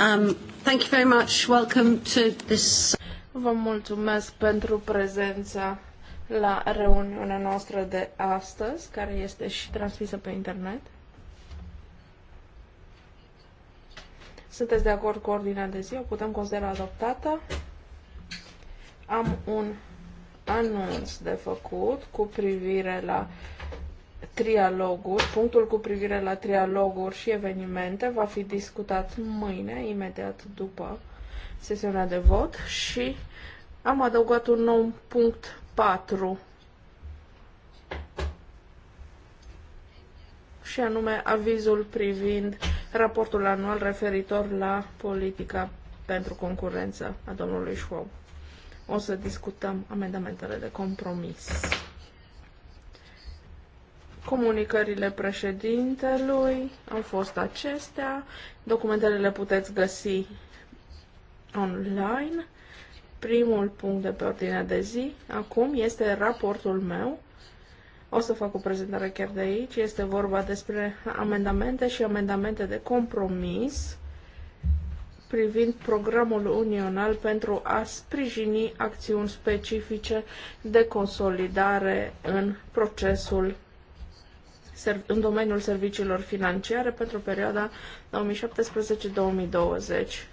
Um, Vă mulțumesc pentru prezența la reuniunea noastră de astăzi, care este și transmisă pe internet. Sunteți de acord cu ordinea de zi? O putem considera adoptată. Am un anunț de făcut cu privire la trialoguri, punctul cu privire la trialoguri și evenimente va fi discutat mâine, imediat după sesiunea de vot și am adăugat un nou punct 4 și anume avizul privind raportul anual referitor la politica pentru concurență a domnului Schwab. O să discutăm amendamentele de compromis. Comunicările președintelui au fost acestea. Documentele le puteți găsi online. Primul punct de pe ordinea de zi acum este raportul meu. O să fac o prezentare chiar de aici. Este vorba despre amendamente și amendamente de compromis privind programul unional pentru a sprijini acțiuni specifice de consolidare în procesul în domeniul serviciilor financiare pentru perioada 2017-2020.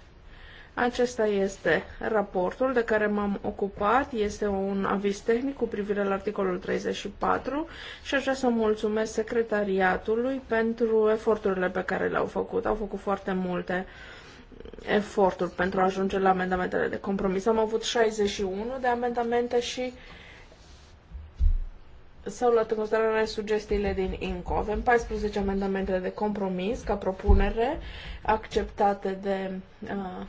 Acesta este raportul de care m-am ocupat. Este un aviz tehnic cu privire la articolul 34 și aș vrea să mulțumesc secretariatului pentru eforturile pe care le-au făcut. Au făcut foarte multe eforturi pentru a ajunge la amendamentele de compromis. Am avut 61 de amendamente și s-au luat în considerare sugestiile din INCO. Avem 14 amendamente de compromis ca propunere acceptate de uh,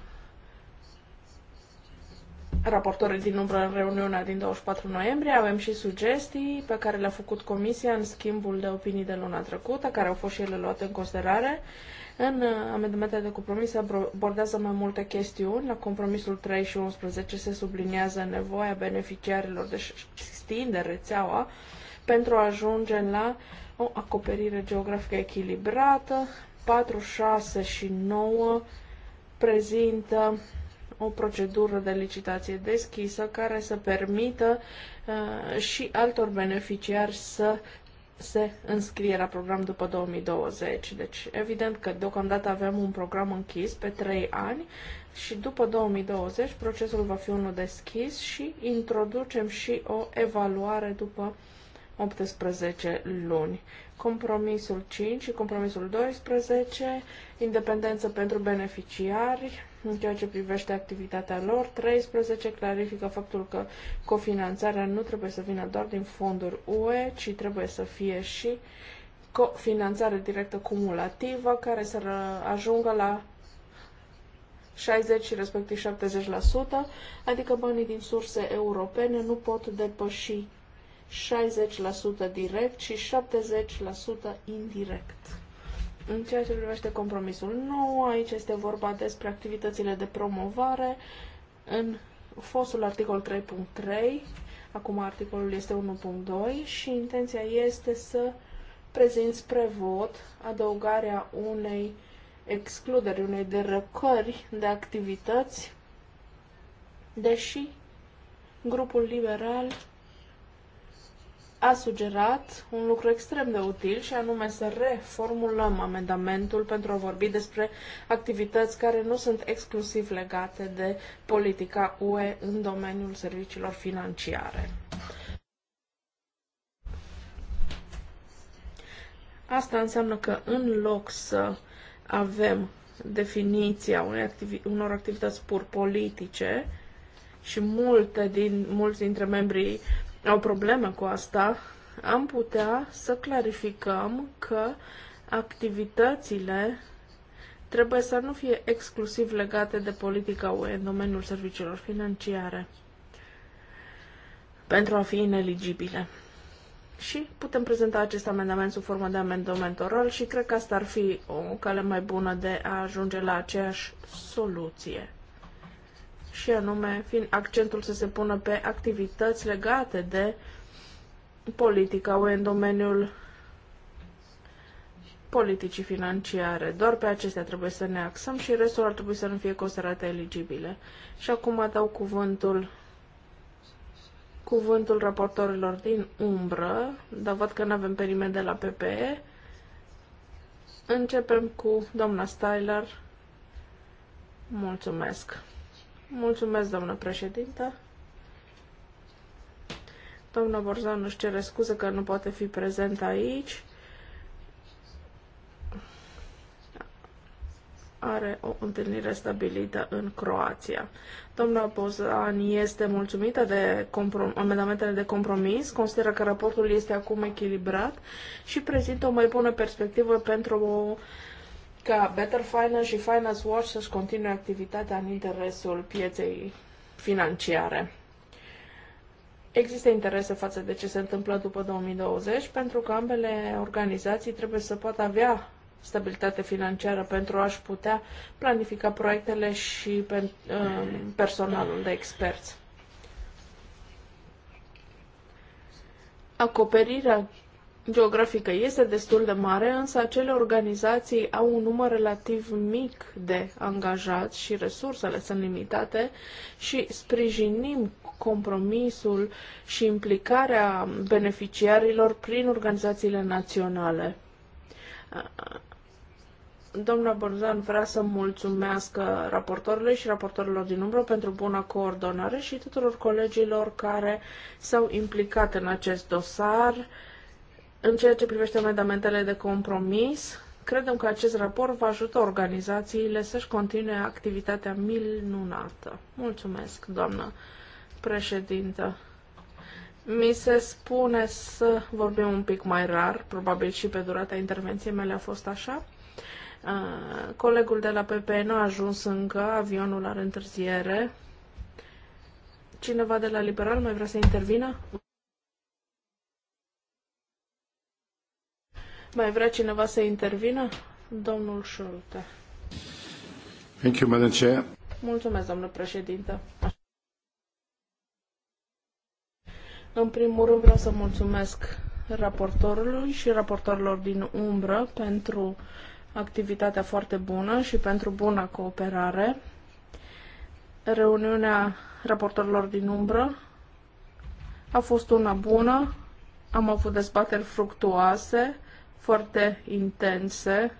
raportorii din umbră în reuniunea din 24 noiembrie. Avem și sugestii pe care le-a făcut Comisia în schimbul de opinii de luna trecută, care au fost și ele luate în considerare. În uh, amendamentele de compromis abordează mai multe chestiuni. La compromisul 3 și 11 se subliniază nevoia beneficiarilor de extinde rețeaua pentru a ajunge la o acoperire geografică echilibrată. 4, 6 și 9 prezintă o procedură de licitație deschisă care să permită uh, și altor beneficiari să se înscrie la program după 2020. Deci, evident că deocamdată avem un program închis pe 3 ani și după 2020 procesul va fi unul deschis și introducem și o evaluare după 18 luni. Compromisul 5 și compromisul 12, independență pentru beneficiari, în ceea ce privește activitatea lor. 13 clarifică faptul că cofinanțarea nu trebuie să vină doar din fonduri UE, ci trebuie să fie și cofinanțare directă cumulativă care să ajungă la 60 și respectiv 70%, adică banii din surse europene nu pot depăși 60% direct și 70% indirect. În ceea ce privește compromisul nou, aici este vorba despre activitățile de promovare în fostul articol 3.3, acum articolul este 1.2 și intenția este să prezint spre vot adăugarea unei excluderi, unei derăcări de activități, deși grupul liberal a sugerat un lucru extrem de util și anume să reformulăm amendamentul pentru a vorbi despre activități care nu sunt exclusiv legate de politica UE în domeniul serviciilor financiare. Asta înseamnă că în loc să avem definiția unei activi- unor activități pur politice și multe din, mulți dintre membrii au probleme cu asta, am putea să clarificăm că activitățile trebuie să nu fie exclusiv legate de politica UE în domeniul serviciilor financiare pentru a fi ineligibile. Și putem prezenta acest amendament sub formă de amendament oral și cred că asta ar fi o cale mai bună de a ajunge la aceeași soluție și anume fiind accentul să se pună pe activități legate de politica UE în domeniul politicii financiare. Doar pe acestea trebuie să ne axăm și restul ar trebui să nu fie considerate eligibile. Și acum dau cuvântul cuvântul raportorilor din umbră, dar văd că nu avem pe nimeni de la PPE. Începem cu doamna Styler. Mulțumesc. Mulțumesc, doamnă președintă. Doamna Borzan își cere scuze că nu poate fi prezent aici. Are o întâlnire stabilită în Croația. Doamna Borzan este mulțumită de amendamentele de compromis, consideră că raportul este acum echilibrat și prezintă o mai bună perspectivă pentru o ca Better Finance și Finance Watch să-și continue activitatea în interesul pieței financiare. Există interese față de ce se întâmplă după 2020, pentru că ambele organizații trebuie să poată avea stabilitate financiară pentru a-și putea planifica proiectele și pe, um, personalul de experți. Acoperirea geografică este destul de mare, însă acele organizații au un număr relativ mic de angajați și resursele sunt limitate și sprijinim compromisul și implicarea beneficiarilor prin organizațiile naționale. Domnul Borzan vrea să mulțumească raportorului și raportorilor din umbră pentru buna coordonare și tuturor colegilor care s-au implicat în acest dosar în ceea ce privește amendamentele de compromis, credem că acest raport va ajuta organizațiile să-și continue activitatea minunată. Mulțumesc, doamnă președintă. Mi se spune să vorbim un pic mai rar, probabil și pe durata intervenției mele a fost așa. Colegul de la PP nu a ajuns încă, avionul are întârziere. Cineva de la Liberal mai vrea să intervină? Mai vrea cineva să intervină? Domnul Șolte. Thank you, Madam Chair. Mulțumesc, domnule președinte. În primul rând vreau să mulțumesc raportorului și raportorilor din umbră pentru activitatea foarte bună și pentru buna cooperare. Reuniunea raportorilor din umbră a fost una bună, am avut dezbateri fructuoase, foarte intense.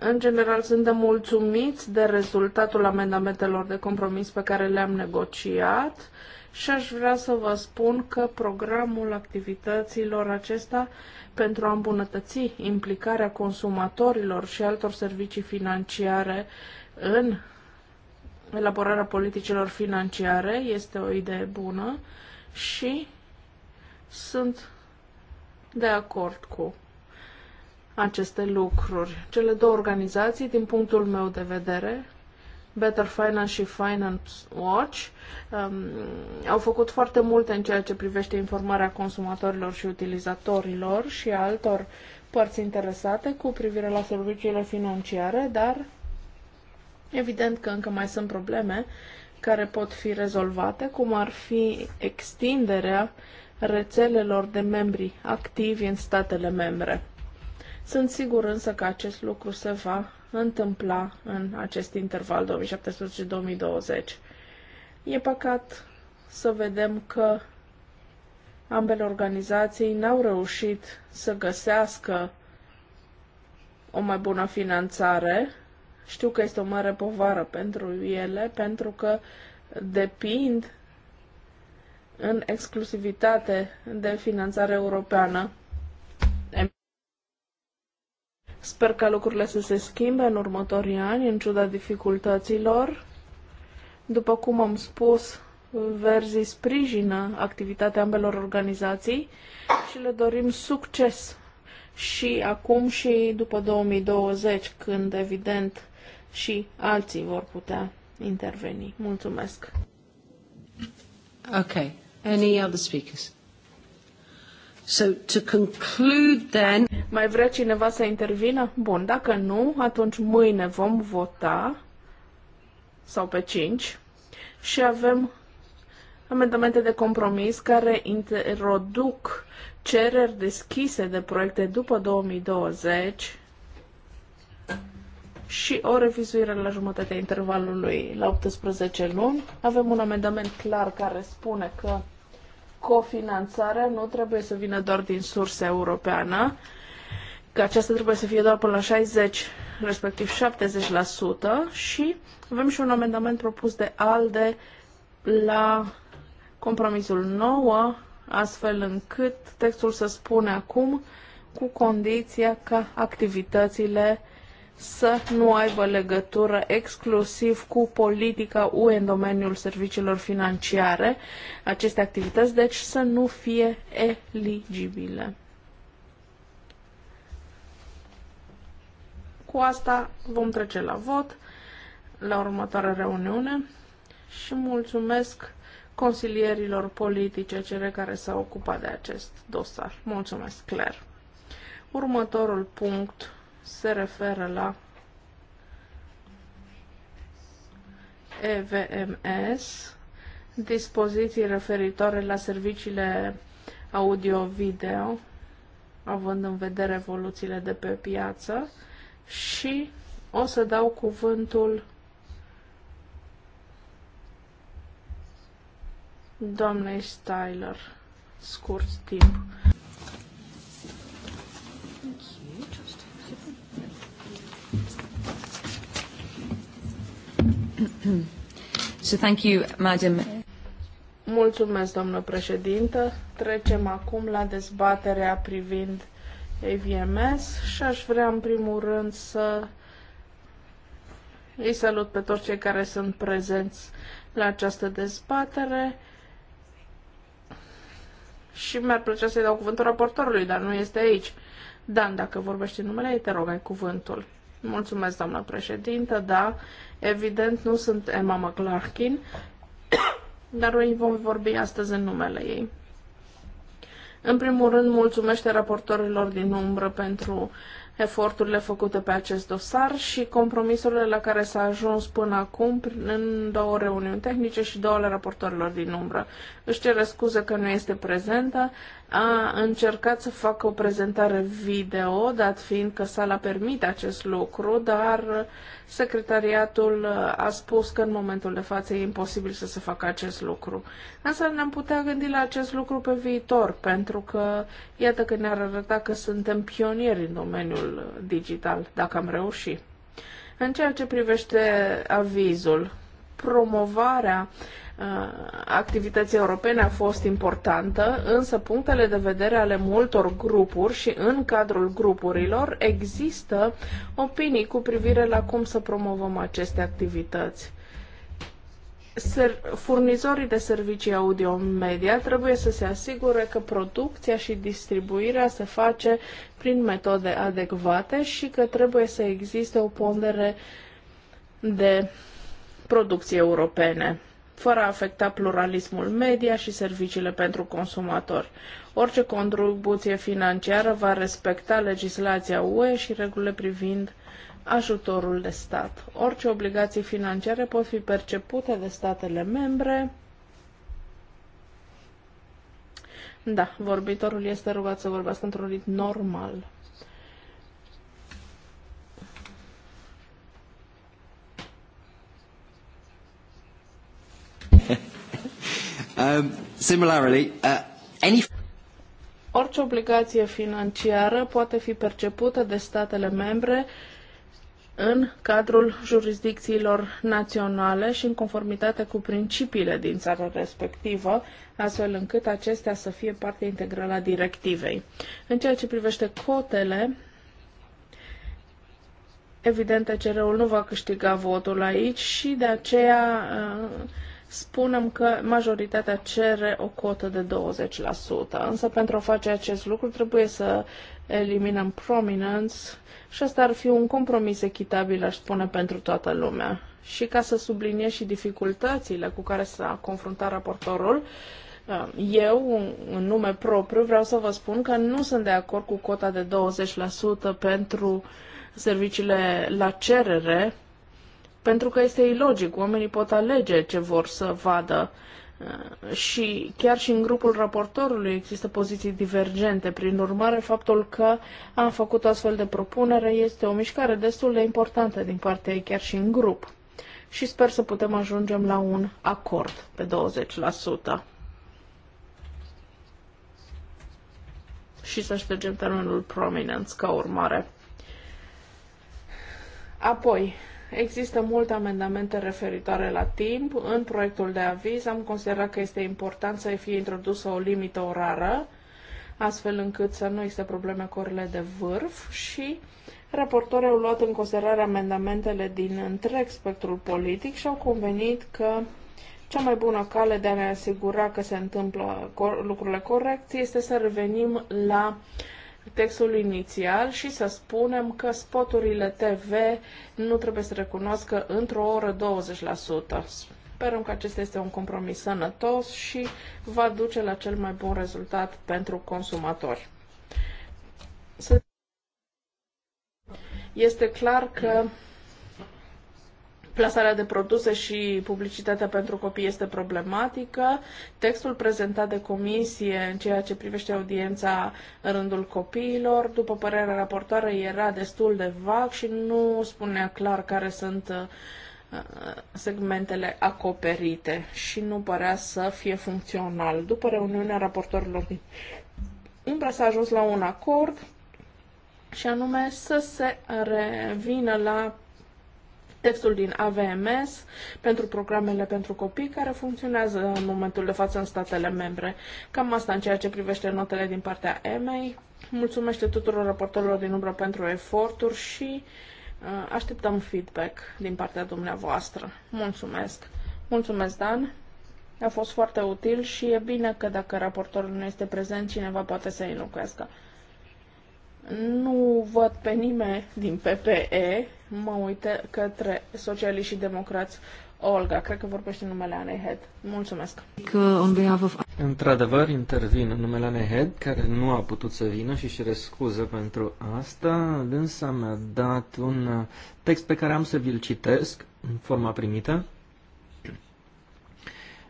În general, suntem mulțumiți de rezultatul amendamentelor de compromis pe care le-am negociat și aș vrea să vă spun că programul activităților acesta pentru a îmbunătăți implicarea consumatorilor și altor servicii financiare în elaborarea politicilor financiare este o idee bună și sunt de acord cu aceste lucruri. Cele două organizații, din punctul meu de vedere, Better Finance și Finance Watch um, au făcut foarte multe în ceea ce privește informarea consumatorilor și utilizatorilor și altor părți interesate cu privire la serviciile financiare, dar evident că încă mai sunt probleme care pot fi rezolvate, cum ar fi extinderea rețelelor de membri activi în statele membre. Sunt sigur însă că acest lucru se va întâmpla în acest interval 2017-2020. E păcat să vedem că ambele organizații n-au reușit să găsească o mai bună finanțare. Știu că este o mare povară pentru ele, pentru că depind în exclusivitate de finanțare europeană. Sper ca lucrurile să se schimbe în următorii ani, în ciuda dificultăților. După cum am spus, Verzi sprijină activitatea ambelor organizații și le dorim succes și acum și după 2020, când evident și alții vor putea interveni. Mulțumesc! Okay. Any other speakers? So to conclude then... Mai vrea cineva să intervină? Bun, dacă nu, atunci mâine vom vota sau pe 5 și avem amendamente de compromis care introduc cereri deschise de proiecte după 2020 și o revizuire la jumătatea intervalului la 18 luni. Avem un amendament clar care spune că cofinanțarea nu trebuie să vină doar din sursă europeană, că aceasta trebuie să fie doar până la 60, respectiv 70% și avem și un amendament propus de ALDE la compromisul 9, astfel încât textul să spune acum cu condiția ca activitățile uh, să nu aibă legătură exclusiv cu politica UE în domeniul serviciilor financiare, aceste activități, deci să nu fie eligibile. Cu asta vom trece la vot la următoarea reuniune și mulțumesc consilierilor politice, cele care s-au ocupat de acest dosar. Mulțumesc, Claire. Următorul punct se referă la EVMS, dispoziții referitoare la serviciile audio-video, având în vedere evoluțiile de pe piață, și o să dau cuvântul doamnei Styler, scurt timp. so thank you, Madam. Mulțumesc, doamnă președintă. Trecem acum la dezbaterea privind AVMS și aș vrea în primul rând să îi salut pe toți cei care sunt prezenți la această dezbatere și mi-ar plăcea să-i dau cuvântul raportorului, dar nu este aici. Dan, dacă vorbești în numele ei, te rog, ai cuvântul. Mulțumesc, doamna președintă, da, evident nu sunt Emma McClarkin, dar noi vom vorbi astăzi în numele ei. În primul rând, mulțumește raportorilor din umbră pentru eforturile făcute pe acest dosar și compromisurile la care s-a ajuns până acum în două reuniuni tehnice și două ale raportorilor din umbră. Își cere scuze că nu este prezentă, a încercat să facă o prezentare video, dat fiind că sala permite acest lucru, dar secretariatul a spus că în momentul de față e imposibil să se facă acest lucru. Însă ne-am putea gândi la acest lucru pe viitor, pentru că iată că ne-ar arăta că suntem pionieri în domeniul digital, dacă am reușit. În ceea ce privește avizul, promovarea uh, Uh, activității europene a fost importantă, însă punctele de vedere ale multor grupuri și în cadrul grupurilor există opinii cu privire la cum să promovăm aceste activități. Ser- furnizorii de servicii audio media trebuie să se asigure că producția și distribuirea se face prin metode adecvate și că trebuie să existe o pondere de producții europene fără a afecta pluralismul media și serviciile pentru consumatori. Orice contribuție financiară va respecta legislația UE și regulile privind ajutorul de stat. Orice obligații financiare pot fi percepute de statele membre. Da, vorbitorul este rugat să vorbească într-un ritm normal. Um, similarly, uh, any... Orice obligație financiară poate fi percepută de statele membre în cadrul jurisdicțiilor naționale și în conformitate cu principiile din țara respectivă, astfel încât acestea să fie parte integrală a directivei. În ceea ce privește cotele, evident, ECR-ul nu va câștiga votul aici și de aceea uh, spunem că majoritatea cere o cotă de 20%, însă pentru a face acest lucru trebuie să eliminăm prominence și asta ar fi un compromis echitabil, aș spune, pentru toată lumea. Și ca să subliniez și dificultățile cu care s-a confruntat raportorul, eh, eu, în nume propriu, vreau să vă spun că nu sunt de acord cu cota de 20% pentru serviciile la cerere pentru că este ilogic. Oamenii pot alege ce vor să vadă uh, și chiar și în grupul raportorului există poziții divergente. Prin urmare, faptul că am făcut astfel de propunere este o mișcare destul de importantă din partea ei chiar și în grup. Și sper să putem ajungem la un acord pe 20%. Și să ștergem termenul prominence ca urmare. Apoi, Există multe amendamente referitoare la timp. În proiectul de aviz am considerat că este important să fie introdusă o limită orară, astfel încât să nu existe probleme cu orele de vârf și raportorii au luat în considerare amendamentele din întreg spectrul politic și au convenit că cea mai bună cale de a ne asigura că se întâmplă lucrurile corecte este să revenim la textul inițial și să spunem că spoturile TV nu trebuie să recunoască într-o oră 20%. Sperăm că acesta este un compromis sănătos și va duce la cel mai bun rezultat pentru consumatori. Este clar că Plasarea de produse și publicitatea pentru copii este problematică. Textul prezentat de comisie în ceea ce privește audiența în rândul copiilor, după părerea raportoarei, era destul de vag și nu spunea clar care sunt uh, segmentele acoperite și nu părea să fie funcțional. După reuniunea raportorilor din Umbra s-a ajuns la un acord și anume să se revină la textul din AVMS pentru programele pentru copii care funcționează în momentul de față în statele membre. Cam asta în ceea ce privește notele din partea EMEI. Mulțumesc tuturor raportorilor din umbră pentru eforturi și uh, așteptăm feedback din partea dumneavoastră. Mulțumesc! Mulțumesc, Dan! A fost foarte util și e bine că dacă raportorul nu este prezent, cineva poate să-i înlocuiască. Nu văd pe nimeni din PPE, mă uit către socialiști și democrați. Olga, cred că vorbește în numele Anei Head. Mulțumesc. Într-adevăr, intervin în numele Anei Head, care nu a putut să vină și și rescuză pentru asta. Dânsa mi-a dat un text pe care am să vi-l citesc în forma primită.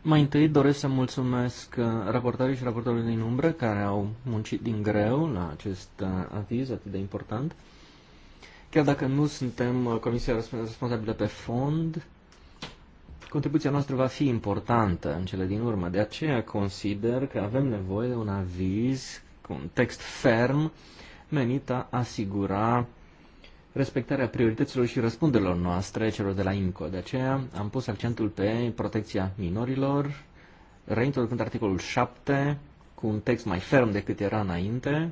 Mai întâi doresc să mulțumesc uh, raportorii și raportorii din umbră care au muncit din greu la acest uh, aviz atât de important. Chiar dacă nu suntem uh, comisia responsabilă pe fond, contribuția noastră va fi importantă în cele din urmă. De aceea consider că avem nevoie de un aviz cu un text ferm menit a asigura respectarea priorităților și răspunderilor noastre, celor de la INCO. De aceea am pus accentul pe protecția minorilor, reintroducând articolul 7 cu un text mai ferm decât era înainte.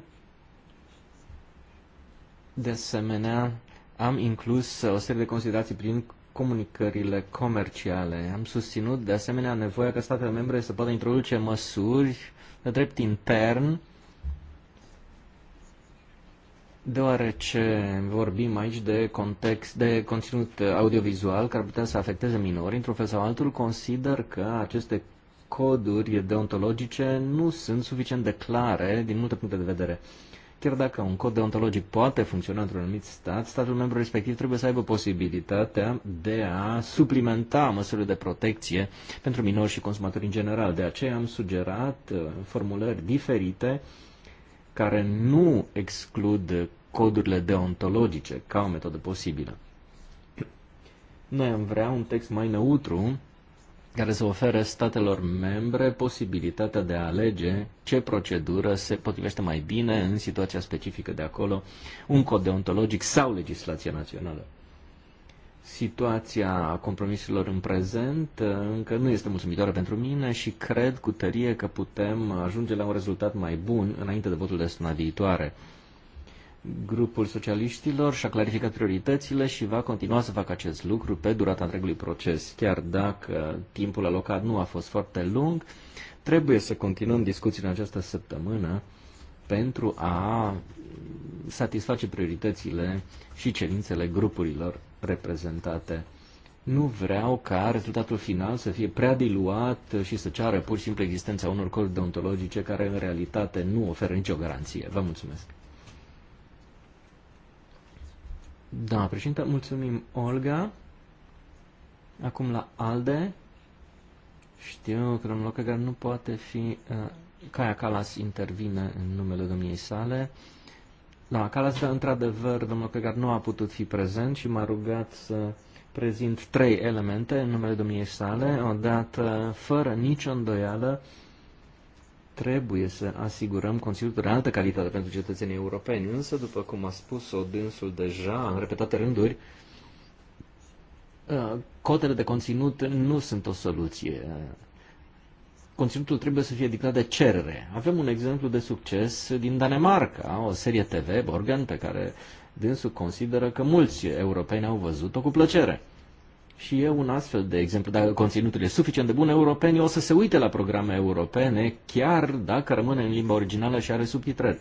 De asemenea, am inclus o serie de considerații prin comunicările comerciale. Am susținut de asemenea nevoia ca statele membre să poată introduce măsuri de drept intern deoarece vorbim aici de context, de conținut audiovizual care putea să afecteze minori, într-un fel sau altul, consider că aceste coduri deontologice nu sunt suficient de clare din multe puncte de vedere. Chiar dacă un cod deontologic poate funcționa într-un anumit stat, statul membru respectiv trebuie să aibă posibilitatea de a suplimenta măsurile de protecție pentru minori și consumatori în general. De aceea am sugerat uh, formulări diferite uh, care nu exclud codurile deontologice ca o metodă posibilă. Noi am vrea un text mai neutru care să ofere statelor membre posibilitatea de a alege ce procedură se potrivește mai bine în situația specifică de acolo, un cod deontologic sau legislația națională. Situația compromisurilor în prezent uh, încă nu este mulțumitoare pentru mine și cred cu tărie că putem ajunge la un rezultat mai bun înainte de votul de săptămâna viitoare. Grupul socialiștilor și-a clarificat prioritățile și va continua să facă acest lucru pe durata întregului proces. Chiar dacă timpul alocat nu a fost foarte lung, trebuie să continuăm discuțiile în această săptămână pentru a satisface prioritățile și cerințele grupurilor reprezentate. Nu vreau ca rezultatul final să fie prea diluat și să ceară pur și simplu existența unor coduri deontologice care în realitate nu oferă nicio garanție. Vă mulțumesc. Da, președinte, mulțumim, Olga. Acum la ALDE. Știu că domnul Locăgar nu poate fi... Uh, Caia Calas intervine în numele domniei sale. Da, Calasă, într-adevăr, domnul Căgar nu a putut fi prezent și m-a rugat să prezint trei elemente în numele domniei sale. Odată, fără nicio îndoială, trebuie să asigurăm conținutul de altă calitate pentru cetățenii europeni, însă, după cum a spus-o dânsul deja, în repetate rânduri, uh, cotele de conținut nu sunt o soluție conținutul trebuie să fie dictat de cerere. Avem un exemplu de succes din Danemarca, o serie TV, Borgen, pe care dânsul consideră că mulți europeni au văzut-o cu plăcere. Și e un astfel de exemplu. Dacă conținutul e suficient de bun, europenii o să se uite la programe europene, chiar dacă rămâne în limba originală și are subtitrări.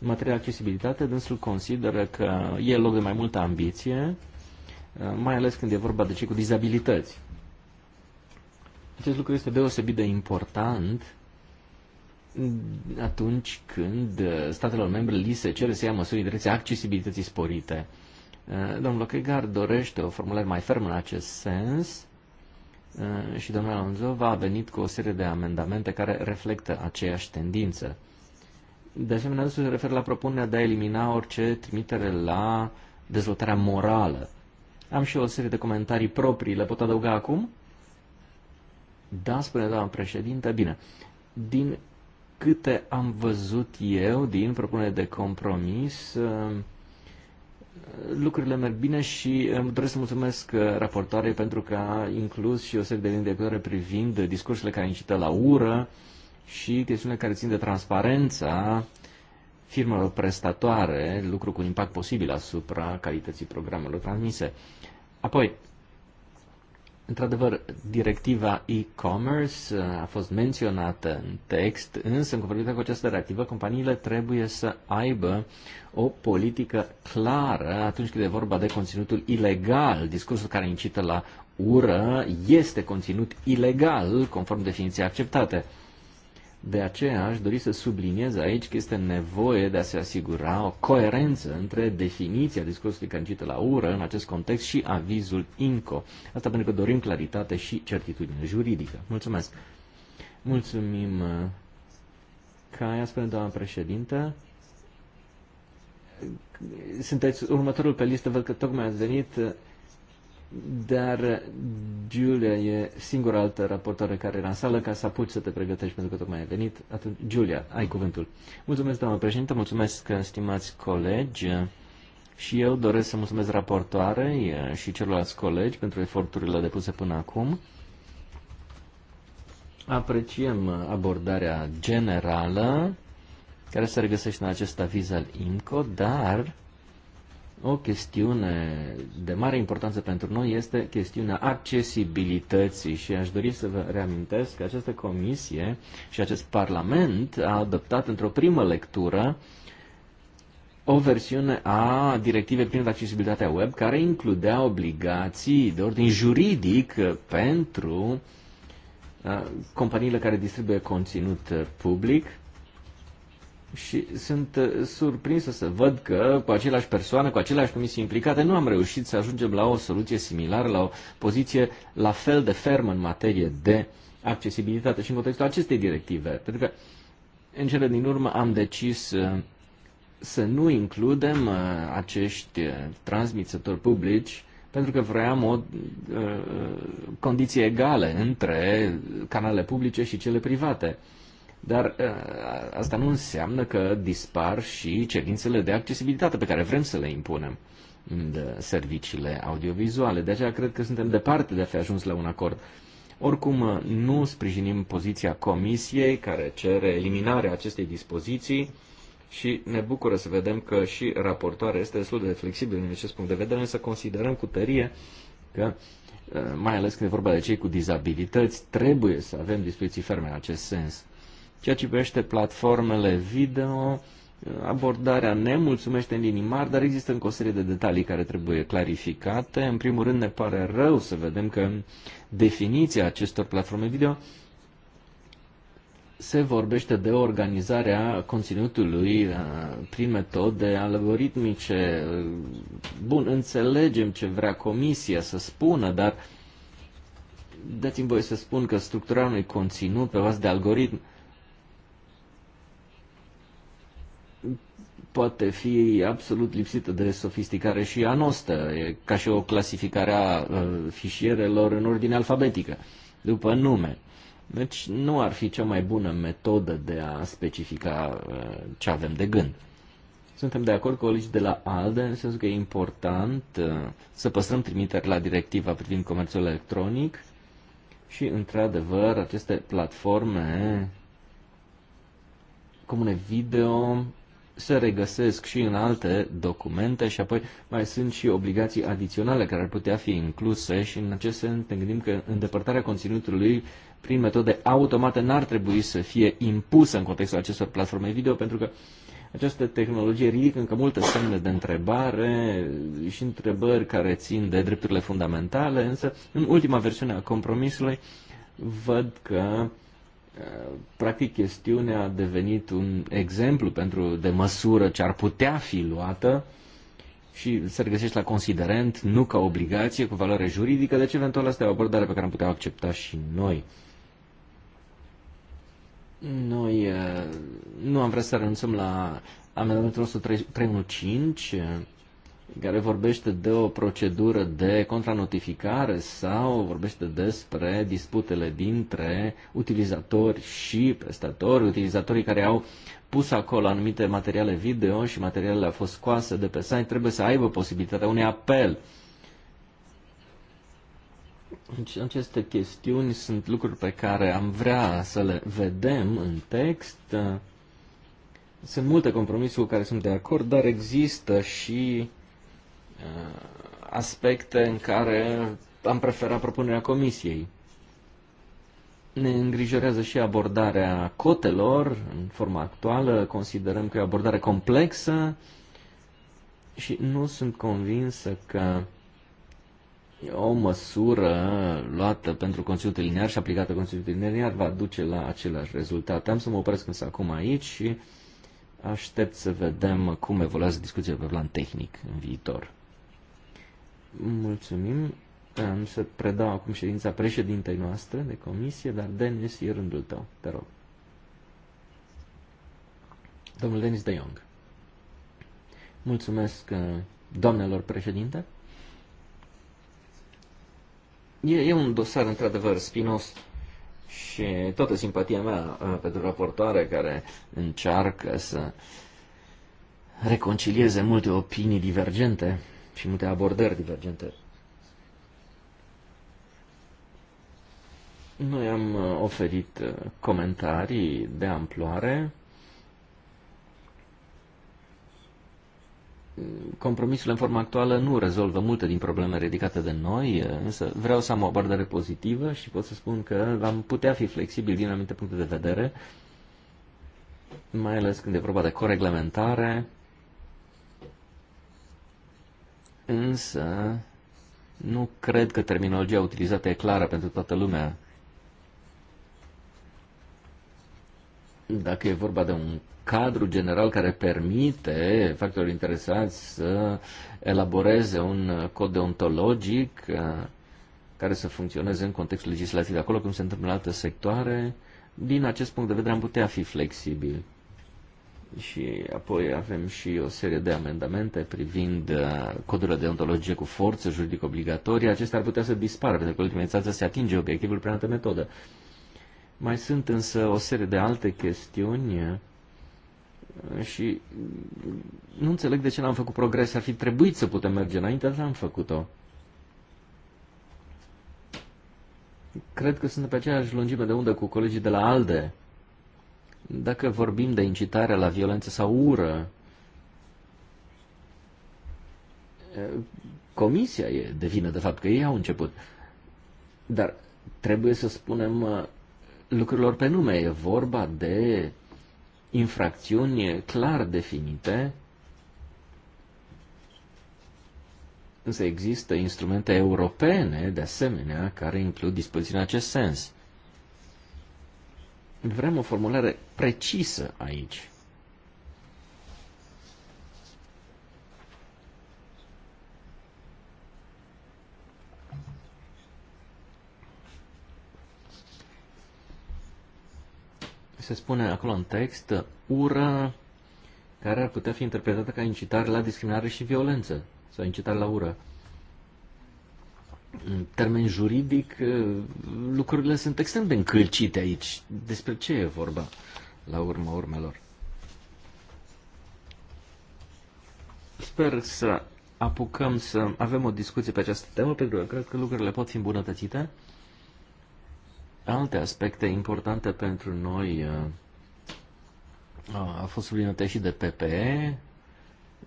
În materie de accesibilitate, dânsul consideră că e loc de mai multă ambiție, mai ales când e vorba de cei cu dizabilități. Acest lucru este deosebit de important atunci când uh, statelor membre li se cere să ia măsuri în direcția accesibilității sporite. Uh, domnul Lockegar dorește o formulare mai fermă în acest sens uh, și domnul Alonzova a venit cu o serie de amendamente care reflectă aceeași tendință. De asemenea, se referă la propunerea de a elimina orice trimitere la dezvoltarea morală. Am și o serie de comentarii proprii, le pot adăuga acum? Da, spune doamna președinte, bine. Din câte am văzut eu din propunere de compromis, uh, lucrurile merg bine și uh, îmi doresc să mulțumesc uh, raportoarei pentru că a inclus și o serie de indicatori privind discursurile care incită la ură și chestiunile care țin de transparența firmelor prestatoare, lucru cu un impact posibil asupra calității programelor transmise. Apoi, Într-adevăr, directiva e-commerce uh, a fost menționată în text, însă în conformitate cu această directivă, companiile trebuie să aibă o politică clară atunci când e vorba de conținutul ilegal. Discursul care incită la ură este conținut ilegal, conform definiției acceptate. De aceea aș dori să subliniez aici că este nevoie de a se asigura o coerență între definiția discursului cancită la ură în acest context și avizul INCO. Asta pentru că dorim claritate și certitudine juridică. Mulțumesc! Mulțumim, uh, Caia, spune doamna președintă. Sunteți următorul pe listă, văd că tocmai ați venit. Dar Julia e singura altă raportoare care era în sală ca să apuci să te pregătești pentru că tocmai ai venit. Atunci, Julia, ai cuvântul. Mulțumesc, doamnă președinte, mulțumesc, uh, stimați colegi. Și eu doresc să mulțumesc raportoarei uh, și celorlalți colegi pentru eforturile depuse până acum. Apreciem uh, abordarea generală care se regăsește în acest aviz al INCO, dar o chestiune de mare importanță pentru noi este chestiunea accesibilității și aș dori să vă reamintesc că această comisie și acest parlament a adoptat într-o primă lectură o versiune a directivei privind accesibilitatea web care includea obligații de ordin juridic pentru uh, companiile care distribuie conținut public și sunt uh, surprinsă să văd că cu aceleași persoane, cu aceleași comisii implicate, nu am reușit să ajungem la o soluție similară, la o poziție la fel de fermă în materie de accesibilitate și în contextul acestei directive. Pentru că, în cele din urmă, am decis uh, să nu includem uh, acești transmițători publici pentru că vroiam o condiție egală între canalele publice și cele private. Dar uh, asta nu înseamnă că dispar și cerințele de accesibilitate pe care vrem să le impunem în uh, serviciile audiovizuale. De aceea cred că suntem departe de a fi ajuns la un acord. Oricum, uh, nu sprijinim poziția Comisiei care cere eliminarea acestei dispoziții și ne bucură să vedem că și raportoarea este destul de flexibilă din acest punct de vedere, însă considerăm cu tărie că, mai ales când e vorba de cei cu dizabilități, trebuie să avem dispoziții ferme în acest sens. Ceea ce privește platformele video, abordarea ne mulțumește în linii mari, dar există încă o serie de detalii care trebuie clarificate. În primul rând ne pare rău să vedem că în definiția acestor platforme video se vorbește de organizarea conținutului uh, prin metode algoritmice. Bun, înțelegem ce vrea comisia să spună, dar dați-mi voi să spun că structurarea unui conținut pe bază de algoritm poate fi absolut lipsită de sofisticare și anostă, ca și o clasificare a uh, fișierelor în ordine alfabetică, după nume. Deci nu ar fi cea mai bună metodă de a specifica uh, ce avem de gând. Suntem de acord cu colegii de la ALDE, în sensul că e important uh, să păstrăm trimiteri la directiva privind comerțul electronic și, într-adevăr, aceste platforme comune video se regăsesc și în alte documente și apoi mai sunt și obligații adiționale care ar putea fi incluse și în acest sens ne gândim că îndepărtarea conținutului prin metode automate n-ar trebui să fie impusă în contextul acestor platforme video pentru că această tehnologie ridică încă multe semne de întrebare și întrebări care țin de drepturile fundamentale, însă în ultima versiune a compromisului văd că Eh, practic chestiunea a devenit un exemplu pentru de măsură ce ar putea fi luată și se regăsește la considerent, nu ca obligație, cu valoare juridică, deci eventual asta e o abordare pe care am putea accepta și noi. Noi eh, nu am vrea să renunțăm la amendamentul 115 care vorbește de o procedură de contranotificare sau vorbește despre disputele dintre utilizatori și prestatori, utilizatorii care au pus acolo anumite materiale video și materialele au fost scoase de pe site, trebuie să aibă posibilitatea unui apel. Deci aceste chestiuni sunt lucruri pe care am vrea să le vedem în text. Sunt multe compromisuri cu care sunt de acord, dar există și Uh, aspecte în care am preferat propunerea comisiei. Ne îngrijorează și abordarea cotelor în forma actuală. Considerăm că e o abordare complexă și nu sunt convinsă că o măsură luată pentru conținutul linear și aplicată conținutul linear va duce la același rezultat. Am să mă opresc însă acum aici și aștept să vedem cum evoluează discuția pe plan tehnic în viitor. Mulțumim. Am să predau acum ședința președintei noastre de comisie, dar Denis e rândul tău, te rog. Domnul Denis de Jong. Mulțumesc uh, doamnelor președinte. E, e un dosar într-adevăr spinos și toată simpatia mea uh, pentru raportoare care încearcă să reconcilieze multe opinii divergente și multe abordări divergente. Noi am uh, oferit uh, comentarii de amploare. Compromisul în forma actuală nu rezolvă multe din probleme ridicate de noi, uh, însă vreau să am o abordare pozitivă și pot să spun că am putea fi flexibil din anumite puncte de vedere, mai ales când e vorba de coreglementare, însă nu cred că terminologia utilizată e clară pentru toată lumea. Dacă e vorba de un cadru general care permite factorilor interesați să elaboreze un cod deontologic uh, care să funcționeze în contextul legislativ acolo, cum se întâmplă în alte sectoare, din acest punct de vedere am putea fi flexibili și apoi avem și o serie de amendamente privind uh, codurile de ontologie cu forță juridic obligatorie. Acestea ar putea să dispară, pentru că ultima instanță se atinge obiectivul prin altă metodă. Mai sunt însă o serie de alte chestiuni uh, și nu înțeleg de ce n-am făcut progres. Ar fi trebuit să putem merge înainte, dar n-am făcut-o. Cred că sunt pe aceeași lungime de undă cu colegii de la ALDE dacă vorbim de incitarea la violență sau ură, comisia e de vină de fapt că ei au început. Dar trebuie să spunem uh, lucrurilor pe nume. E vorba de infracțiuni clar definite, însă există instrumente europene, de asemenea, care includ dispoziții în acest sens. Vrem o formulare precisă aici. se spune acolo în text ură care ar putea fi interpretată ca incitare la discriminare și violență sau incitare la ură. În termen juridic, uh, lucrurile sunt extrem de încălcite aici. Despre ce e vorba la urma urmelor? Sper să apucăm să avem o discuție pe această temă, pentru că cred că lucrurile pot fi îmbunătățite. Alte aspecte importante pentru noi uh, a fost subliniate și de PPE,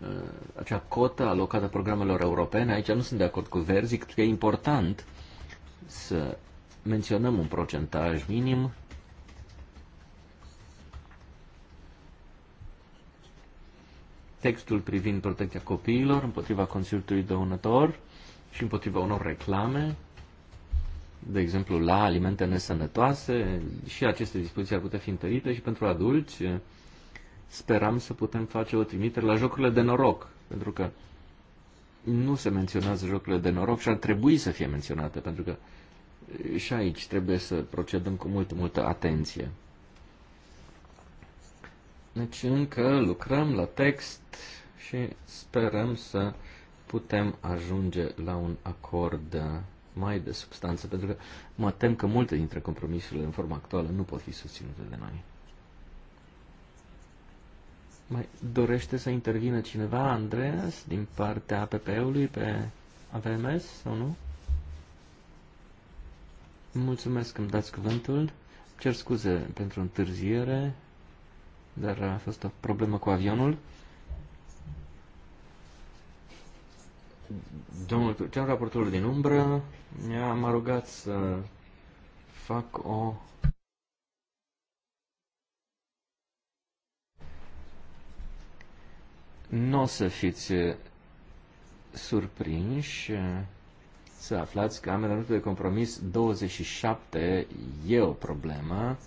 Uh, acea cotă alocată programelor europene, aici nu sunt de acord cu Verzi, că e important să menționăm un procentaj minim textul privind protecția copiilor împotriva consultului dăunător și împotriva unor reclame, de exemplu la alimente nesănătoase, și aceste dispoziții ar putea fi întărite și pentru adulți, speram să putem face o trimitere la jocurile de noroc, pentru că nu se menționează jocurile de noroc și ar trebui să fie menționate, pentru că și aici trebuie să procedăm cu multă, multă atenție. Deci încă lucrăm la text și sperăm să putem ajunge la un acord mai de substanță, pentru că mă tem că multe dintre compromisurile în forma actuală nu pot fi susținute de noi. Mai dorește să intervină cineva, Andreas, din partea APP-ului pe AVMS sau nu? Mulțumesc că îmi dați cuvântul. Cer scuze pentru întârziere, dar a fost o problemă cu avionul. Domnul Turcean, raportorul din umbră, mi a rugat să fac o nu o să fiți uh, surprinși uh, să aflați că amendamentul de compromis 27 e o problemă.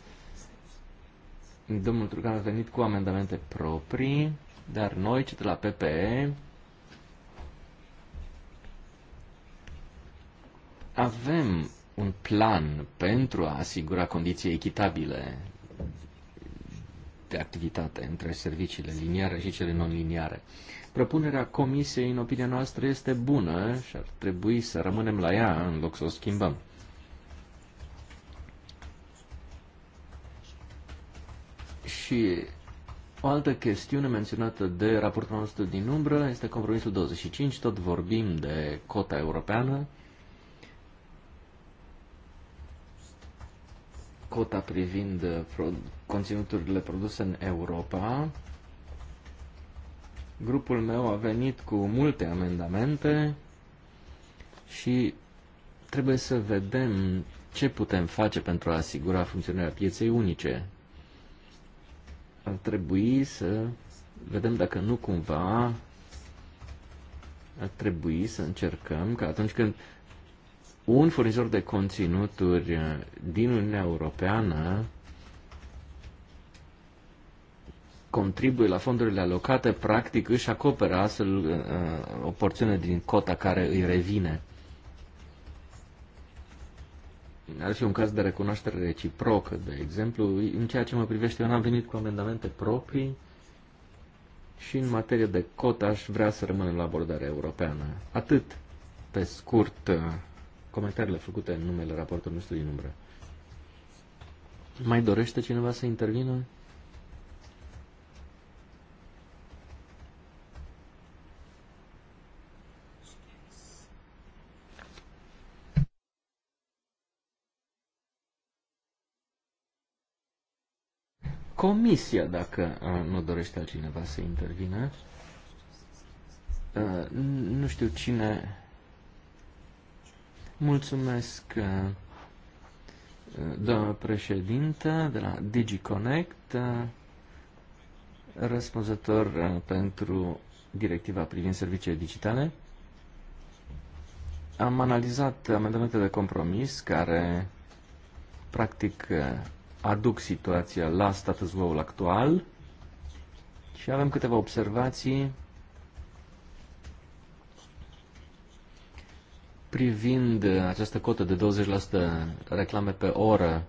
Domnul Turcan a venit cu amendamente proprii, dar noi, ce de la PPE, avem un plan pentru a asigura condiții echitabile de activitate între serviciile liniare și cele non-liniare. Propunerea comisiei, în opinia noastră, este bună și ar trebui să rămânem la ea în loc să o schimbăm. Și o altă chestiune menționată de raportul nostru din umbră este compromisul 25. Tot vorbim de cota europeană cota privind uh, conținuturile produse în Europa, grupul meu a venit cu multe amendamente și trebuie să vedem ce putem face pentru a asigura funcționarea pieței unice. Ar trebui să vedem dacă nu cumva ar trebui să încercăm că atunci când un furnizor de conținuturi uh, din Uniunea Europeană contribuie la fondurile alocate, practic își acoperă astfel uh, uh, o porțiune din cota care îi revine. Ar fi un caz de recunoaștere reciprocă, de exemplu. În ceea ce mă privește, eu n-am venit cu amendamente proprii și în materie de cota, aș vrea să rămânem la abordarea europeană. Atât pe scurt comentariile făcute în numele raportului nostru din umbră. Mai dorește cineva să intervină? Comisia, dacă uh, nu dorește altcineva să intervină, uh, nu știu cine Mulțumesc, uh, domnul președinte, de la DigiConnect, uh, răspunzător uh, pentru directiva privind serviciile digitale. Am analizat amendamente de compromis care, practic, aduc situația la status quo actual și avem câteva observații privind această cotă de 20% reclame pe oră,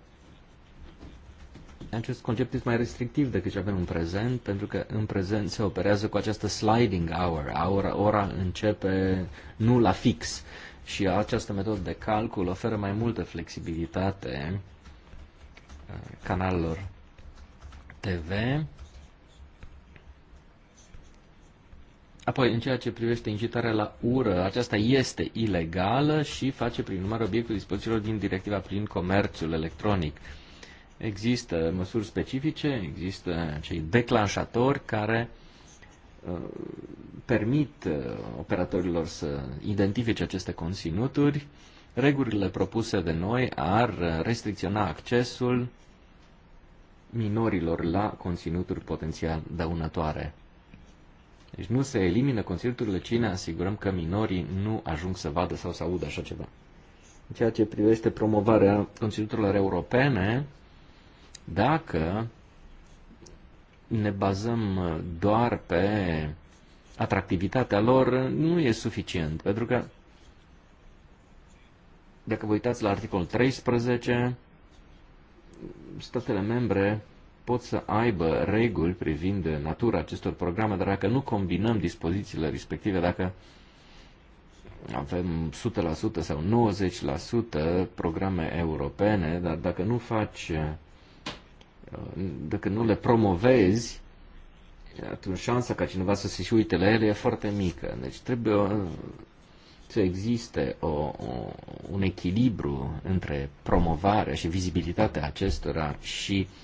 acest concept este mai restrictiv decât ce avem în prezent, pentru că în prezent se operează cu această sliding hour. Ora, ora începe nu la fix și această metodă de calcul oferă mai multă flexibilitate eh, canalelor TV Apoi, în ceea ce privește incitarea la ură, aceasta este ilegală și face, prin urmare, obiectul dispozițiilor din directiva prin comerțul electronic. Există măsuri specifice, există cei declanșatori care uh, permit uh, operatorilor să identifice aceste conținuturi. Regulile propuse de noi ar restricționa accesul minorilor la conținuturi potențial dăunătoare. Deci nu se elimină conținutele, ci ne asigurăm că minorii nu ajung să vadă sau să audă așa ceva. În ceea ce privește promovarea conținuturilor europene, dacă ne bazăm doar pe atractivitatea lor, nu e suficient, pentru că dacă vă uitați la articolul 13, statele membre pot să aibă reguli privind natura acestor programe, dar dacă nu combinăm dispozițiile respective, dacă avem 100% sau 90% programe europene, dar dacă nu faci, uh, dacă nu le promovezi, atunci șansa ca cineva să se și uite la ele e foarte mică. Deci trebuie uh, să existe o, o, un echilibru între promovarea și vizibilitatea acestora și uh,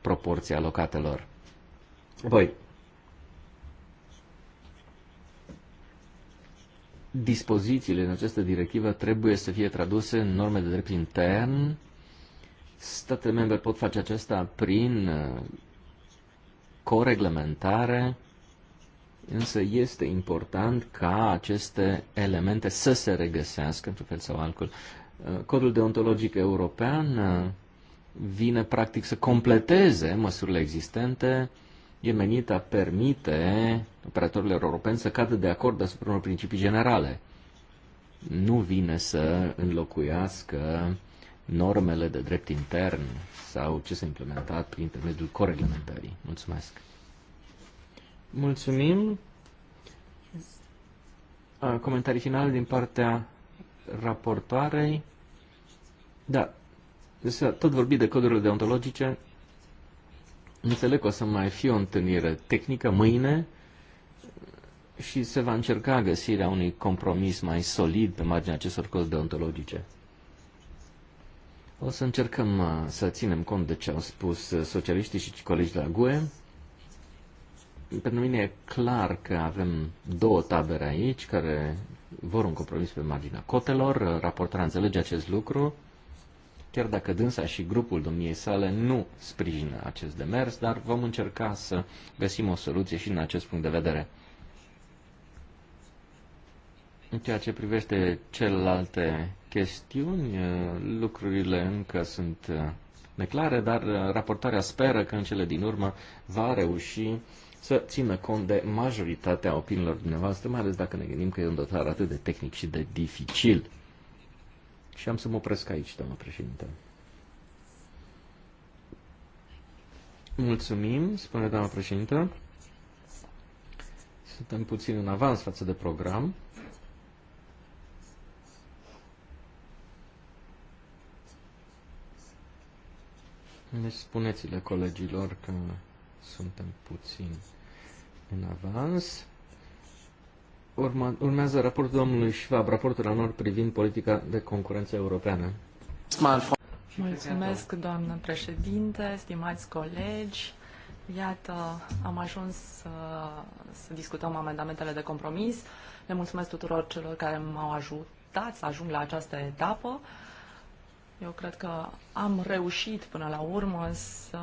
proporția alocatelor. Voi. dispozițiile în această directivă trebuie să fie traduse în norme de drept intern. Statele membre pot face acesta prin uh, coreglementare, însă este important ca aceste elemente să se regăsească într-un fel sau altul. Uh, codul deontologic european uh, vine practic să completeze măsurile existente, e menită a permite operatorilor europeni să cadă de acord asupra unor principii generale. Nu vine să înlocuiască normele de drept intern sau ce s-a implementat prin intermediul coreglementării. Mulțumesc! Mulțumim! Comentarii finale din partea raportoarei. Da, deci, tot vorbit de codurile deontologice, înțeleg că o să mai fie o întâlnire tehnică mâine și se va încerca găsirea unui compromis mai solid pe marginea acestor coduri deontologice. O să încercăm uh, să ținem cont de ce au spus uh, socialiștii și colegii de la GUE. Pentru mine e clar că avem două tabere aici care vor un compromis pe marginea cotelor. Raportarea înțelege acest lucru chiar dacă dânsa și grupul domniei sale nu sprijină acest demers, dar vom încerca să găsim o soluție și în acest punct de vedere. În ceea ce privește celelalte chestiuni, eh, lucrurile încă sunt eh, neclare, dar eh, raportarea speră că în cele din urmă va reuși să țină cont de majoritatea opiniilor dumneavoastră, mai ales dacă ne gândim că e un dotar atât de tehnic și de dificil. Și am să mă opresc aici, doamnă președinte. Mulțumim, spune doamna președintă. Suntem puțin în avans față de program. Ne deci spuneți-le colegilor că suntem puțin în avans. Urma, urmează raportul domnului Schwab, raportul anual privind politica de concurență europeană. Mulțumesc, doamnă președinte, stimați colegi. Iată, am ajuns să, să discutăm amendamentele de compromis. Le mulțumesc tuturor celor care m-au ajutat să ajung la această etapă. Eu cred că am reușit până la urmă să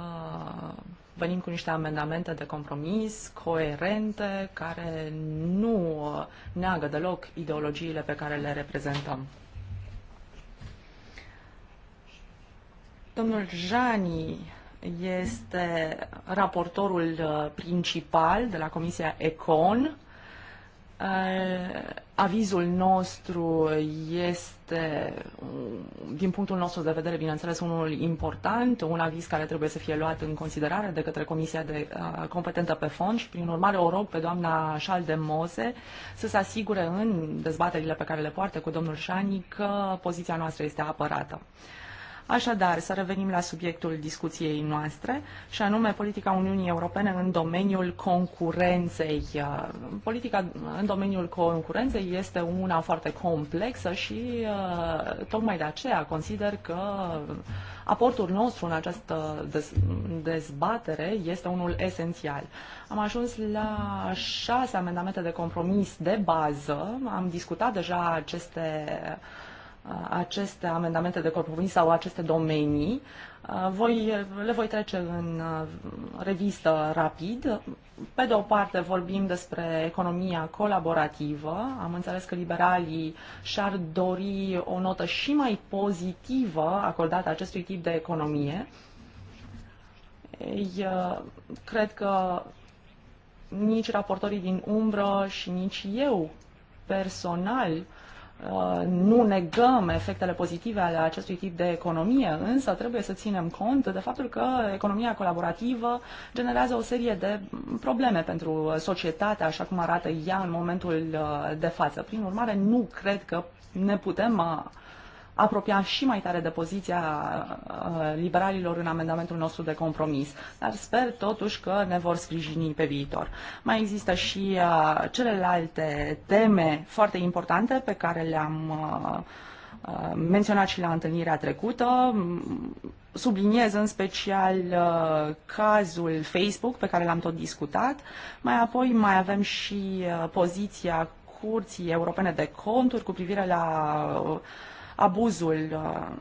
venim cu niște amendamente de compromis, coerente, care nu neagă deloc ideologiile pe care le reprezentăm. Domnul Jani este raportorul uh, principal de la Comisia ECON Eh, avizul nostru este, mm, din punctul nostru de vedere, bineînțeles, unul important, un aviz care trebuie să fie luat în considerare de către Comisia de, uh, competentă pe fond și, prin urmare, o rog pe doamna de Moze să se asigure în dezbaterile pe care le poartă cu domnul Șani că poziția noastră este apărată. Uh, Așadar, să revenim la subiectul discuției noastre, și anume politica Uniunii Europene în domeniul concurenței. Uh, politica în domeniul concurenței este una foarte complexă și uh, tocmai de aceea consider că aportul nostru în această dezbatere este unul esențial. Am ajuns la șase amendamente de compromis de bază, am discutat deja aceste aceste amendamente de compromis sau aceste domenii. Uh, voi, le voi trece în uh, revistă rapid. Pe de o parte vorbim despre economia colaborativă. Am înțeles că liberalii și-ar dori o notă și mai pozitivă acordată acestui tip de economie. Ei, uh, cred că nici raportorii din umbră și nici eu personal Uh, nu negăm efectele pozitive ale acestui tip de economie, însă trebuie să ținem cont de faptul că economia colaborativă generează o serie de probleme pentru societate, așa cum arată ea în momentul uh, de față. Prin urmare, nu cred că ne putem uh, apropia și mai tare de poziția uh, liberalilor în amendamentul nostru de compromis. Dar sper totuși că ne vor sprijini pe viitor. Mai există și uh, celelalte teme foarte importante pe care le-am uh, menționat și la întâlnirea trecută. Subliniez în special cazul Facebook pe care l-am tot discutat. Mai apoi mai avem și poziția Curții Europene de Conturi cu privire la abuzul uh,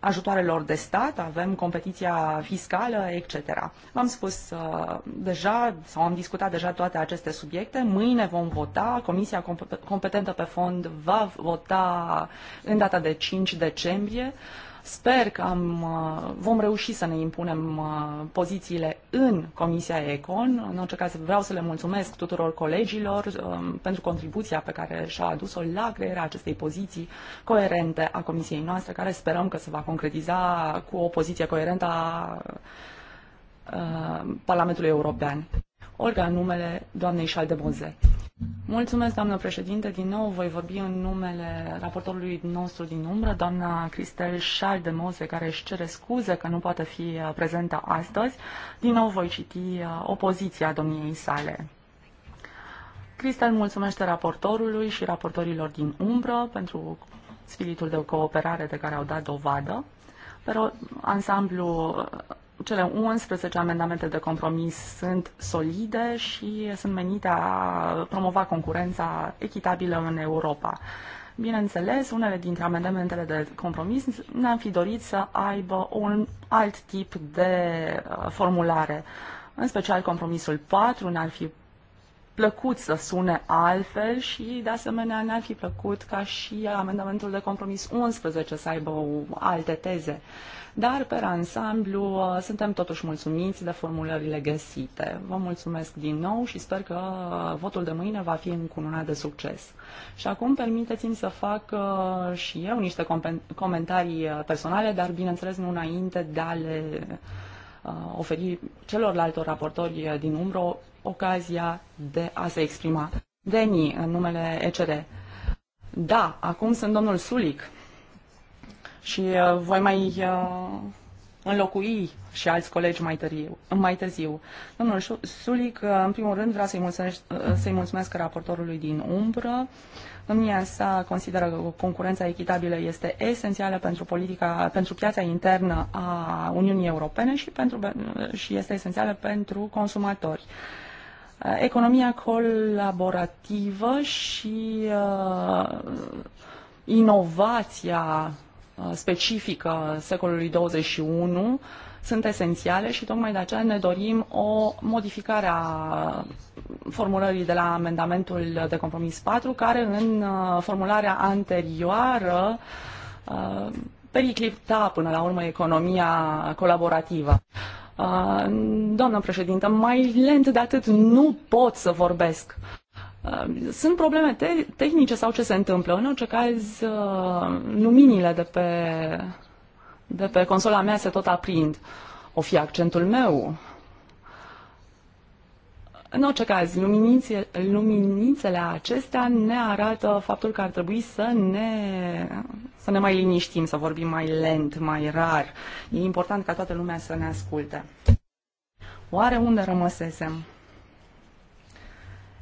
ajutoarelor de stat, avem competiția fiscală, etc. V-am spus uh, deja, sau am discutat deja toate aceste subiecte. Mâine vom vota, Comisia competentă pe fond va vota în data de 5 decembrie. Uh, Sper că am, uh, vom reuși să ne impunem uh, pozițiile în Comisia Econ. În orice caz vreau să le mulțumesc tuturor colegilor uh, pentru contribuția pe care și-a adus-o la crearea acestei poziții coerente a Comisiei noastre, care sperăm că se va concretiza cu o poziție coerentă a Parlamentului European. Olga, în numele doamnei Bonze. Mulțumesc, doamnă președinte. Din nou voi vorbi în numele raportorului nostru din umbră, doamna Cristel Moze, care își cere scuze că nu poate fi uh, prezentă astăzi. Din nou voi citi uh, opoziția domniei sale. Cristel mulțumește raportorului și raportorilor din umbră pentru spiritul de cooperare de care au dat dovadă. Pe ansamblu, uh, cele 11 amendamente de compromis sunt solide și sunt menite a promova concurența echitabilă în Europa. Bineînțeles, unele dintre amendamentele de compromis ne-am fi dorit să aibă un alt tip de uh, formulare. În special, compromisul 4 ne-ar fi plăcut să sune altfel și, de asemenea, ne-ar fi plăcut ca și amendamentul de compromis 11 să aibă alte teze. Uh, dar pe ansamblu uh, suntem totuși mulțumiți de formulările găsite. Vă mulțumesc din nou și sper că uh, votul de mâine va fi încununat de succes. Și acum permiteți-mi să fac uh, și eu niște comentarii personale, dar bineînțeles nu înainte de a le oferi celorlaltor raportori din umbră ocazia de a se exprima. Deni, în numele ECR. Da, acum sunt domnul Sulic și uh, voi mai uh, înlocui și alți colegi mai târziu. Mai târziu. Domnul Sulic, uh, în primul rând, vreau să-i mulțumesc, să mulțumesc raportorului din umbră. Domnia sa consideră că concurența echitabilă este esențială pentru, politica, pentru piața internă a Uniunii Europene și, pentru, și este esențială pentru consumatori. Economia colaborativă și uh, inovația Uh, specifică secolului 21 sunt esențiale și tocmai de aceea ne dorim o modificare a formulării de la amendamentul de compromis 4, care în uh, formularea anterioară uh, periclipta până la urmă economia colaborativă. Doamnă președintă, mai lent de atât nu pot să vorbesc. Uh, sunt probleme te- tehnice sau ce se întâmplă? În orice caz, uh, luminile de pe, de pe consola mea se tot aprind. O fi accentul meu? În orice caz, luminițe, luminițele acestea ne arată faptul că ar trebui să ne, să ne mai liniștim, să vorbim mai lent, mai rar. E important ca toată lumea să ne asculte. Oare unde rămăsesem?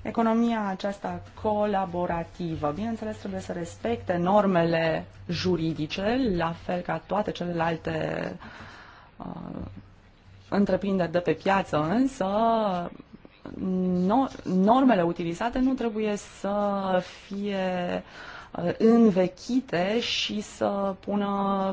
economia aceasta colaborativă, bineînțeles, trebuie să respecte normele juridice, la fel ca toate celelalte uh, întreprinderi de pe piață, însă no, normele utilizate nu trebuie să fie uh, învechite și să pună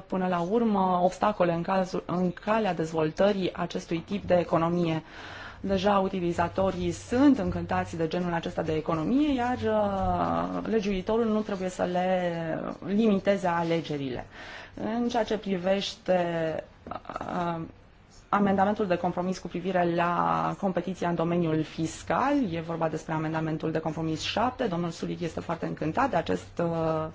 până la urmă obstacole în, cazul, în calea dezvoltării acestui tip de economie uh, Deja utilizatorii sunt încântați de genul acesta de economie, iar uh, legiuitorul nu trebuie să le limiteze alegerile. În ceea ce privește uh, amendamentul de compromis cu privire la competiția în domeniul fiscal. E vorba despre amendamentul de compromis 7. Domnul Sulic este foarte încântat de acest uh,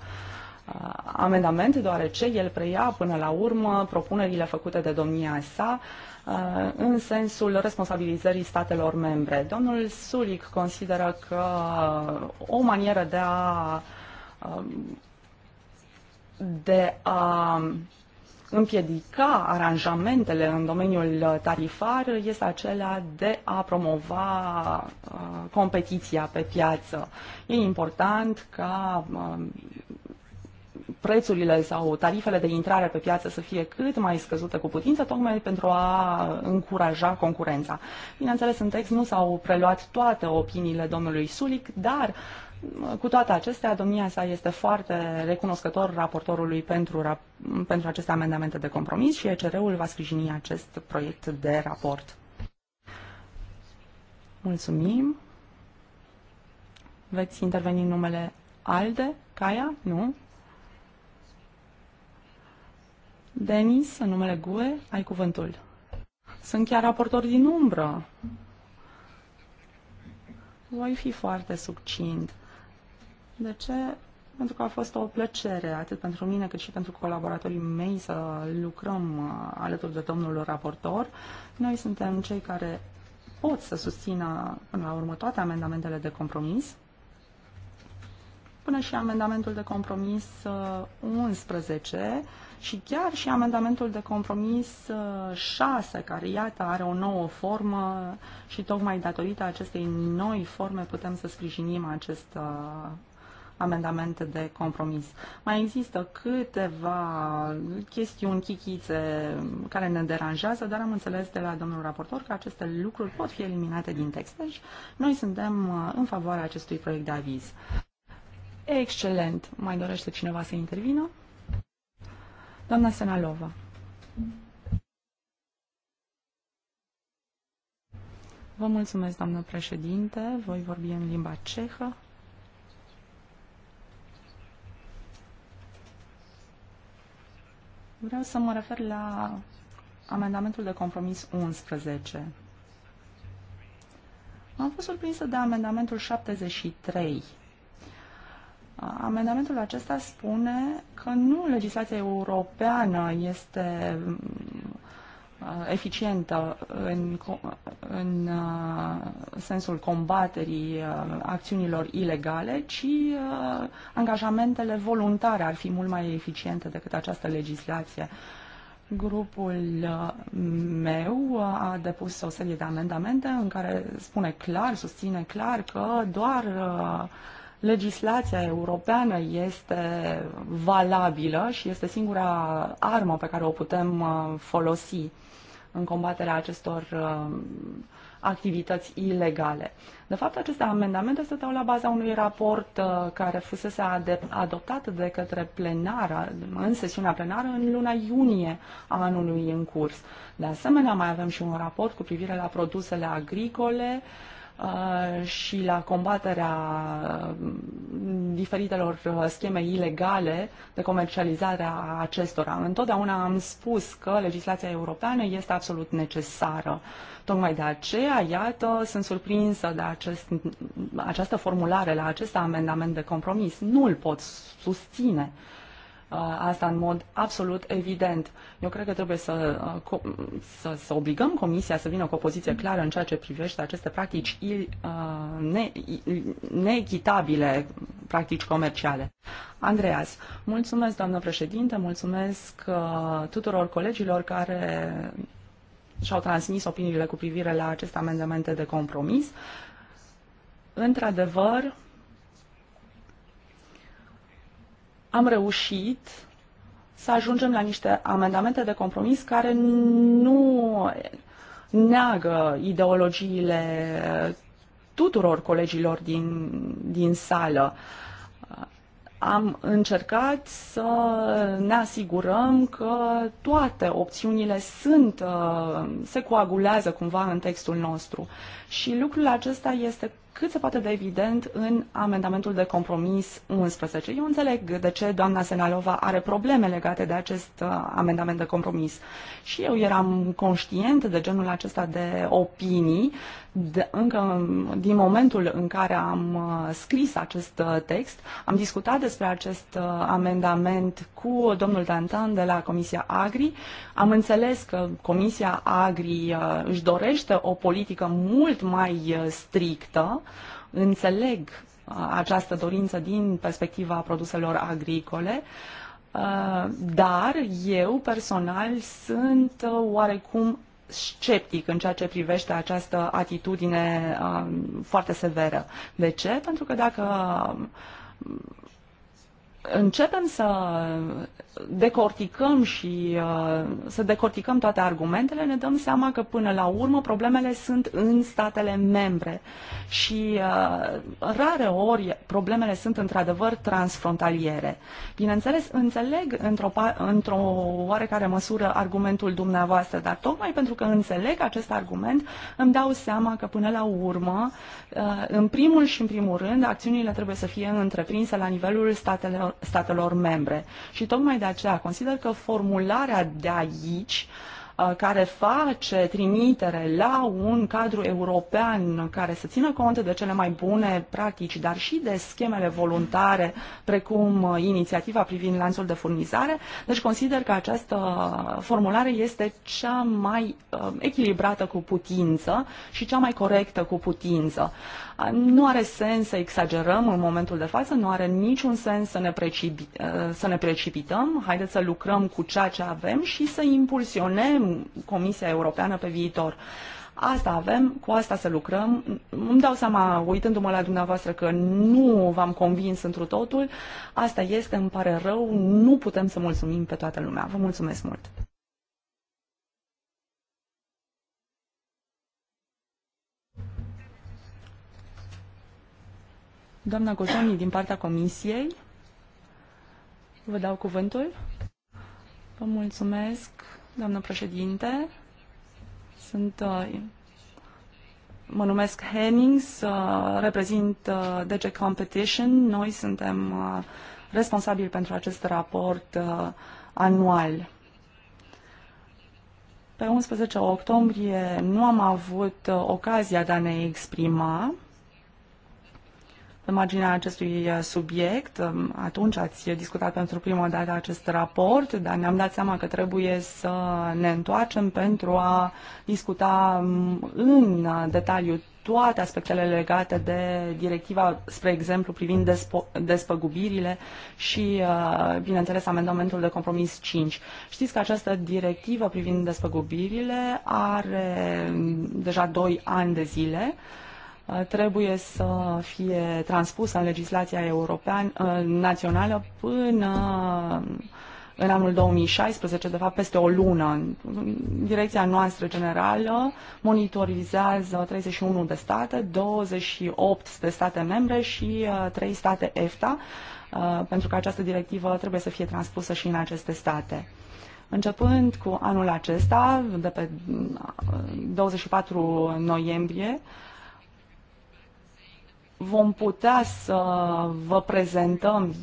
amendament, deoarece el preia până la urmă propunerile făcute de domnia sa Uh, în sensul responsabilizării statelor membre. Domnul Sulic consideră că o manieră de a um, de a împiedica aranjamentele în domeniul tarifar este acela de a promova uh, competiția pe piață. E important ca um, prețurile sau tarifele de intrare pe piață să fie cât mai scăzute cu putință, tocmai pentru a încuraja concurența. Bineînțeles, în text nu s-au preluat toate opiniile domnului Sulic, dar cu toate acestea, domnia sa este foarte recunoscător raportorului pentru, rap- pentru aceste amendamente de compromis și ECR-ul va sprijini acest proiect de raport. Mulțumim. Veți interveni în numele ALDE? Caia? Nu? Denis, în numele GUE, ai cuvântul. Sunt chiar raportor din umbră. Voi fi foarte succint. De ce? Pentru că a fost o plăcere, atât pentru mine cât și pentru colaboratorii mei, să lucrăm uh, alături de domnul raportor. Noi suntem cei care pot să susțină până la urmă toate amendamentele de compromis, până și amendamentul de compromis 11, uh, și chiar și amendamentul de compromis 6, uh, care iată are o nouă formă și tocmai datorită acestei noi forme putem să sprijinim acest uh, amendamente de compromis. Mai există câteva chestiuni chichițe care ne deranjează, dar am înțeles de la domnul raportor că aceste lucruri pot fi eliminate din text. Deci, noi suntem uh, în favoarea acestui proiect de aviz. Excelent! Mai dorește cineva să intervină? Doamna Sănalova. Vă mulțumesc, doamnă președinte. Voi vorbi în limba cehă. Vreau să mă refer la amendamentul de compromis 11. Am fost surprinsă de amendamentul 73 Amendamentul acesta spune că nu legislația europeană este uh, eficientă în, în uh, sensul combaterii uh, acțiunilor ilegale, ci angajamentele voluntare ar fi mult mai eficiente decât această legislație. Grupul meu a depus o serie de amendamente în care spune clar, susține clar că doar uh, legislația europeană este valabilă și este singura armă pe care o putem uh, folosi în combaterea acestor uh, activități ilegale. De fapt, aceste amendamente stăteau la baza unui raport uh, care fusese adoptat de către plenară, în sesiunea plenară, în luna iunie a anului în curs. De asemenea, mai avem și un raport cu privire la produsele agricole, uh, Uh, și la combaterea uh, diferitelor uh, scheme ilegale de comercializare a acestora. Întotdeauna am spus că legislația europeană este absolut necesară. Tocmai de aceea, iată, sunt surprinsă de acest, această formulare la acest amendament de compromis. Nu îl pot susține. Uh, Uh, asta în mod absolut evident. Eu cred că trebuie să, uh, să, să obligăm Comisia să vină cu o poziție clară în ceea ce privește aceste practici uh, ne, neechitabile, practici comerciale. Andreas, mulțumesc, doamnă președinte, mulțumesc tuturor colegilor care și-au transmis opiniile cu privire la aceste amendamente de compromis. Într-adevăr, am reușit să ajungem la niște amendamente de compromis care nu neagă ideologiile tuturor colegilor din, din sală. Am încercat să ne asigurăm că toate opțiunile sunt, uh, se coagulează cumva în textul nostru. Și lucrul acesta este cât se poate de evident în amendamentul de compromis 11. Eu înțeleg de ce doamna Senalova are probleme legate de acest uh, amendament de compromis. Și eu eram conștient de genul acesta de opinii de, încă din momentul în care am uh, scris acest uh, text. Am discutat despre acest amendament cu domnul Dantan de la Comisia Agri. Am înțeles că Comisia Agri își dorește o politică mult mai strictă Înțeleg uh, această dorință din perspectiva produselor agricole, uh, dar eu personal sunt uh, oarecum sceptic în ceea ce privește această atitudine um, foarte severă. De ce? Pentru că dacă începem să decorticăm și uh, să decorticăm toate argumentele, ne dăm seama că până la urmă problemele sunt în statele membre și uh, rare ori problemele sunt într-adevăr transfrontaliere. Bineînțeles, înțeleg într-o, într-o oarecare măsură argumentul dumneavoastră, dar tocmai pentru că înțeleg acest argument, îmi dau seama că până la urmă, uh, în primul și în primul rând, acțiunile trebuie să fie întreprinse la nivelul statelor statelor membre. Și tocmai de aceea consider că formularea de aici uh, Uh, care face trimitere la un cadru european care să țină cont de cele mai bune practici, dar și de schemele voluntare, precum uh, inițiativa privind lanțul de furnizare. Deci consider că această formulare este cea mai uh, echilibrată cu putință și cea mai corectă cu putință. Nu are sens să exagerăm în momentul de față, nu are niciun sens să ne, precipi, să ne precipităm, haideți să lucrăm cu ceea ce avem și să impulsionăm Comisia Europeană pe viitor. Asta avem, cu asta să lucrăm. Îmi dau seama, uitându-mă la dumneavoastră, că nu v-am convins întru totul. Asta este, îmi pare rău, nu putem să mulțumim pe toată lumea. Vă mulțumesc mult! Doamna Gojani, din partea Comisiei, vă dau cuvântul. Vă mulțumesc doamnă președinte. Sunt, uh, mă numesc Hennings, uh, reprezint uh, DG Competition. Noi suntem responsabili pentru acest raport anual. Pe 11 octombrie nu am avut ocazia de a ne exprima pe marginea acestui uh, subiect. Um, atunci ați discutat pentru prima dată acest raport, dar ne-am dat seama că trebuie să ne întoarcem pentru a discuta um, în detaliu toate aspectele legate de directiva, spre exemplu, privind despo- despăgubirile și, uh, bineînțeles, amendamentul de compromis 5. Știți că această directivă privind despăgubirile are um, deja 2 ani de zile trebuie să fie transpusă în legislația european, națională până în anul 2016, de fapt peste o lună. Direcția noastră generală monitorizează 31 de state, 28 de state membre și 3 state EFTA, pentru că această directivă trebuie să fie transpusă și în aceste state. Începând cu anul acesta, de pe 24 noiembrie, vom putea să vă prezentăm,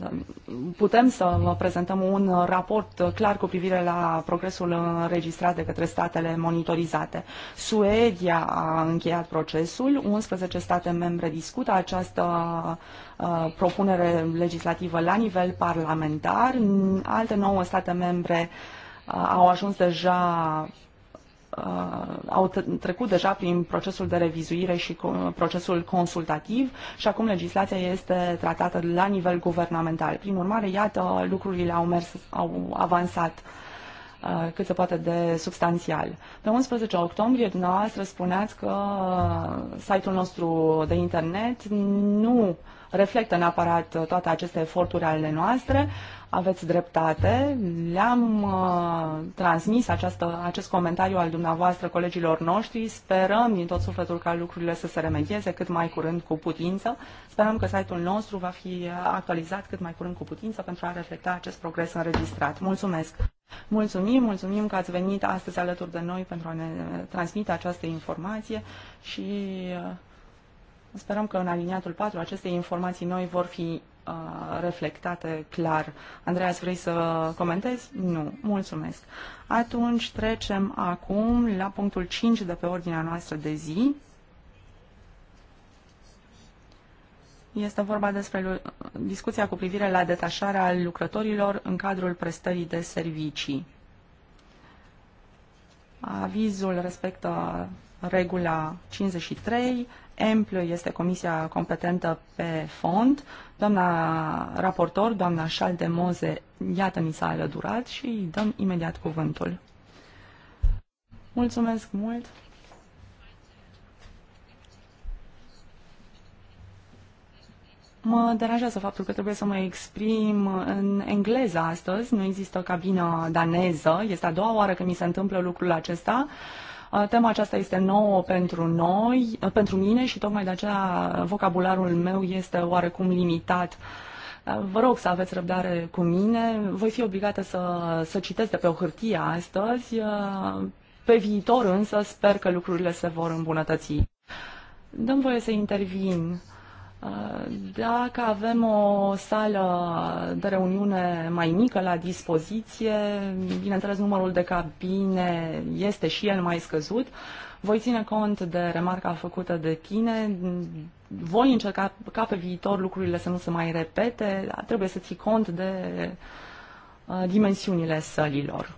putem să vă prezentăm un raport clar cu privire la progresul înregistrat de către statele monitorizate. Suedia a încheiat procesul, 11 state membre discută această uh, propunere legislativă la nivel parlamentar, alte 9 state membre uh, au ajuns deja Uh, au trecut deja prin procesul de revizuire și procesul consultativ și acum legislația este tratată la nivel guvernamental. Prin urmare, iată, lucrurile au, mers, au avansat uh, cât se poate de substanțial. Pe 11 octombrie, dumneavoastră spuneați că site-ul nostru de internet nu reflectă neapărat toate aceste eforturi ale noastre. Aveți dreptate. Le-am uh, transmis această, acest comentariu al dumneavoastră colegilor noștri. Sperăm din tot sufletul ca lucrurile să se remedieze cât mai curând cu putință. Sperăm că site-ul nostru va fi actualizat cât mai curând cu putință pentru a reflecta acest progres înregistrat. Mulțumesc! Mulțumim, mulțumim că ați venit astăzi alături de noi pentru a ne transmite această informație și uh, sperăm că în aliniatul 4 aceste informații noi vor fi reflectate clar. Andreea, vrei să comentezi? Nu. Mulțumesc. Atunci trecem acum la punctul 5 de pe ordinea noastră de zi. Este vorba despre discuția cu privire la detașarea lucrătorilor în cadrul prestării de servicii. Avizul respectă regula 53, Emplu este comisia competentă pe fond. Doamna raportor, doamna Moze, iată mi s-a alăturat și îi dăm imediat cuvântul. Mulțumesc mult! Mă deranjează faptul că trebuie să mă exprim în engleză astăzi. Nu există cabină daneză. Este a doua oară când mi se întâmplă lucrul acesta. Uh, Uh, tema aceasta este nouă pentru noi, uh, pentru mine și tocmai de aceea vocabularul meu este oarecum limitat. Uh, vă rog să aveți răbdare cu mine. Voi fi obligată să, să citesc de pe o hârtie astăzi. Pe viitor însă sper că lucrurile se vor îmbunătăți. Dăm voie să intervin. Uh, dacă avem o sală de reuniune mai mică la dispoziție, bineînțeles numărul de cabine este și el mai scăzut. Voi ține cont de remarca făcută de tine. Voi încerca ca pe viitor lucrurile să nu se mai repete. Trebuie să ții cont de uh, dimensiunile sălilor.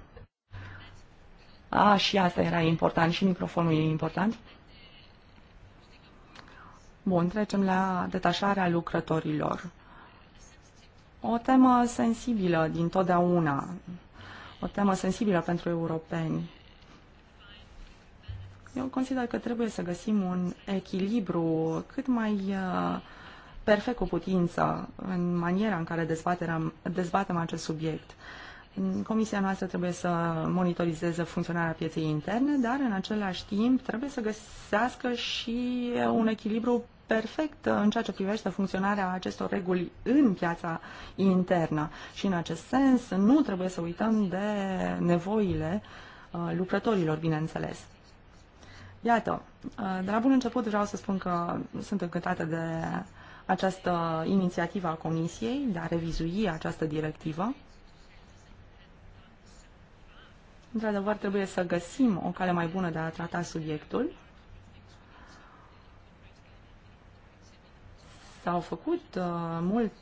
A, și asta era important și microfonul e important. Bun, trecem la detașarea lucrătorilor. O temă sensibilă din totdeauna, o temă sensibilă pentru europeni. Eu consider că trebuie să găsim un echilibru cât mai uh, perfect cu putință în maniera în care dezbatem acest subiect. Comisia noastră trebuie să monitorizeze funcționarea pieței interne, dar în același timp trebuie să găsească și un echilibru perfect în ceea ce privește funcționarea acestor reguli în piața internă. Și în acest sens nu trebuie să uităm de nevoile uh, lucrătorilor, bineînțeles. Iată, uh, de la bun început vreau să spun că sunt încântată de această inițiativă a Comisiei de a revizui această directivă. Într-adevăr, trebuie să găsim o cale mai bună de a trata subiectul. S-au făcut uh, mulți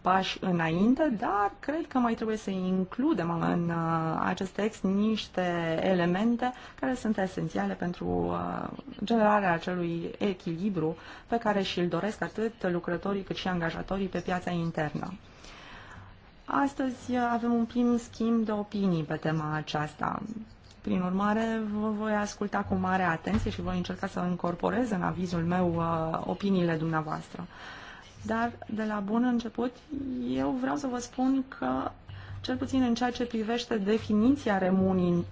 pași înainte, dar cred că mai trebuie să includem în uh, acest text niște elemente care sunt esențiale pentru uh, generarea acelui echilibru pe care și-l doresc atât lucrătorii cât și angajatorii pe piața internă. Astăzi uh, avem un prim schimb de opinii pe tema aceasta. Prin urmare, vă voi asculta cu mare atenție și voi încerca să încorporez în avizul meu uh, opiniile dumneavoastră. Dar, de la bun început, eu vreau să vă spun că, cel puțin în ceea ce privește definiția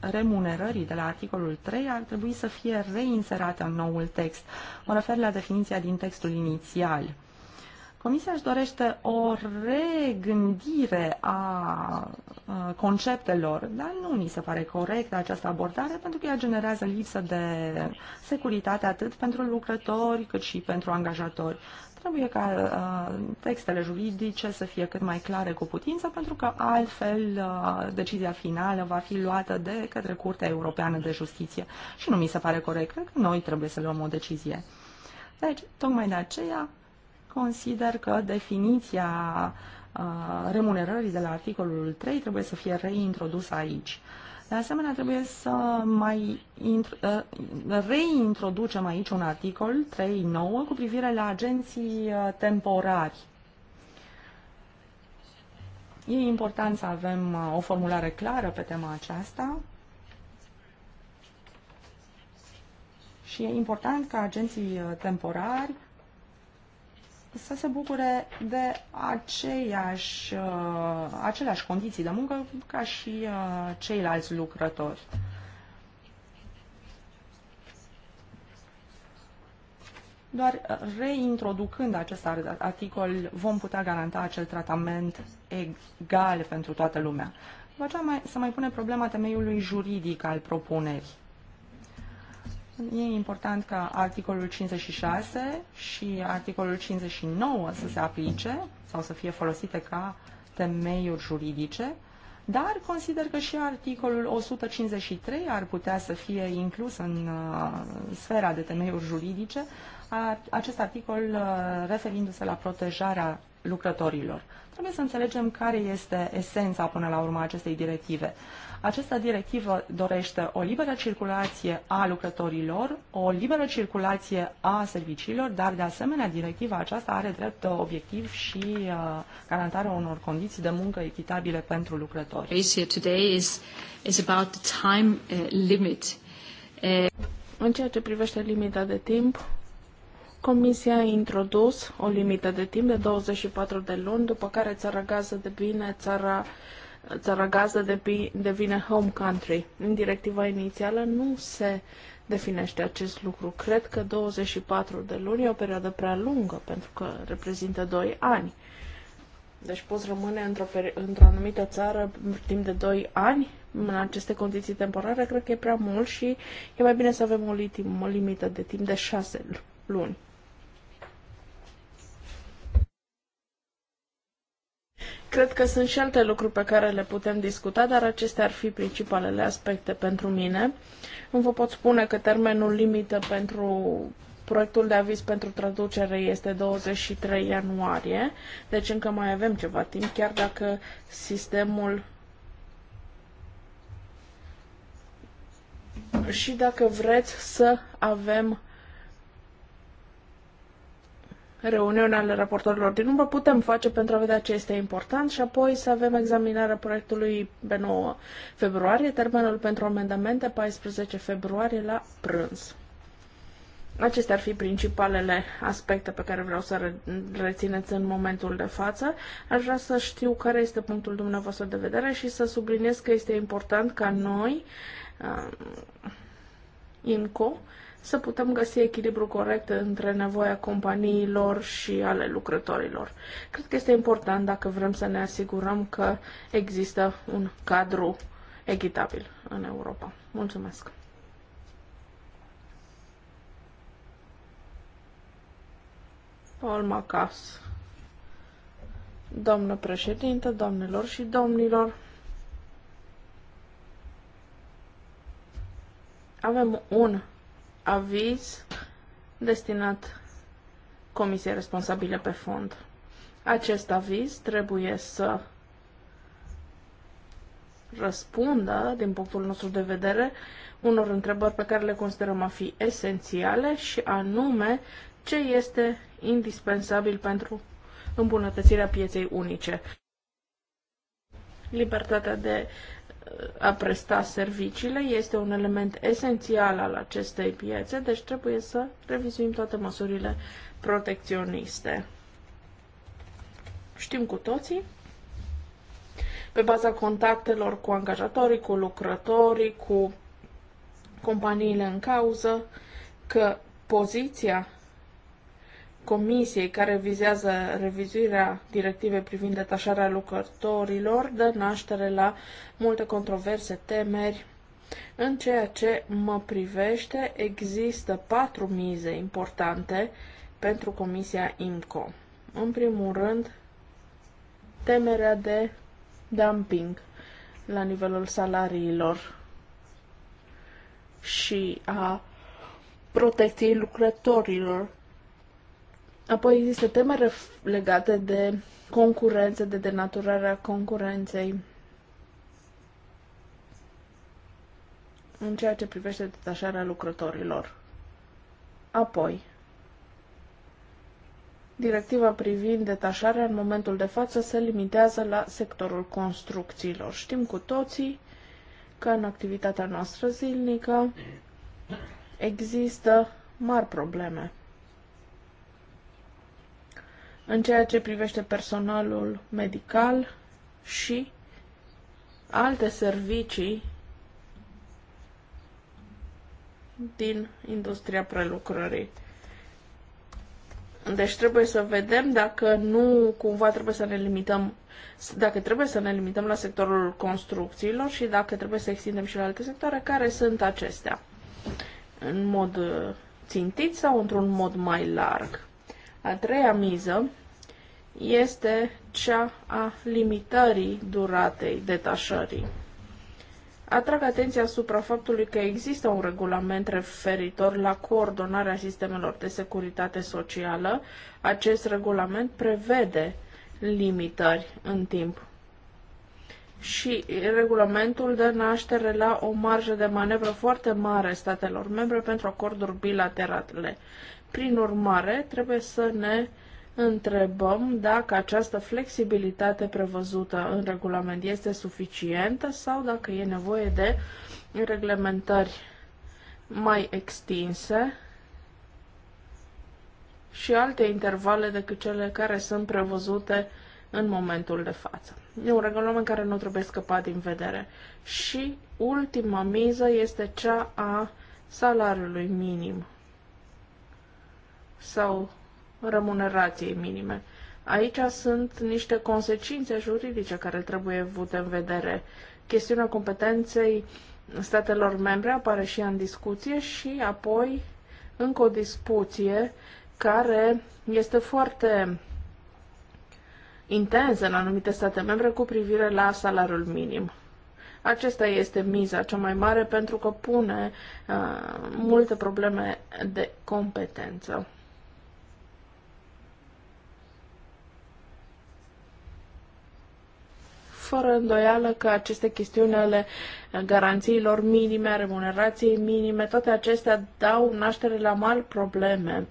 remunerării de la articolul 3, ar trebui să fie reinserată în noul text. Mă refer la definiția din textul inițial. Comisia își dorește o regândire a conceptelor, dar nu mi se pare corectă această abordare pentru că ea generează lipsă de securitate atât pentru lucrători cât și pentru angajatori. Trebuie ca textele juridice să fie cât mai clare cu putință, pentru că altfel decizia finală va fi luată de către Curtea Europeană de Justiție. Și nu mi se pare corect, cred că noi trebuie să luăm o decizie. Deci, tocmai de aceea, Consider că definiția uh, remunerării de la articolul 3 trebuie să fie reintrodusă aici. De asemenea, trebuie să mai uh, reintroducem aici un articol 3.9 cu privire la agenții uh, temporari. E important să avem o formulare clară pe tema aceasta și e important ca agenții temporari să se bucure de uh, aceleași condiții de muncă ca și uh, ceilalți lucrători. Doar uh, reintroducând acest articol vom putea garanta acel tratament egal pentru toată lumea. Vă aceea mai, se mai pune problema temeiului juridic al propunerii e important ca articolul 56 și articolul 59 să se aplice sau să fie folosite ca temeiuri juridice, dar consider că și articolul 153 ar putea să fie inclus în uh, sfera de temeiuri juridice, acest articol uh, referindu-se la protejarea lucrătorilor. Trebuie să înțelegem care este esența până la urmă acestei directive. Această directivă dorește o liberă circulație a lucrătorilor, o liberă circulație a serviciilor, dar de asemenea directiva aceasta are drept obiectiv și uh, garantarea unor condiții de muncă echitabile pentru lucrători. Uh, uh, În ceea ce privește limita de timp, Comisia a introdus o limită de timp de 24 de luni, după care țara gază devine țara țara gazdă devine home country. În directiva inițială nu se definește acest lucru. Cred că 24 de luni e o perioadă prea lungă, pentru că reprezintă 2 ani. Deci poți rămâne într-o, într-o anumită țară timp de 2 ani, în aceste condiții temporare, cred că e prea mult și e mai bine să avem o, litim, o limită de timp de 6 luni. Cred că sunt și alte lucruri pe care le putem discuta, dar acestea ar fi principalele aspecte pentru mine. Nu vă pot spune că termenul limită pentru proiectul de aviz pentru traducere este 23 ianuarie, deci încă mai avem ceva timp, chiar dacă sistemul și dacă vreți să avem reuniunea ale raportorilor din urmă, putem face pentru a vedea ce este important și apoi să avem examinarea proiectului pe 9 februarie, termenul pentru amendamente 14 februarie la prânz. Acestea ar fi principalele aspecte pe care vreau să rețineți în momentul de față. Aș vrea să știu care este punctul dumneavoastră de vedere și să subliniez că este important ca noi, um, INCO, să putem găsi echilibru corect între nevoia companiilor și ale lucrătorilor. Cred că este important dacă vrem să ne asigurăm că există un cadru echitabil în Europa. Mulțumesc! Paul Macas. Doamnă președintă, doamnelor și domnilor, avem un aviz destinat Comisiei responsabile pe fond. Acest aviz trebuie să răspundă, din punctul nostru de vedere, unor întrebări pe care le considerăm a fi esențiale și anume ce este indispensabil pentru îmbunătățirea pieței unice. Libertatea de a presta serviciile este un element esențial al acestei piețe, deci trebuie să revizuim toate măsurile protecționiste. Știm cu toții, pe baza contactelor cu angajatorii, cu lucrătorii, cu companiile în cauză, că poziția Comisiei care vizează revizuirea directivei privind detașarea lucrătorilor dă naștere la multe controverse, temeri. În ceea ce mă privește, există patru mize importante pentru Comisia IMCO. În primul rând, temerea de dumping la nivelul salariilor și a protecției lucrătorilor Apoi există teme legate de concurență, de denaturarea concurenței. în ceea ce privește detașarea lucrătorilor. Apoi, directiva privind detașarea în momentul de față se limitează la sectorul construcțiilor. Știm cu toții că în activitatea noastră zilnică există mari probleme în ceea ce privește personalul medical și alte servicii din industria prelucrării. Deci trebuie să vedem dacă nu cumva trebuie să ne limităm, dacă trebuie să ne limităm la sectorul construcțiilor și dacă trebuie să extindem și la alte sectoare, care sunt acestea? În mod uh, țintit sau într-un mod mai larg? A treia miză este cea a limitării duratei detașării. Atrag atenția asupra faptului că există un regulament referitor la coordonarea sistemelor de securitate socială. Acest regulament prevede limitări în timp. Și regulamentul dă naștere la o marjă de manevră foarte mare statelor membre pentru acorduri bilaterale. Prin urmare, trebuie să ne întrebăm dacă această flexibilitate prevăzută în regulament este suficientă sau dacă e nevoie de reglementări mai extinse și alte intervale decât cele care sunt prevăzute în momentul de față. E un regulament care nu trebuie scăpat din vedere. Și ultima miză este cea a salariului minim sau remunerației minime. Aici sunt niște consecințe juridice care trebuie avute în vedere. Chestiunea competenței statelor membre apare și în discuție și apoi încă o discuție care este foarte intensă în anumite state membre cu privire la salariul minim. Acesta este miza cea mai mare pentru că pune uh, multe probleme de competență. fără îndoială că aceste chestiuni ale garanțiilor minime, a remunerației minime, toate acestea dau naștere la mari probleme.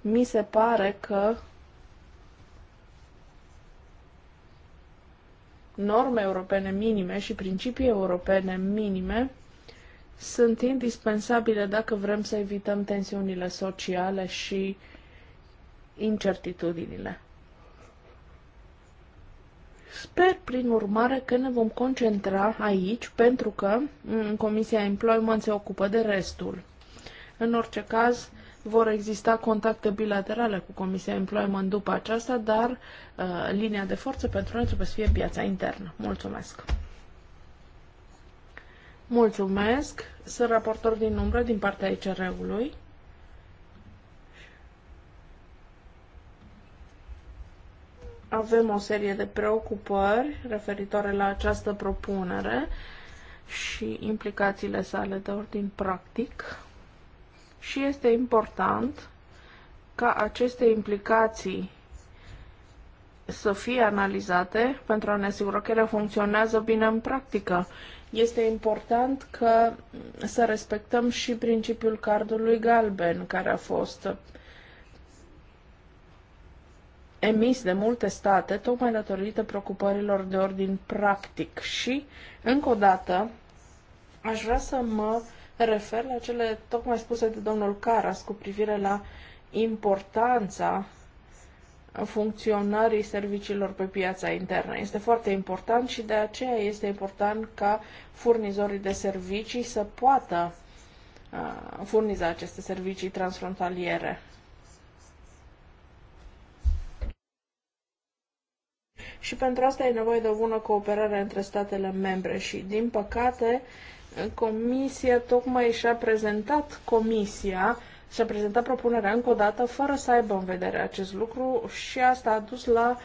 Mi se pare că norme europene minime și principii europene minime sunt indispensabile dacă vrem să evităm tensiunile sociale și uh, incertitudinile. Sper, prin urmare, că ne vom concentra aici, pentru că Comisia Employment se ocupă de restul. În orice caz, vor exista contacte bilaterale cu Comisia Employment după aceasta, dar uh, linia de forță pentru noi trebuie să fie piața internă. Mulțumesc! Mulțumesc! Sunt raportor din umbră din partea ICR-ului. avem o serie de preocupări referitoare la această propunere și implicațiile sale de ordin practic și este important ca aceste implicații să fie analizate pentru a ne asigura că ele funcționează bine în practică. Este important că să respectăm și principiul cardului galben care a fost emis de multe state, tocmai datorită preocupărilor de ordin practic. Și, încă o dată, aș vrea să mă refer la cele tocmai spuse de domnul Caras cu privire la importanța funcționării serviciilor pe piața internă. Este foarte important și de aceea este important ca furnizorii de servicii să poată uh, furniza aceste servicii transfrontaliere. și pentru asta e nevoie de o bună cooperare între statele membre și, din păcate, Comisia tocmai și-a prezentat Comisia și-a prezentat propunerea încă o dată fără să aibă în vedere acest lucru și asta a dus la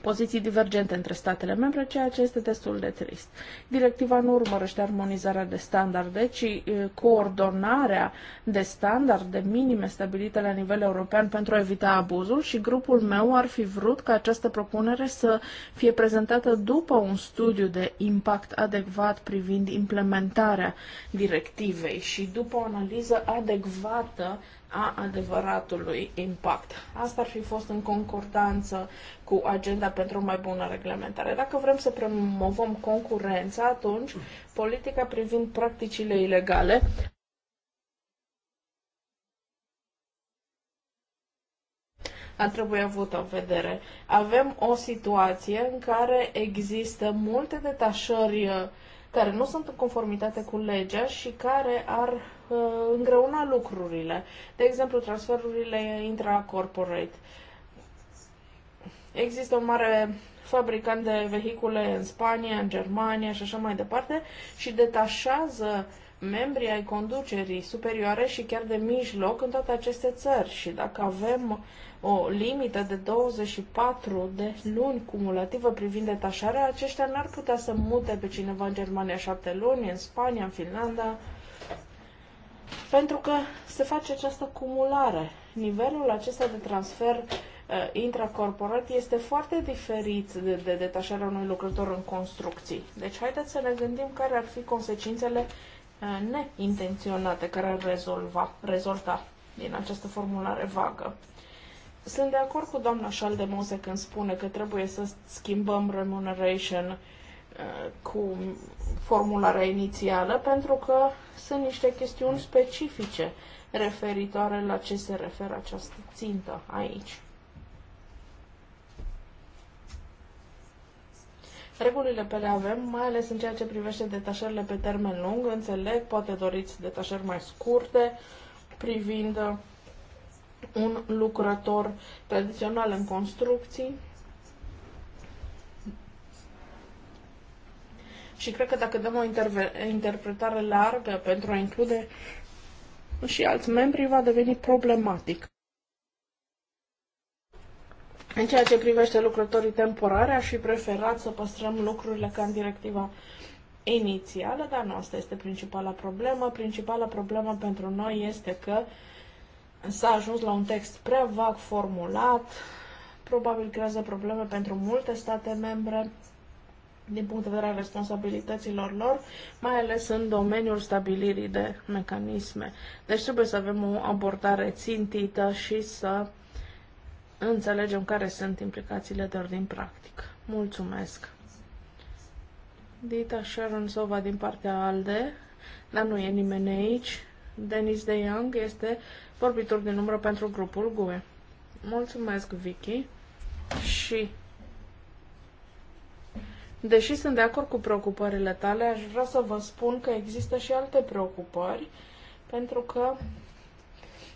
poziții divergente între statele membre, ceea ce este destul de trist. Directiva nu urmărește armonizarea de standarde, ci uh, coordonarea de standarde minime stabilite la nivel european pentru a evita abuzul și grupul meu ar fi vrut ca această propunere să fie prezentată după un studiu de impact adecvat privind implementarea directivei și după o analiză adecvată a adevăratului impact. Asta ar fi fost în concordanță cu agenda pentru o mai bună reglementare. Dacă vrem să promovăm concurența, atunci politica privind practicile ilegale ar trebui avută în vedere. Avem o situație în care există multe detașări uh, care nu sunt în conformitate cu legea și care ar uh, îngreuna lucrurile. De exemplu, transferurile intra-corporate. Există un mare fabricant de vehicule în Spania, în Germania și așa mai departe și detașează membrii ai conducerii superioare și chiar de mijloc în toate aceste țări. Și dacă avem uh, o limită de 24 de luni cumulativă privind detașarea, aceștia n-ar putea să mute pe cineva în Germania șapte luni, în Spania, în Finlanda, pentru că se face această cumulare. Nivelul acesta de transfer uh, intracorporat este foarte diferit de, de detașarea unui lucrător în construcții. Deci haideți să ne gândim care ar fi consecințele uh, neintenționate care ar rezolva, rezulta din această formulare vagă. Sunt de acord cu doamna Șaldemose când spune că trebuie să schimbăm remuneration uh, cu formularea inițială, pentru că sunt niște chestiuni specifice referitoare la ce se referă această țintă aici. Regulile pe le avem, mai ales în ceea ce privește detașările pe termen lung, înțeleg, poate doriți detașări mai scurte, privind un lucrător tradițional în construcții. Și cred că dacă dăm o interpretare largă pentru a include și alți membri, va deveni problematic. În ceea ce privește lucrătorii temporari, aș fi preferat să păstrăm lucrurile ca în directiva inițială, dar nu asta este principala problemă. Principala problemă pentru noi este că uh, s-a ajuns la un text prea vag formulat, probabil creează probleme pentru multe state membre din punct de vedere al responsabilităților lor, mai ales în domeniul stabilirii de mecanisme. Deci trebuie să avem o abordare țintită și să înțelegem care sunt implicațiile de ordin practic. Mulțumesc! Dita Sharon Sova din partea ALDE, dar nu e nimeni aici. Denis de Young este vorbitor de număr pentru grupul GUE. Mulțumesc, Vicky. Și Deși sunt de acord cu preocupările tale, aș vrea să vă spun că există și alte preocupări, pentru că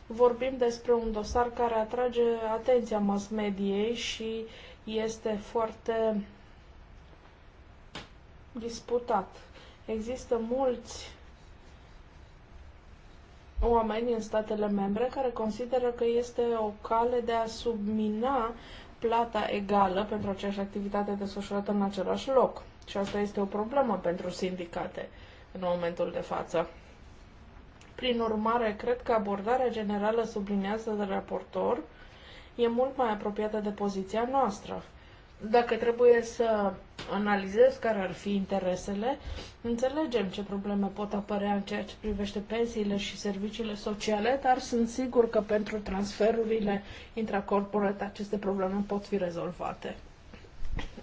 vorbim despre un dosar care atrage atenția mass mediei și este foarte disputat. Există mulți oameni în statele membre care consideră că este o cale de a submina plata egală pentru aceeași activitate desfășurată în același loc. Și asta este o problemă pentru sindicate în momentul de față. Prin urmare, cred că abordarea generală subliniază de raportor e mult mai apropiată de poziția noastră. Dacă trebuie să analizez care ar fi interesele, înțelegem ce probleme pot apărea în ceea ce privește pensiile și serviciile sociale, dar sunt sigur că pentru transferurile intracorporate aceste probleme pot fi rezolvate.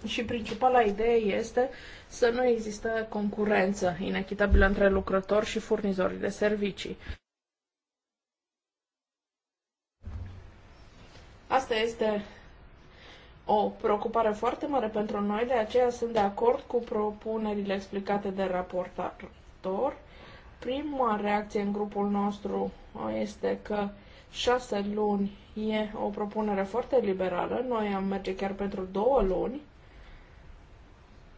Și principala idee este să nu există concurență inechitabilă între lucrători și furnizorii de servicii. Asta este o preocupare foarte mare pentru noi, de aceea sunt de acord cu propunerile explicate de raportator. Prima reacție în grupul nostru uh, este că șase luni e o propunere foarte liberală. Noi am merge chiar pentru două luni.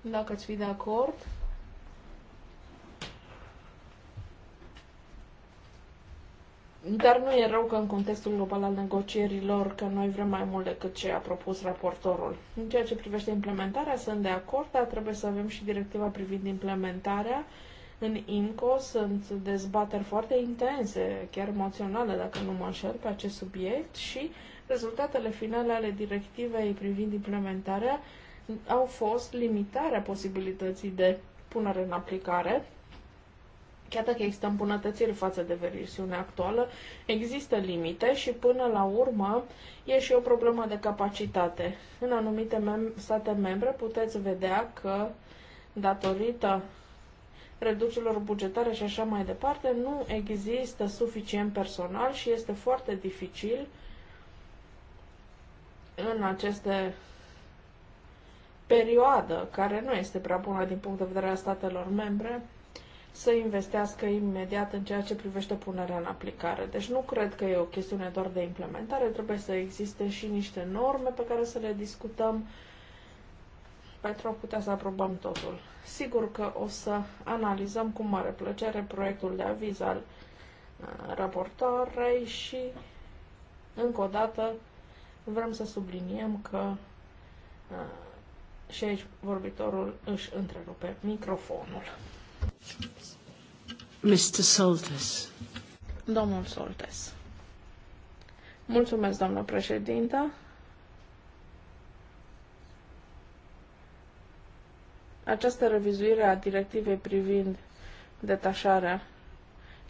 Dacă ați fi de acord, Dar nu e rău că în contextul global al negocierilor că noi vrem mai mult decât ce a propus raportorul. În ceea ce privește implementarea, sunt de acord, dar trebuie să avem și directiva privind implementarea. În IMCO sunt dezbateri foarte intense, chiar emoționale, dacă nu mă înșel, pe acest subiect și rezultatele finale ale directivei privind implementarea au fost limitarea posibilității de punere în aplicare Chiar dacă există îmbunătățiri față de versiunea actuală, există limite și până la urmă e și o problemă de capacitate. În anumite mem- state membre puteți vedea că datorită reducerilor bugetare și așa mai departe, nu există suficient personal și este foarte dificil în aceste perioadă, care nu este prea bună din punct de vedere a statelor membre, să investească imediat în ceea ce privește punerea în aplicare. Deci nu cred că e o chestiune doar de implementare, trebuie să existe și niște norme pe care să le discutăm pentru a putea să aprobăm totul. Sigur că o să analizăm cu mare plăcere proiectul de aviz al uh, raportoarei și încă o dată vrem să subliniem că uh, și aici vorbitorul își întrerupe microfonul. Mr. Soltes. Domnul Soltes. Mulțumesc, doamnă președintă. Această revizuire a directivei privind detașarea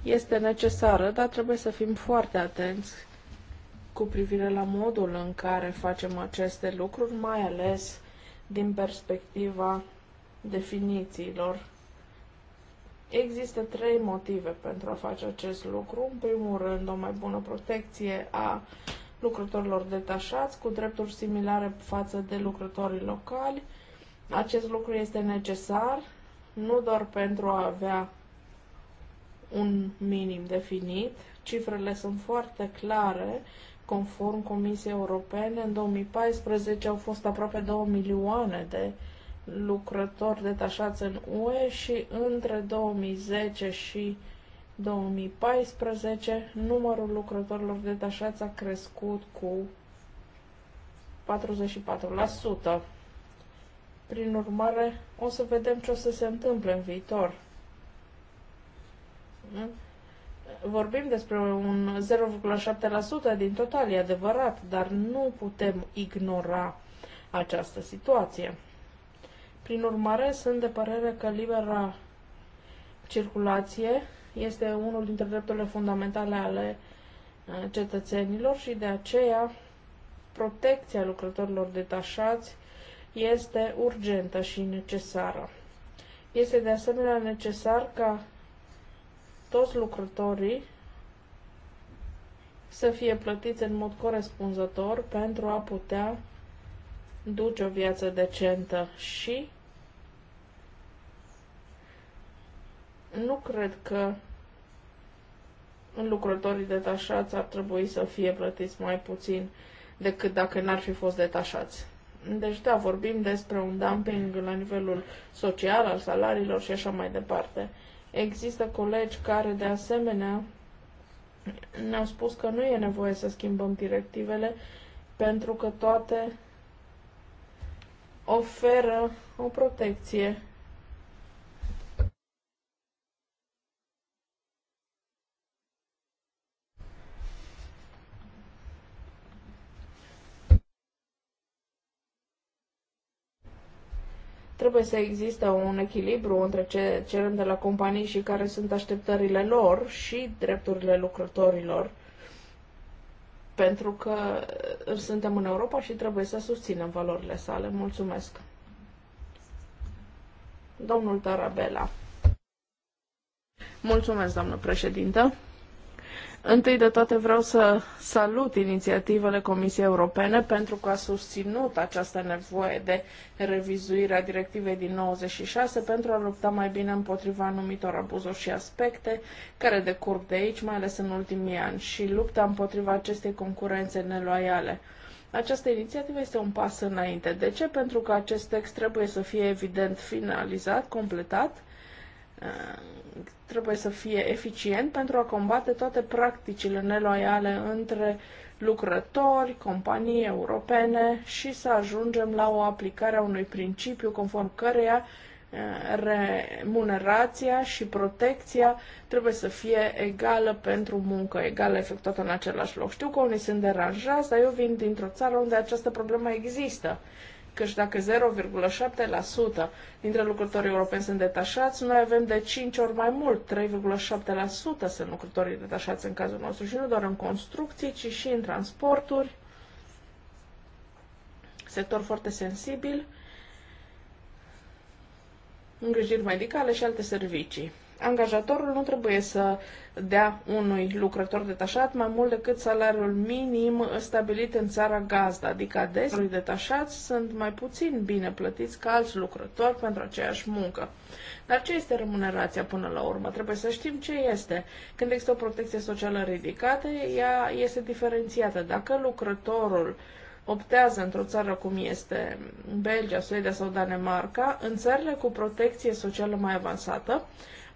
este necesară, dar trebuie să fim foarte atenți cu privire la modul în care facem aceste lucruri, mai ales din perspectiva definițiilor Există trei motive pentru a face acest lucru. În primul rând, o mai bună protecție a lucrătorilor detașați cu drepturi similare față de lucrătorii locali. Acest lucru este necesar nu doar pentru a avea un minim definit, cifrele sunt foarte clare, conform Comisiei Europene, în 2014 au fost aproape 2 milioane de uh, lucrători detașați în UE și între 2010 și 2014 numărul lucrătorilor detașați a crescut cu 44%. Prin urmare, o să vedem ce o să se întâmple în viitor. Vorbim despre un 0,7% din total, e adevărat, dar nu putem ignora această situație. Prin urmare, sunt de părere că libera circulație este unul dintre drepturile fundamentale ale uh, cetățenilor și de aceea protecția lucrătorilor detașați este urgentă și necesară. Este de asemenea necesar ca toți lucrătorii să fie plătiți în mod corespunzător pentru a putea duce o viață decentă și nu cred că lucrătorii detașați ar trebui să fie plătiți mai puțin decât dacă n-ar fi fost detașați. Deci, da, vorbim despre un dumping la nivelul social, al salariilor și așa mai departe. Există colegi care, de asemenea, ne-au spus că nu e nevoie să schimbăm directivele pentru că toate oferă o protecție Trebuie să existe un echilibru între ce cerem de la companii și care sunt așteptările lor și drepturile lucrătorilor, pentru că suntem în Europa și trebuie să susținem valorile sale. Mulțumesc! Domnul Tarabela. Mulțumesc, doamnă președintă. Întâi de toate vreau să salut inițiativele Comisiei Europene pentru că a susținut această nevoie de revizuire a directivei din 96 pentru a lupta mai bine împotriva anumitor abuzuri și aspecte care decurg de aici, mai ales în ultimii ani, și lupta împotriva acestei concurențe neloiale. Această inițiativă este un pas înainte. De ce? Pentru că acest text trebuie să fie evident finalizat, completat Uh, trebuie să fie eficient pentru a combate toate practicile neloiale între lucrători, companii europene și să ajungem la o aplicare a unui principiu conform căreia uh, remunerația și protecția trebuie să fie egală pentru muncă, egală efectuată în același loc. Știu că unii sunt deranjați, dar eu vin dintr-o țară unde această problemă există Căci dacă 0,7% dintre lucrătorii europeni sunt detașați, noi avem de 5 ori mai mult, 3,7% sunt lucrătorii detașați în cazul nostru și nu doar în construcții, ci și în transporturi, sector foarte sensibil, îngrijiri medicale și alte servicii angajatorul nu trebuie să dea unui lucrător detașat mai mult decât salariul minim stabilit în țara gazdă, adică adesea detașați sunt mai puțin bine plătiți ca alți lucrători pentru aceeași muncă. Dar ce este remunerația până la urmă? Trebuie să știm ce este. Când există o protecție socială ridicată, ea este diferențiată. Dacă lucrătorul optează într-o țară cum este Belgia, Suedia sau Danemarca, în țările cu protecție socială mai avansată,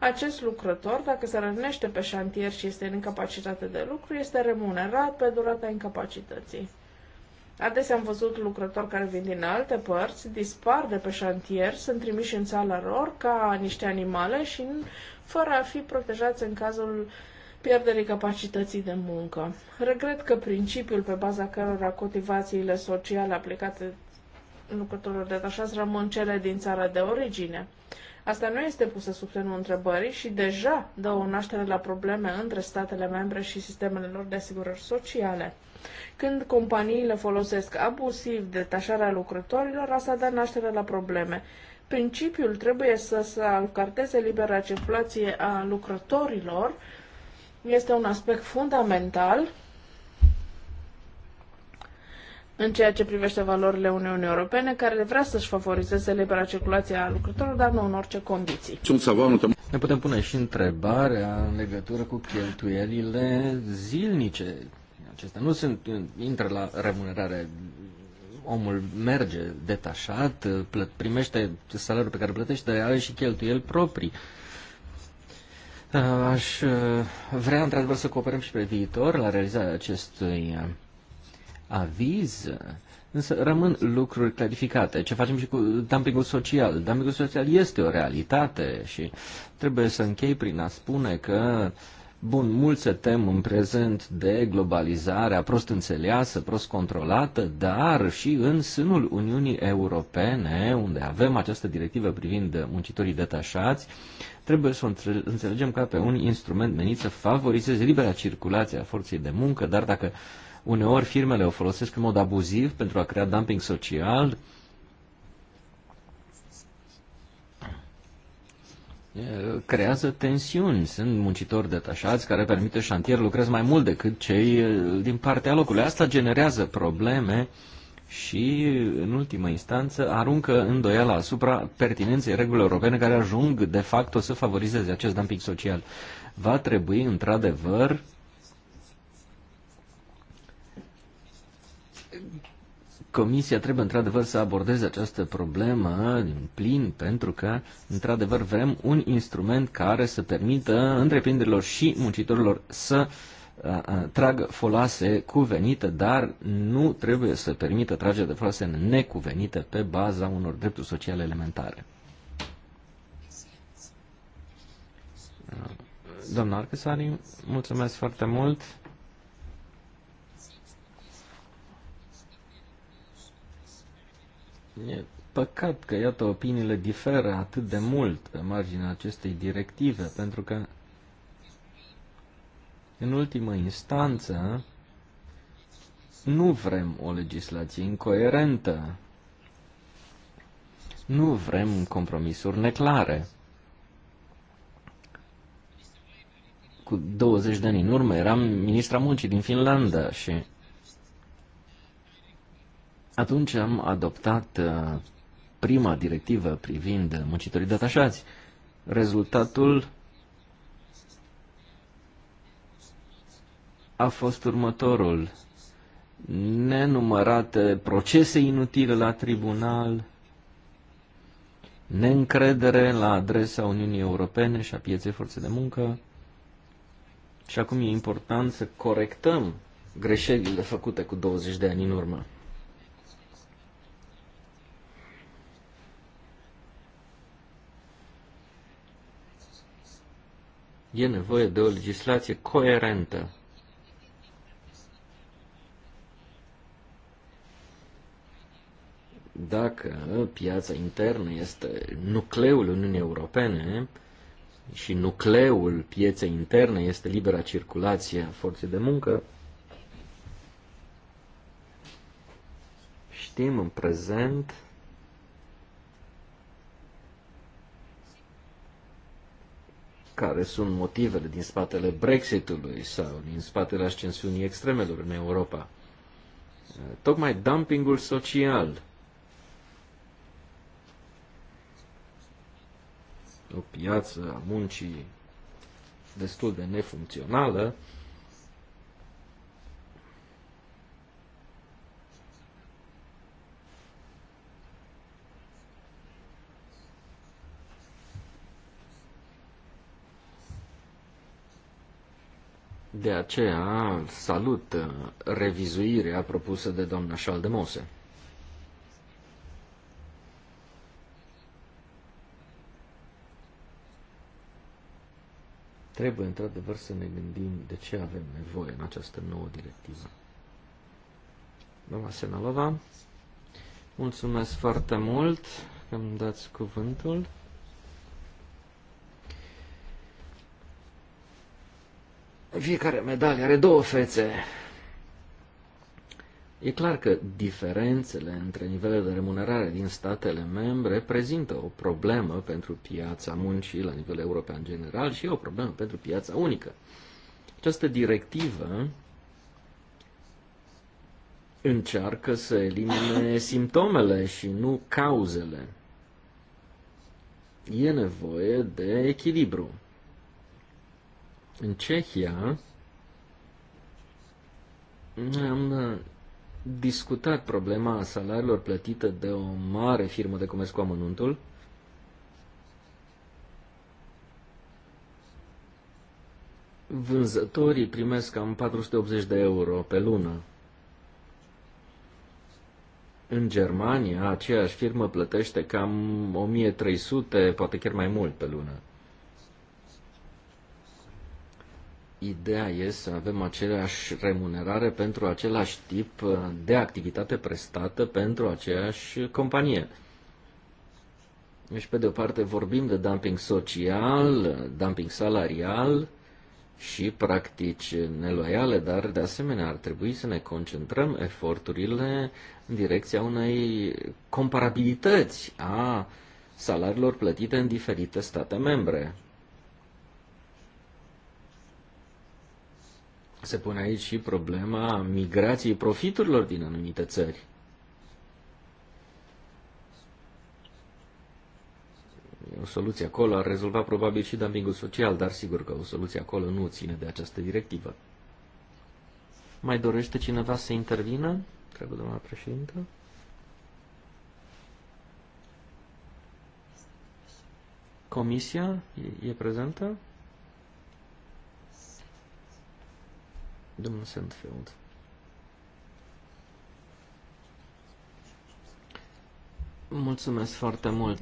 acest lucrător, dacă se rănește pe șantier și este în incapacitate de lucru, este remunerat pe durata incapacității. Adesea am văzut lucrători care vin din alte părți, dispar de pe șantier, sunt trimiși în țara lor ca niște animale și fără a fi protejați în cazul pierderii capacității de muncă. Regret că principiul pe baza cărora cotivațiile sociale aplicate lucrătorilor detașați rămân cele din țara de origine. Asta nu este pusă sub semnul întrebării și deja dă o naștere la probleme între statele membre și sistemele lor de asigurări sociale. Când companiile folosesc abusiv detașarea lucrătorilor, asta dă naștere la probleme. Principiul trebuie să alcarteze libera circulație a lucrătorilor este un aspect fundamental în ceea ce privește valorile Uniunii Europene, care vrea să-și favorizeze libera circulație a lucrătorilor, dar nu în orice condiții. Ne putem pune și întrebarea în legătură cu cheltuielile zilnice. Acestea nu sunt, intră la remunerare. Omul merge detașat, plăt, primește salariul pe care plătește, dar are și cheltuieli proprii. Aș uh, vrea, într-adevăr, să cooperăm și pe viitor la realizarea acestui aviz, însă rămân lucruri clarificate. Ce facem și cu dumpingul social? Dumpingul social este o realitate și trebuie să închei prin a spune că Bun, mulți se tem în prezent de globalizarea prost înțeleasă, prost controlată, dar și în sânul Uniunii Europene, unde avem această directivă privind muncitorii detașați, trebuie să o înțelegem ca pe un instrument menit să favorizeze libera circulație a forței de muncă, dar dacă Uneori firmele o folosesc în mod abuziv pentru a crea dumping social. Creează tensiuni. Sunt muncitori detașați care permite șantier lucrează mai mult decât cei din partea locului. Asta generează probleme și, în ultimă instanță, aruncă îndoiala asupra pertinenței regulilor europene care ajung, de fapt, să favorizeze acest dumping social. Va trebui, într-adevăr, Comisia trebuie într-adevăr să abordeze această problemă din plin, pentru că într-adevăr vrem un instrument care să permită întreprinderilor și muncitorilor să tragă folase cuvenite, dar nu trebuie să permită tragerea de folase necuvenite pe baza unor drepturi sociale elementare. Doamna Arcăsari, mulțumesc foarte mult. E păcat că, iată, opiniile diferă atât de mult pe marginea acestei directive, pentru că, în ultimă instanță, nu vrem o legislație incoerentă. Nu vrem compromisuri neclare. Cu 20 de ani în urmă eram ministra muncii din Finlanda și atunci am adoptat uh, prima directivă privind muncitorii detașați. Rezultatul a fost următorul. Nenumărate procese inutile la tribunal, neîncredere la adresa Uniunii Europene și a pieței forței de muncă. Și acum e important să corectăm greșelile făcute cu 20 de ani în urmă. E nevoie de o legislație coerentă. Dacă piața internă este nucleul Uniunii Europene și nucleul pieței interne este libera circulație a forței de muncă, știm în prezent care sunt motivele din spatele Brexitului sau din spatele ascensiunii extremelor în Europa. Tocmai dumpingul social. O piață a muncii destul de nefuncțională, De aceea salut uh, revizuirea propusă de doamna Șaldemose. Trebuie într-adevăr să ne gândim de ce avem nevoie în această nouă directivă. Doamna Senalova, mulțumesc foarte mult că îmi dați cuvântul. Fiecare medalie are două fețe. E clar că diferențele între nivelele de remunerare din statele membre prezintă o problemă pentru piața muncii la nivel european general și o problemă pentru piața unică. Această directivă încearcă să elimine simptomele și nu cauzele. E nevoie de echilibru. În Cehia am uh, discutat problema salariilor plătite de o mare firmă de comerț cu amănuntul. Vânzătorii primesc cam 480 de euro pe lună. În Germania, aceeași firmă plătește cam 1300, poate chiar mai mult pe lună. ideea e să avem aceleași remunerare pentru același tip uh, de activitate prestată pentru aceeași companie. Deci, pe de o parte, vorbim de dumping social, dumping salarial și practici neloiale, dar, de asemenea, ar trebui să ne concentrăm eforturile în direcția unei comparabilități a salariilor plătite în diferite state membre. Se pune aici și problema migrației profiturilor din anumite țări. o soluție acolo ar rezolva probabil și dumpingul social, dar sigur că o soluție acolo nu ține de această directivă. Mai dorește cineva să intervină? Trebuie doamna președintă. Comisia e, e prezentă? domnul Sandfield. Mulțumesc foarte mult,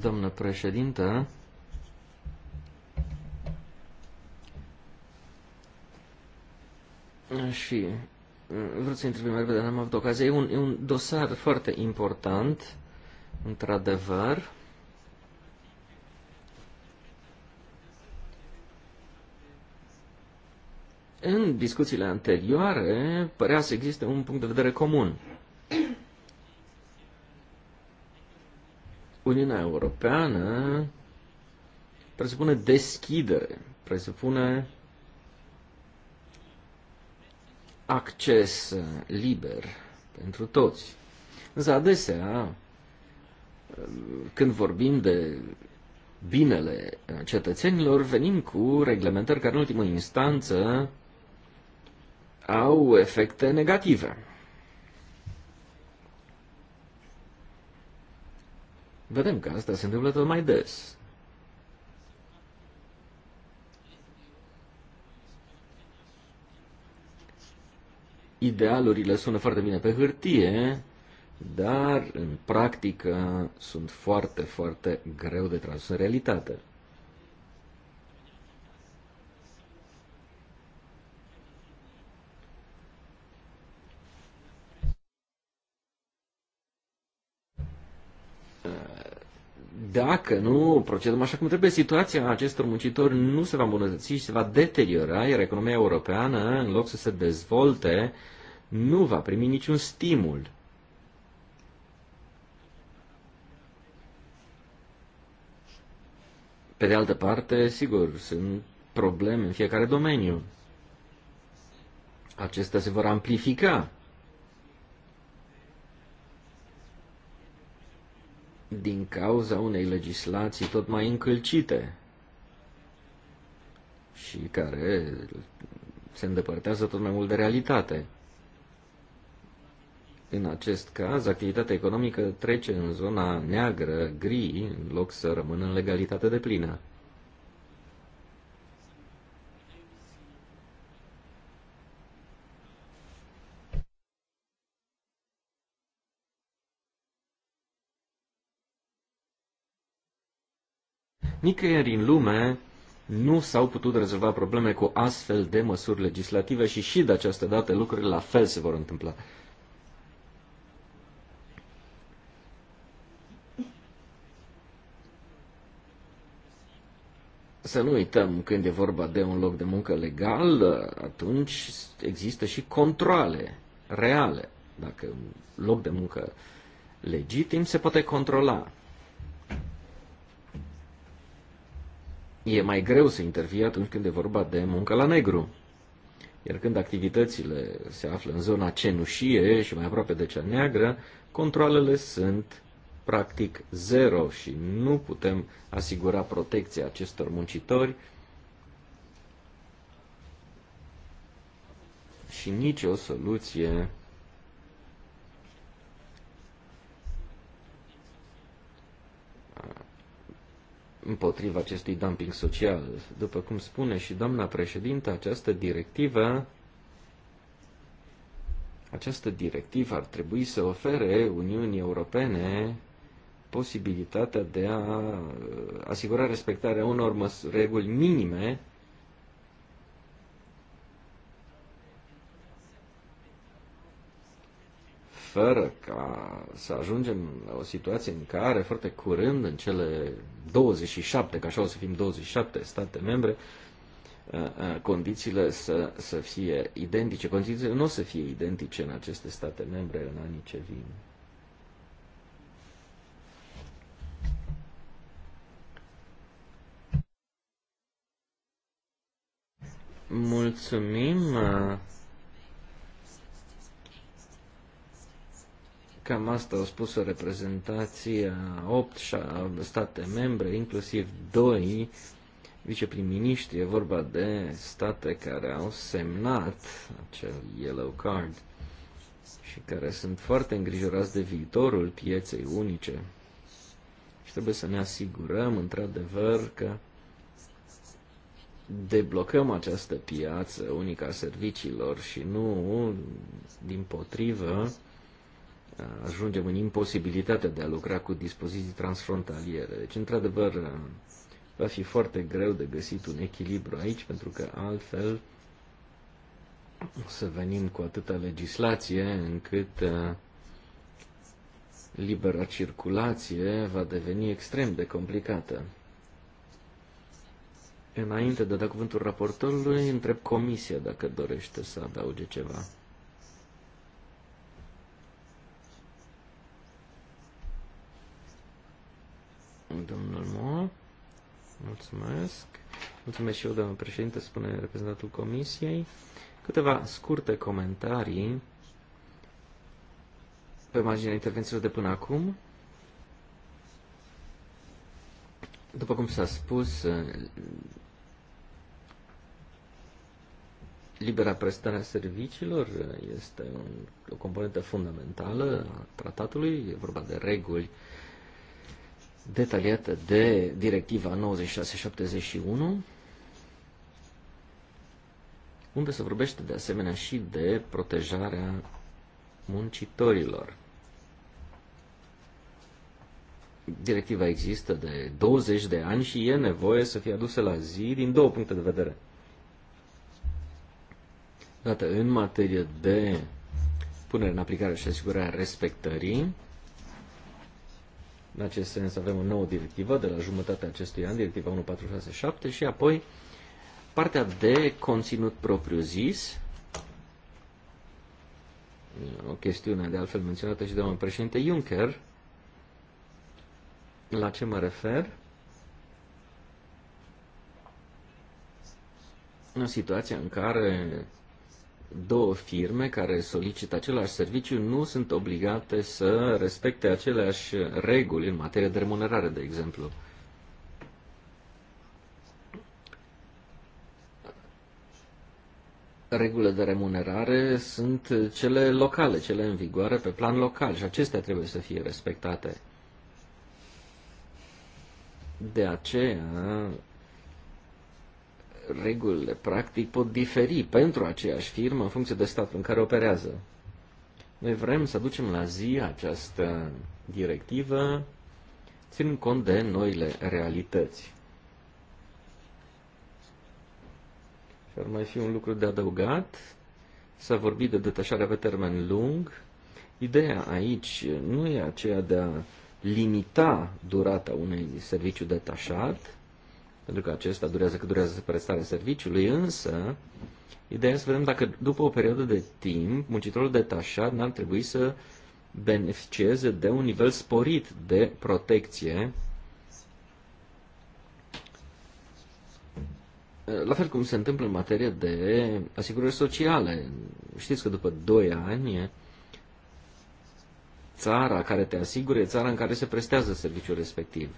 domnule președinte. Și mm, vreau să intervin mai repede, n-am avut ocazia. E un, e un dosar foarte important, într-adevăr. În discuțiile anterioare părea să existe un punct de vedere comun. Uniunea Europeană presupune deschidere, presupune acces liber pentru toți. Însă adesea, când vorbim de binele cetățenilor, venim cu reglementări care în ultimă instanță au efecte negative. Vedem că asta se întâmplă tot mai des. Idealurile sună foarte bine pe hârtie, dar în practică sunt foarte, foarte greu de tras în realitate. dacă nu procedăm așa cum trebuie, situația acestor muncitori nu se va îmbunătăți și se va deteriora, iar economia europeană, în loc să se dezvolte, nu va primi niciun stimul. Pe de altă parte, sigur, sunt probleme în fiecare domeniu. Acestea se vor amplifica din cauza unei legislații tot mai încălcite și care se îndepărtează tot mai mult de realitate. În acest caz, activitatea economică trece în zona neagră, gri, în loc să rămână în legalitate de plină. Nicăieri în lume nu s-au putut rezolva probleme cu astfel de măsuri legislative și și de această dată lucrurile la fel se vor întâmpla. Să nu uităm, când e vorba de un loc de muncă legal, atunci există și controle reale. Dacă un loc de muncă legitim se poate controla. e mai greu să intervii atunci când e vorba de muncă la negru. Iar când activitățile se află în zona cenușie și mai aproape de cea neagră, controlele sunt practic zero și nu putem asigura protecția acestor muncitori și nicio soluție împotriva acestui dumping social. După cum spune și doamna președintă, această directivă această directivă ar trebui să ofere Uniunii Europene posibilitatea de a uh, asigura respectarea unor reguli minime fără ca să ajungem la o situație în care, foarte curând, în cele 27, că așa o să fim 27 state membre, condițiile să, să fie identice. Condițiile nu o să fie identice în aceste state membre în anii ce vin. Mulțumim. Cam asta au spus o reprezentație a 8 state membre, inclusiv 2 viceprim-ministri. E vorba de state care au semnat acel yellow card și care sunt foarte îngrijorați de viitorul pieței unice. Și trebuie să ne asigurăm, într-adevăr, că deblocăm această piață unică a serviciilor și nu, din potrivă, ajungem în imposibilitatea de a lucra cu dispoziții transfrontaliere. Deci, într-adevăr, va fi foarte greu de găsit un echilibru aici, pentru că altfel o să venim cu atâta legislație încât uh, libera circulație va deveni extrem de complicată. Înainte de a da cuvântul raportorului, întreb comisia dacă dorește să adauge ceva. domnul Mo. Mulțumesc. Mulțumesc și eu, domnul președinte, spune reprezentantul comisiei. Câteva scurte comentarii pe marginea intervențiilor de până acum. După cum s-a spus, libera prestare a serviciilor este un, o componentă fundamentală a tratatului, e vorba de reguli uh, detaliată de directiva 9671, unde se vorbește de asemenea și de protejarea muncitorilor. Directiva există de 20 de ani și e nevoie să fie adusă la zi din două puncte de vedere. Dată în materie de punere în aplicare și asigurarea respectării, în acest sens avem o nouă directivă de la jumătatea acestui an, directiva 1467 și apoi partea de conținut propriu-zis, o chestiune de altfel menționată și de domnul președinte Juncker, la ce mă refer? În situația în care două firme care solicită același serviciu nu sunt obligate să respecte aceleași reguli în materie de remunerare, de exemplu. regulile de remunerare sunt cele locale, cele în vigoare pe plan local și acestea trebuie să fie respectate. De aceea, regulile practic pot diferi pentru aceeași firmă în funcție de statul în care operează. Noi vrem să ducem la zi această directivă ținând cont de noile realități. Și ar mai fi un lucru de adăugat. S-a vorbit de detașarea pe termen lung. Ideea aici nu e aceea de a limita durata unui serviciu detașat, pentru că acesta durează cât durează prestarea serviciului, însă ideea este să vedem dacă după o perioadă de timp muncitorul detașat n-ar trebui să beneficieze de un nivel sporit de protecție La fel cum se întâmplă în materie de asigurări sociale. Știți că după 2 ani, țara care te asigură e țara în care se prestează serviciul respectiv.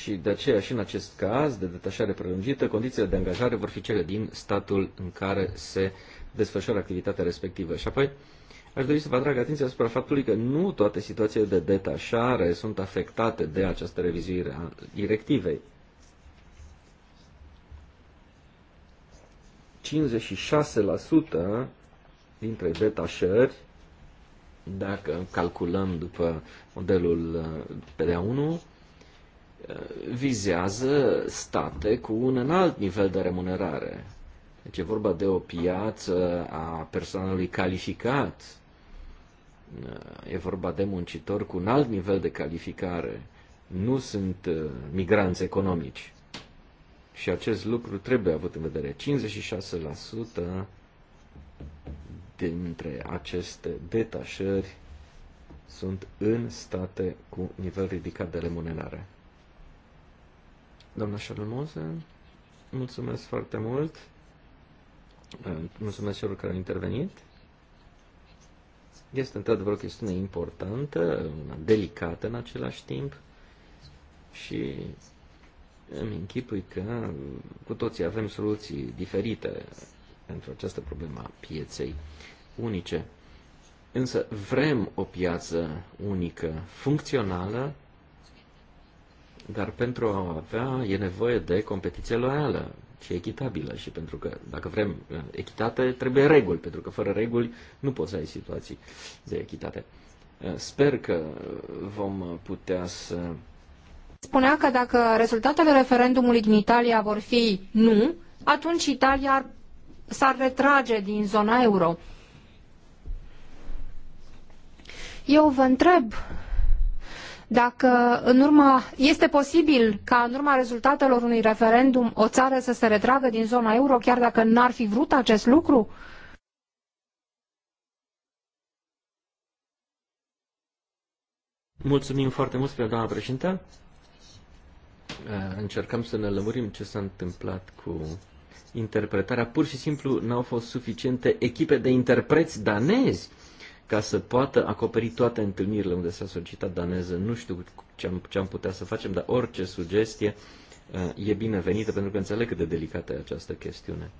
și de aceea și în acest caz de detașare prelungită, condițiile de angajare vor fi cele din statul în care se desfășoară activitatea respectivă. Și apoi aș dori să vă atrag atenția asupra faptului că nu toate situațiile de detașare sunt afectate de această revizuire a directivei. 56% dintre detașări, dacă calculăm după modelul uh, PDA1, vizează state cu un înalt nivel de remunerare. Deci e vorba de o piață a personalului calificat, e vorba de muncitori cu un alt nivel de calificare, nu sunt uh, migranți economici. Și acest lucru trebuie avut în vedere. 56% dintre aceste detașări sunt în state cu nivel ridicat de remunerare. Doamna Șalmose, mulțumesc foarte mult. Eh, mulțumesc celor care au intervenit. Este într-adevăr o chestiune importantă, una delicată în același timp și îmi închipui că cu toții avem soluții diferite pentru această problemă a pieței unice. Însă vrem o piață unică, funcțională, dar pentru a avea e nevoie de competiție loială și echitabilă și pentru că dacă vrem uh, echitate trebuie reguli, pentru că fără reguli nu poți să ai situații de echitate. Uh, sper că vom putea să spunea că dacă rezultatele referendumului din Italia vor fi nu, atunci Italia s-ar retrage din zona euro. Eu vă întreb dacă în urma, este posibil ca în urma rezultatelor unui referendum o țară să se retragă din zona euro, chiar dacă n-ar fi vrut acest lucru? Mulțumim foarte mult, doamna președinte. Eh, încercăm să ne lămurim ce s-a întâmplat cu interpretarea. Pur și simplu n-au fost suficiente echipe de interpreți danezi ca să poată acoperi toate întâlnirile unde s-a solicitat daneză. Nu știu ce am, ce am putea să facem, dar orice sugestie uh, e binevenită, pentru că înțeleg cât de delicată e această chestiune.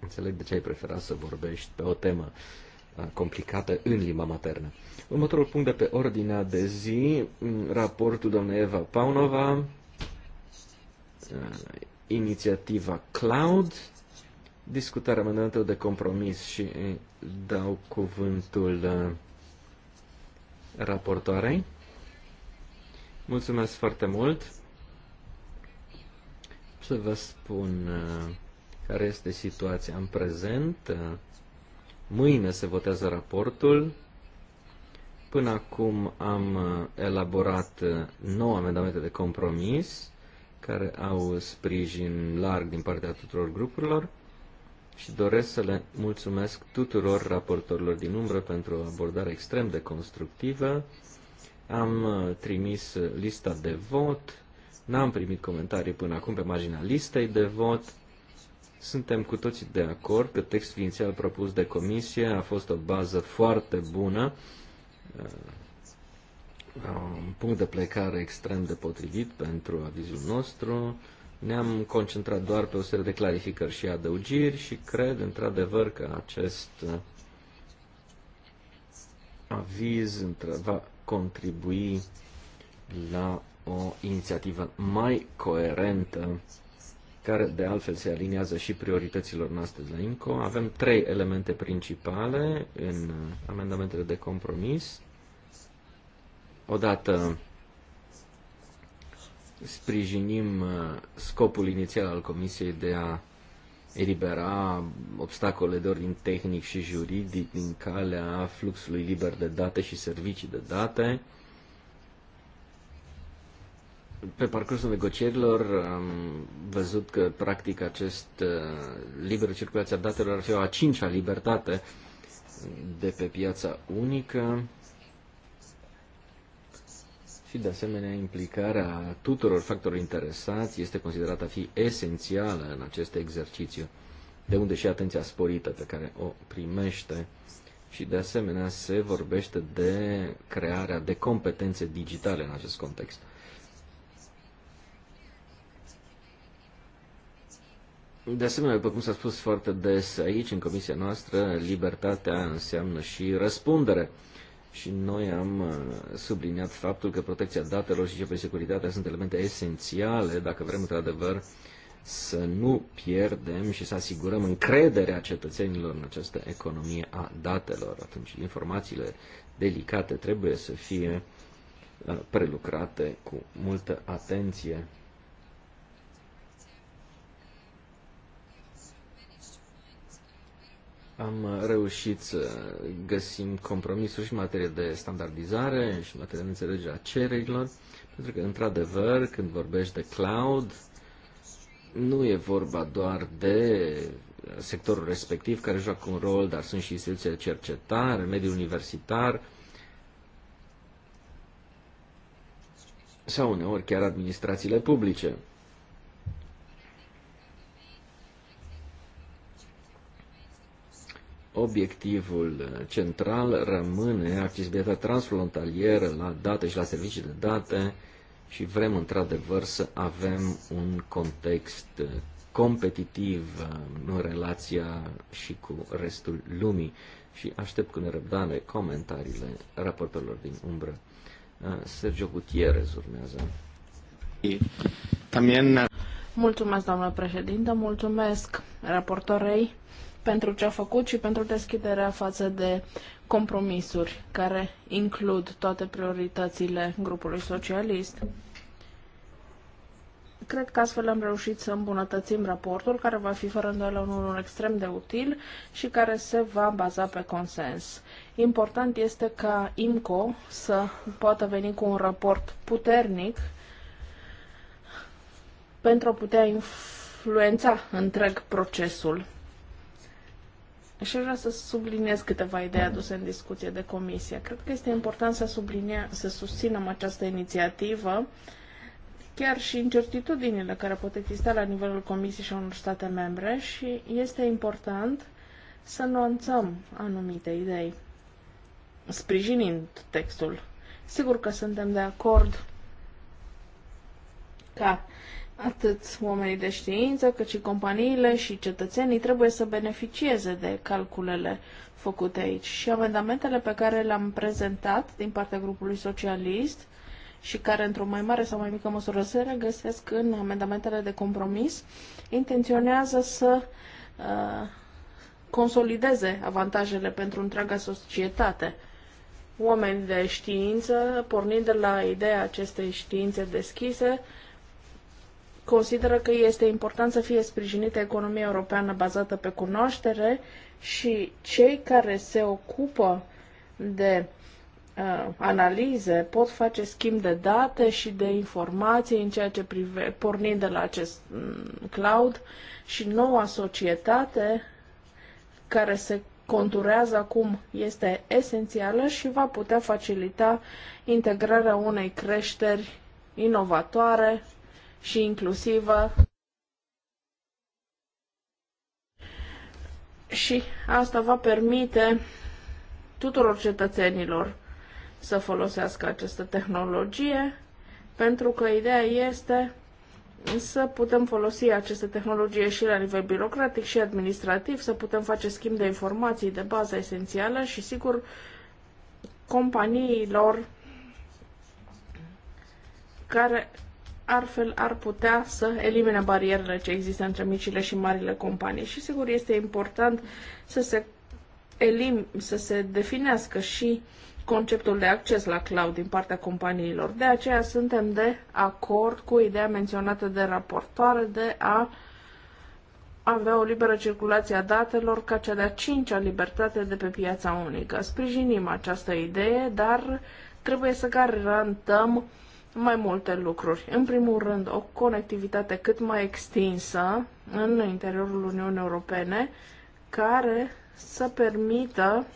Înțeleg de ce ai preferat să vorbești pe o temă uh, complicată în limba maternă. Următorul punct de pe ordinea de zi, raportul doamnei Eva Paunova, uh, inițiativa Cloud, discutarea amendamentelor de compromis și dau cuvântul uh, raportoarei. Mulțumesc foarte mult. Să vă spun uh, care este situația în prezent. Uh, mâine se votează raportul. Până acum am elaborat 9 amendamente de compromis care au sprijin larg din partea tuturor grupurilor și doresc să le mulțumesc tuturor raportorilor din umbră pentru o abordare extrem de constructivă. Am uh, trimis uh, lista de vot, n-am primit comentarii până acum pe marginea listei de vot. Suntem cu toții de acord că textul inițial propus de comisie a fost o bază foarte bună, uh, un punct de plecare extrem de potrivit pentru avizul nostru ne-am concentrat doar pe o serie de clarificări și adăugiri și cred într-adevăr că acest uh, aviz va contribui la o inițiativă mai coerentă care de altfel se aliniază și priorităților noastre la INCO. Avem trei elemente principale în uh, amendamentele de compromis. Odată sprijinim uh, scopul inițial al Comisiei de a elibera obstacole de ordin tehnic și juridic din calea fluxului liber de date și servicii de date. Pe parcursul negocierilor am văzut că, practic, acest uh, liber circulație a datelor ar fi o a cincea libertate de pe piața unică și de asemenea implicarea tuturor factorilor interesați este considerată a fi esențială în acest exercițiu, de unde și atenția sporită pe care o primește și de asemenea se vorbește de crearea de competențe digitale în acest context. De asemenea, după cum s-a spus foarte des aici, în comisia noastră, libertatea înseamnă și răspundere și noi am uh, subliniat faptul că protecția datelor și securitatea sunt elemente esențiale dacă vrem într-adevăr să nu pierdem și să asigurăm încrederea cetățenilor în această economie a datelor. Atunci informațiile delicate trebuie să fie uh, prelucrate cu multă atenție. Am uh, reușit să găsim compromisuri și în materie de standardizare și în materie de înțelegere a cererilor, pentru că, într-adevăr, când vorbești de cloud, nu e vorba doar de sectorul respectiv care joacă un rol, dar sunt și instituții de cercetare, mediul universitar sau uneori chiar administrațiile publice. obiectivul central rămâne accesibilitatea transfrontalieră la date și la servicii de date și vrem într-adevăr să avem un context competitiv um, în relația și cu restul lumii și aștept cu nerăbdare comentariile raportelor din umbră. Uh, Sergio Gutierrez urmează. Uh, mulțumesc, doamnă președintă, mulțumesc raportorei pentru ce a făcut și pentru deschiderea față de compromisuri care includ toate prioritățile grupului socialist. Cred că astfel am reușit să îmbunătățim raportul, care va fi fără îndoială unul extrem de util și care se va baza pe consens. Important este ca IMCO să poată veni cu un raport puternic pentru a putea influența întreg procesul. Și vreau să subliniez câteva idei aduse în discuție de comisie. Cred că este important să, sublinie, să susținem această inițiativă, chiar și incertitudinile care pot exista la nivelul comisiei și a unor state membre și este important să nuanțăm anumite idei, sprijinind textul. Sigur că suntem de acord ca Atât oamenii de știință, cât și companiile și cetățenii trebuie să beneficieze de calculele făcute aici. Și amendamentele pe care le-am prezentat din partea grupului socialist și care, într-o mai mare sau mai mică măsură, se regăsesc în amendamentele de compromis, intenționează să uh, consolideze avantajele pentru întreaga societate. Oameni de știință, pornind de la ideea acestei științe deschise, consideră că este important să fie sprijinită economia europeană bazată pe cunoaștere și cei care se ocupă de uh, analize pot face schimb de date și de informații în ceea ce prive, pornind de la acest mm, cloud și noua societate care se conturează acum este esențială și va putea facilita integrarea unei creșteri inovatoare și inclusivă. Și asta va permite tuturor cetățenilor să folosească această tehnologie, pentru că ideea este să putem folosi aceste tehnologie și la nivel birocratic și administrativ, să putem face schimb de informații de bază esențială și, sigur, companiilor care altfel ar putea să elimine barierele ce există între micile și marile companii. Și sigur este important să se, elim, să se definească și conceptul de acces la cloud din partea companiilor. De aceea suntem de acord cu ideea menționată de raportoare de a avea o liberă circulație a datelor ca cea de-a cincea libertate de pe piața unică. Sprijinim această idee, dar trebuie să garantăm mai multe lucruri. În primul rând, o conectivitate cât mai extinsă în interiorul Uniunii Europene, care să permită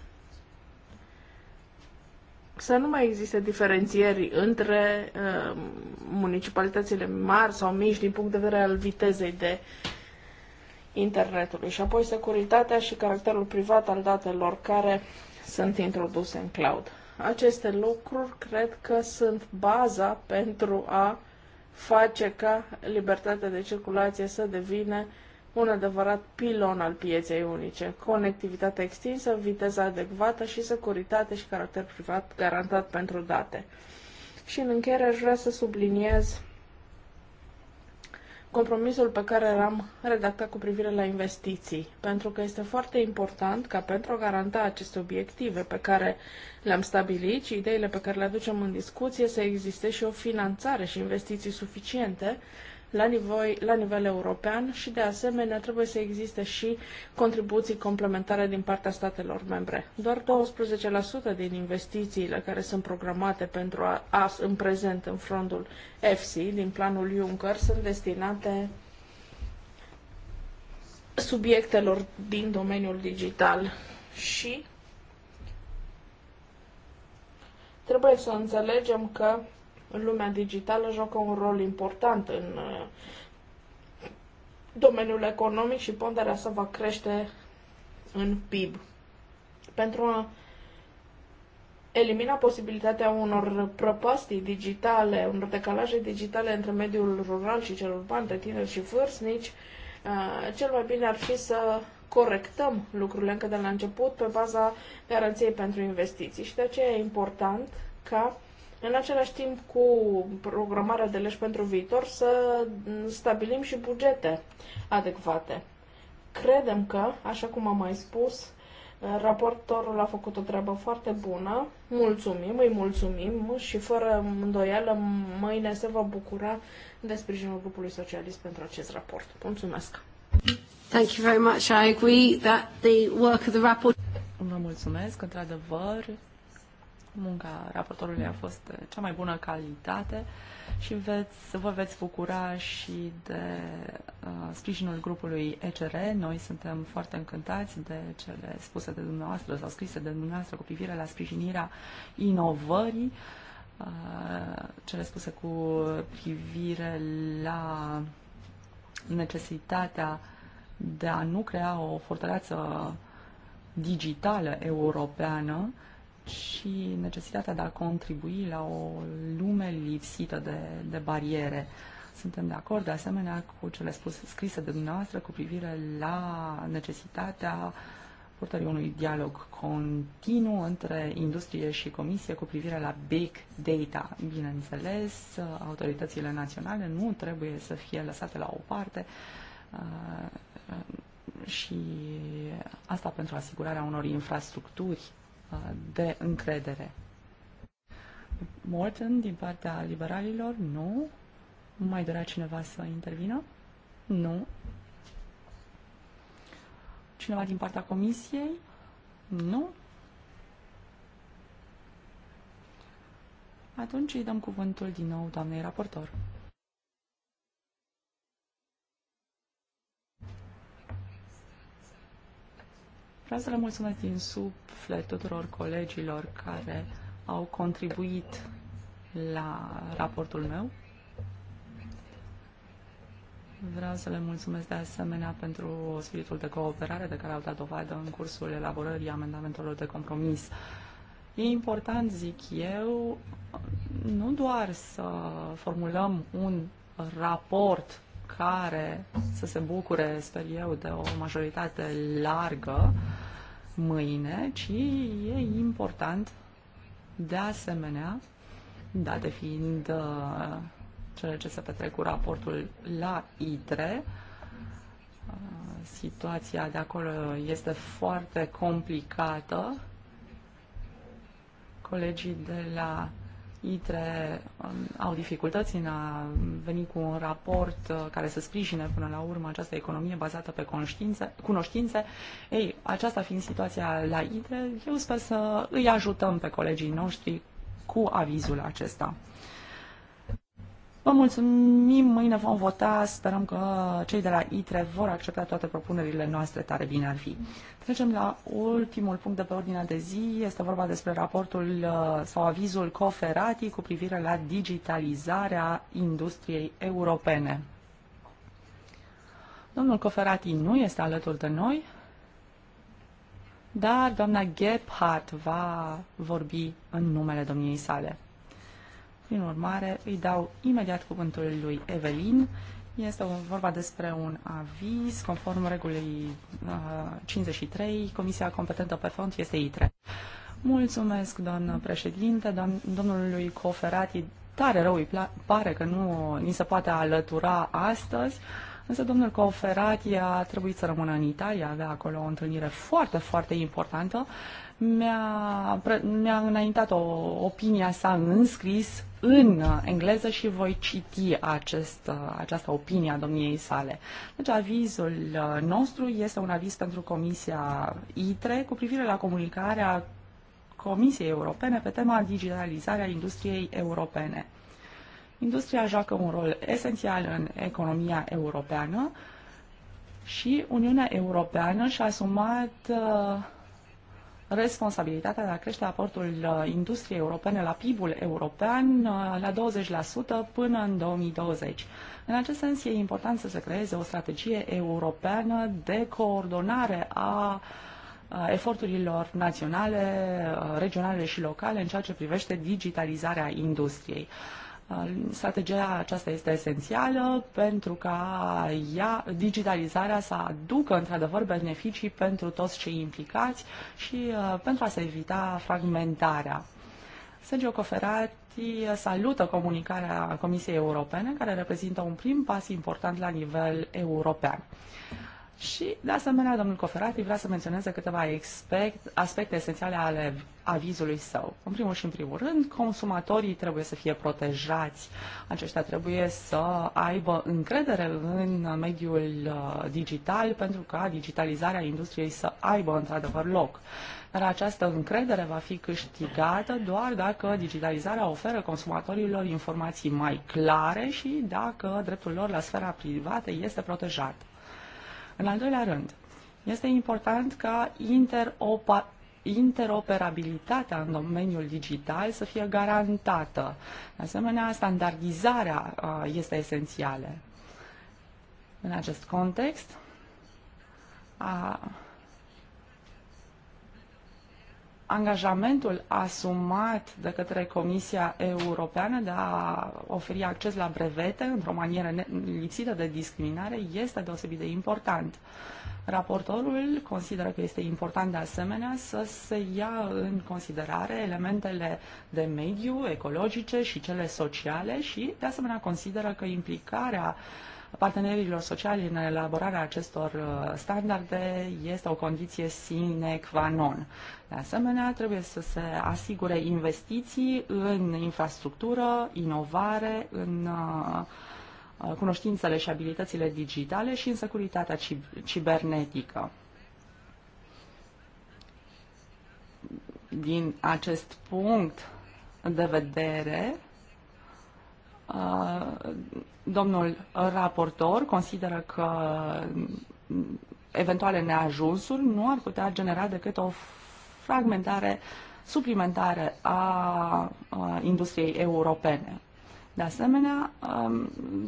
să nu mai existe diferențieri între uh, municipalitățile mari sau mici din punct de vedere al vitezei de internetului și apoi securitatea și caracterul privat al datelor care sunt introduse în cloud aceste lucruri cred că sunt baza pentru a face ca libertatea de circulație să devină un adevărat pilon al pieței unice. Conectivitate extinsă, viteza adecvată și securitate și caracter privat garantat pentru date. Și în încheiere aș vrea să subliniez compromisul pe care l-am redactat cu privire la investiții, pentru că este foarte important ca pentru a garanta aceste obiective pe care le-am stabilit și ideile pe care le aducem în discuție să existe și o finanțare și investiții suficiente la nivel, la nivel european și, de asemenea, trebuie să existe și contribuții complementare din partea statelor membre. Doar 12% din investițiile care sunt programate pentru a, a, în prezent în frontul FC, din planul Juncker, sunt destinate subiectelor din domeniul digital și trebuie să înțelegem că în lumea digitală joacă un rol important în uh, domeniul economic și ponderea sa va crește în PIB. Pentru a elimina posibilitatea unor prăpastii digitale, unor decalaje digitale între mediul rural și cel urban, de tineri și vârstnici, uh, cel mai bine ar fi să corectăm lucrurile încă de la început pe baza garanției pentru investiții. Și de aceea e important ca în același timp cu programarea de legi pentru viitor, să stabilim și bugete adecvate. Credem că, așa cum am mai spus, raportorul a făcut o treabă foarte bună. Mulțumim, îi mulțumim și fără îndoială mâine se va bucura de sprijinul grupului socialist pentru acest raport. Mulțumesc! Thank you very much. I agree that the work of the rapport... Vă mulțumesc, într-adevăr, Munca raportorului a fost cea mai bună calitate și veți, vă veți bucura și de uh, sprijinul grupului ECR. Noi suntem foarte încântați de cele spuse de dumneavoastră sau scrise de dumneavoastră cu privire la sprijinirea inovării, uh, cele spuse cu privire la necesitatea de a nu crea o fortăreață digitală europeană, și necesitatea de a contribui la o lume lipsită de, de bariere. Suntem de acord, de asemenea, cu cele spus, scrise de dumneavoastră cu privire la necesitatea purtării unui dialog continuu între industrie și comisie cu privire la big data. Bineînțeles, autoritățile naționale nu trebuie să fie lăsate la o parte uh, uh, și asta pentru asigurarea unor infrastructuri de încredere. Morton, din partea liberalilor, nu. Mai dorea cineva să intervină? Nu. Cineva din partea comisiei? Nu. Atunci îi dăm cuvântul din nou doamnei raportor. Vreau să le mulțumesc din suflet tuturor colegilor care au contribuit la raportul meu. Vreau să le mulțumesc de asemenea pentru spiritul de cooperare de care au dat dovadă în cursul elaborării amendamentelor de compromis. E important, zic eu, nu doar să formulăm un raport care să se bucure, sper eu, de o majoritate largă mâine, ci e important de asemenea, date fiind uh, cele ce se petrec cu raportul la ITRE, uh, situația de acolo este foarte complicată. Colegii de la ITRE um, au dificultăți în a veni cu un raport uh, care să sprijine până la urmă această economie bazată pe conștiințe, cunoștințe. Ei, aceasta fiind situația la ITRE, eu sper să îi ajutăm pe colegii noștri cu avizul acesta. Vă mulțumim, mâine vom vota, sperăm că cei de la ITRE vor accepta toate propunerile noastre, tare bine ar fi. Trecem la ultimul punct de pe ordinea de zi, este vorba despre raportul uh, sau avizul Coferati cu privire la digitalizarea industriei europene. Domnul Coferati nu este alături de noi, dar doamna Gebhardt va vorbi în numele domniei sale. Prin urmare, îi dau imediat cuvântul lui Evelin. Este vorba despre un aviz conform regulii 53. Uh, Comisia competentă pe fond este ITRE. Mulțumesc, doamnă președinte, doamn- domnului Coferati. Tare rău îi pare că nu ni se poate alătura astăzi, însă domnul Coferati a trebuit să rămână în Italia, avea acolo o întâlnire foarte, foarte importantă. Mi-a, mi-a înaintat o opinia sa în scris în engleză și voi citi acest, această opinie a domniei sale. Deci avizul uh, nostru este un aviz pentru Comisia ITRE cu privire la comunicarea Comisiei Europene pe tema digitalizarea industriei europene. Industria joacă un rol esențial în economia europeană și Uniunea Europeană și-a asumat uh, responsabilitatea de a crește aportul uh, industriei europene la PIB-ul european uh, la 20% până în 2020. În acest sens, e important să se creeze o strategie europeană de coordonare a uh, eforturilor naționale, regionale și locale în ceea ce privește digitalizarea industriei. Strategia aceasta este esențială pentru ca ea, digitalizarea să aducă într-adevăr beneficii pentru toți cei implicați și uh, pentru a se evita fragmentarea. Sergio Coferati salută comunicarea Comisiei Europene, care reprezintă un prim pas important la nivel european. Și, de asemenea, domnul Coferati vrea să menționeze câteva expect, aspecte esențiale ale avizului său. În primul și în primul rând, consumatorii trebuie să fie protejați. Aceștia trebuie să aibă încredere în mediul uh, digital pentru ca digitalizarea industriei să aibă într-adevăr loc. Dar această încredere va fi câștigată doar dacă digitalizarea oferă consumatorilor informații mai clare și dacă dreptul lor la sfera privată este protejat. În al doilea rând, este important ca interopa- interoperabilitatea în domeniul digital să fie garantată. De asemenea, standardizarea este esențială. În acest context, a, angajamentul asumat de către Comisia Europeană de a oferi acces la brevete într-o manieră lipsită de discriminare este deosebit de important. Raportorul consideră că este important de asemenea să se ia în considerare elementele de mediu, ecologice și cele sociale și de asemenea consideră că implicarea partenerilor sociali în elaborarea acestor uh, standarde este o condiție sine qua non. De asemenea, trebuie să se asigure investiții în infrastructură, inovare, în uh, cunoștințele și abilitățile digitale și în securitatea cibernetică. Din acest punct de vedere, uh, domnul raportor consideră că mm, eventuale neajunsuri nu ar putea genera decât o fragmentare suplimentare a industriei europene. De asemenea,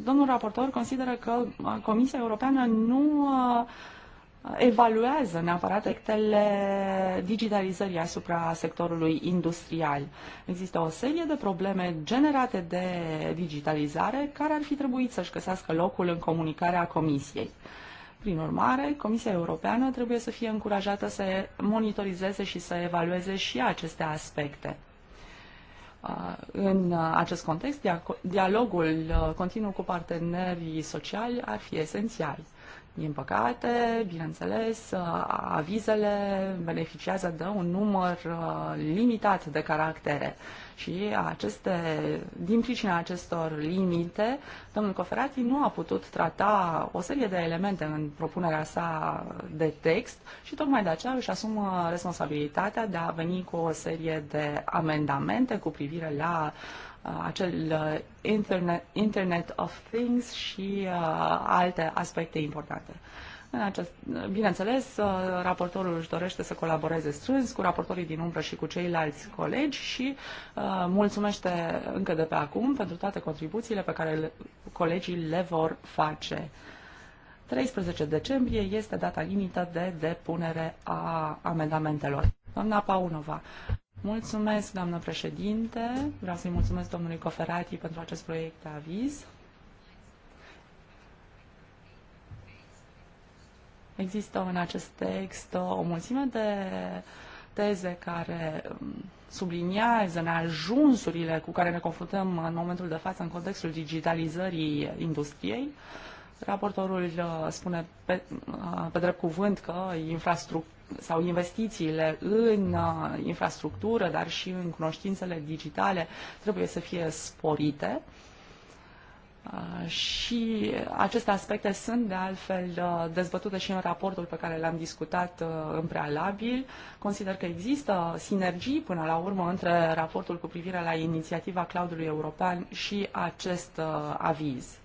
domnul raportor consideră că Comisia Europeană nu evaluează neapărat efectele digitalizării asupra sectorului industrial. Există o serie de probleme generate de digitalizare care ar fi trebuit să-și găsească locul în comunicarea Comisiei. Prin urmare, Comisia Europeană trebuie să fie încurajată să monitorizeze și să evalueze și aceste aspecte. Uh, în uh, acest context, dialogul uh, continuu cu partenerii sociali ar fi esențial. Din păcate, bineînțeles, avizele beneficiază de un număr uh, limitat de caractere și aceste, din pricina acestor limite, domnul Coferati nu a putut trata o serie de elemente în propunerea sa de text și tocmai de aceea își asumă responsabilitatea de a veni cu o serie de amendamente cu privire la uh, Uh, acel uh, Internet, Internet of Things și uh, alte aspecte importante. În acest, bineînțeles, raportorul își dorește să colaboreze strâns cu raportorii din umbră și cu ceilalți colegi și uh, mulțumește încă de pe acum pentru toate contribuțiile pe care le, colegii le vor face. 13 decembrie este data limită de depunere a amendamentelor. Doamna Paunova, Mulțumesc, doamnă președinte. Vreau să-i mulțumesc domnului Coferati pentru acest proiect de aviz. Există în acest text o mulțime de teze care um, subliniază neajunsurile cu care ne confruntăm în momentul de față în contextul digitalizării industriei. Raportorul uh, spune pe, uh, pe drept cuvânt că infrastructura sau investițiile în uh, infrastructură, dar și în cunoștințele digitale trebuie să fie sporite. Uh, și aceste aspecte sunt, de altfel, uh, dezbătute și în raportul pe care l-am discutat în prealabil. Consider că există sinergii, până la urmă, între raportul cu privire la inițiativa Cloudului European și acest aviz.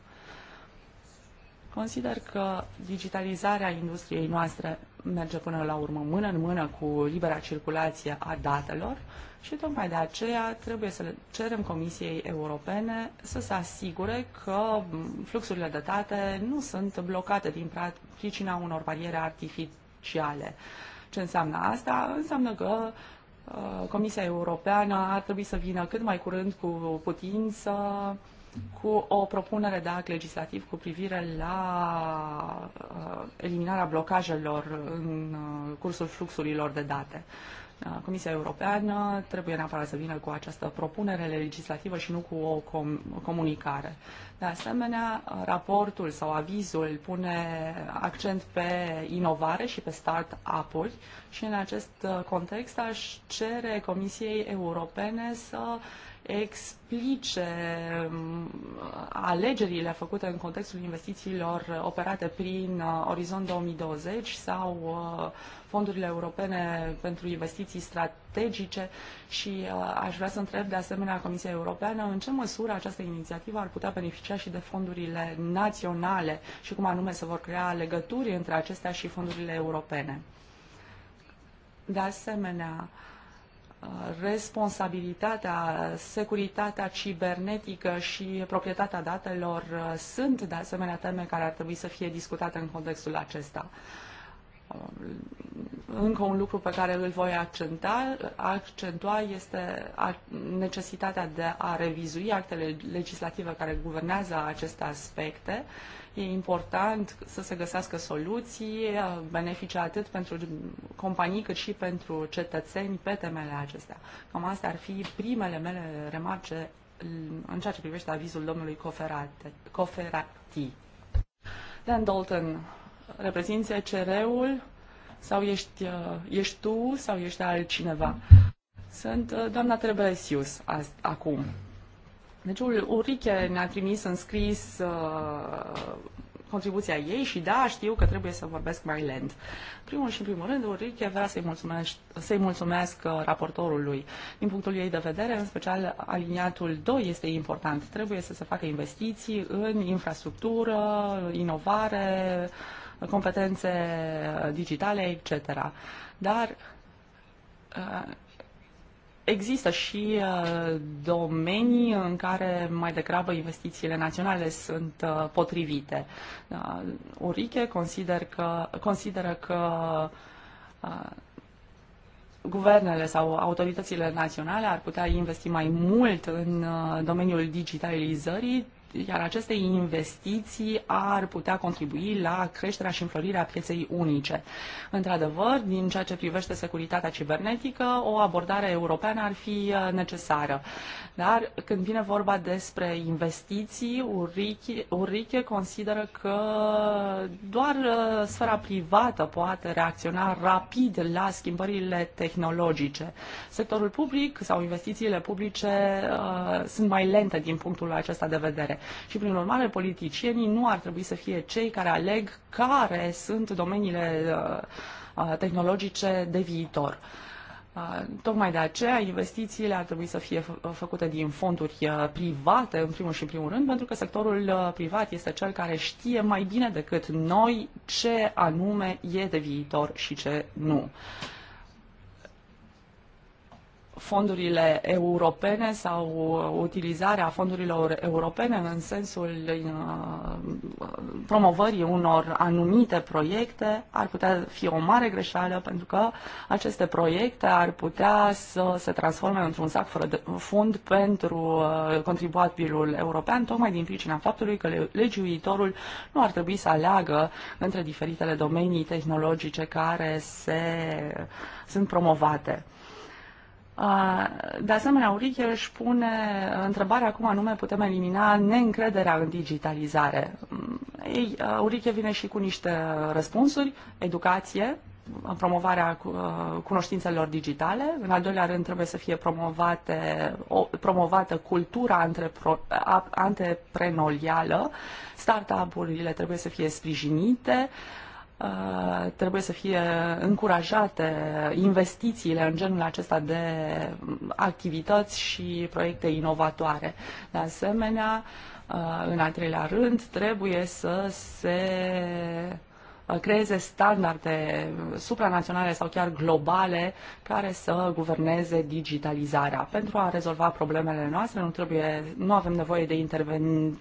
Consider că digitalizarea industriei noastre merge până la urmă mână în mână cu libera circulație a datelor și tocmai de aceea trebuie să cerem Comisiei Europene să se asigure că fluxurile de date nu sunt blocate din pricina unor bariere artificiale. Ce înseamnă asta? Înseamnă că uh, Comisia Europeană ar trebui să vină cât mai curând cu putință cu o propunere de act legislativ cu privire la uh, eliminarea blocajelor în uh, cursul fluxurilor de date. Uh, Comisia Europeană trebuie neapărat să vină cu această propunere legislativă și nu cu o com- comunicare. De asemenea, raportul sau avizul pune accent pe inovare și pe start-up-uri și în acest context aș cere Comisiei Europene să explice mm, alegerile făcute în contextul investițiilor operate prin uh, Orizont 2020 sau uh, fondurile europene pentru investiții strategice și uh, aș vrea să întreb de asemenea Comisia Europeană în ce măsură această inițiativă ar putea beneficia și de fondurile naționale și cum anume se vor crea legături între acestea și fondurile europene. De asemenea, uh, responsabilitatea, securitatea cibernetică și proprietatea datelor uh, sunt de asemenea teme care ar trebui să fie discutate în contextul acesta. Uh, încă un lucru pe care îl voi accenta, accentua este necesitatea de a revizui actele legislative care guvernează aceste aspecte uh, E important să se găsească soluții benefice atât pentru companii cât și pentru cetățeni pe temele acestea. Cam astea ar fi primele mele remarce în ceea ce privește avizul domnului Coferati. Dan Dalton, reprezinți CR-ul sau ești, ești tu sau ești altcineva? Sunt doamna Trebesius acum. Deci Ulrike ne-a trimis în scris uh, contribuția ei și da, știu că trebuie să vorbesc mai lent. Primul și în primul rând, Ulrike vrea să-i mulțumesc, să uh, mulțumesc raportorului. Din punctul ei de vedere, în special aliniatul 2 este important. Trebuie să se facă investiții în infrastructură, inovare, competențe uh, digitale, etc. Dar uh, există și uh, domenii în care mai degrabă investițiile naționale sunt uh, potrivite. Uriche uh, consider că, consideră că guvernele sau autoritățile naționale ar putea investi mai mult în domeniul digitalizării, iar aceste investiții ar putea contribui la creșterea și înflorirea pieței unice. Într-adevăr, din ceea ce privește securitatea cibernetică, o abordare europeană ar fi uh, necesară. Dar când vine vorba despre investiții, Uriche, consideră că doar uh, sfera privată poate reacționa rapid la schimbările tehnologice. Sectorul public sau investițiile publice uh, sunt mai lente din punctul acesta de vedere și, prin urmare, politicienii nu ar trebui să fie cei care aleg care sunt domeniile uh, uh, tehnologice de viitor. Uh, tocmai de aceea, investițiile ar trebui să fie făcute din fonduri private, în primul și în primul rând, pentru că sectorul privat este cel care știe mai bine decât noi ce anume e de viitor și ce nu fondurile europene sau uh, utilizarea fondurilor europene în sensul uh, promovării unor anumite proiecte ar putea fi o mare greșeală pentru că aceste proiecte ar putea să se transforme într-un sac fără fund pentru uh, contribuabilul european, tocmai din pricina faptului că legiuitorul nu ar trebui să aleagă între diferitele domenii tehnologice care se, sunt promovate. De asemenea, Urichel își pune întrebarea cum anume putem elimina neîncrederea în digitalizare. Ei, Urichel vine și cu niște răspunsuri, educație, promovarea cunoștințelor digitale. În al doilea rând trebuie să fie promovate, o, promovată cultura antreprenorială. up urile trebuie să fie sprijinite. Uh, Uh, trebuie să fie încurajate investițiile în genul acesta de activități și proiecte inovatoare. De asemenea, uh, în al treilea rând, trebuie să se uh, creeze standarde supranaționale sau chiar globale care să guverneze digitalizarea. Pentru a rezolva problemele noastre nu, trebuie, nu avem nevoie de interven,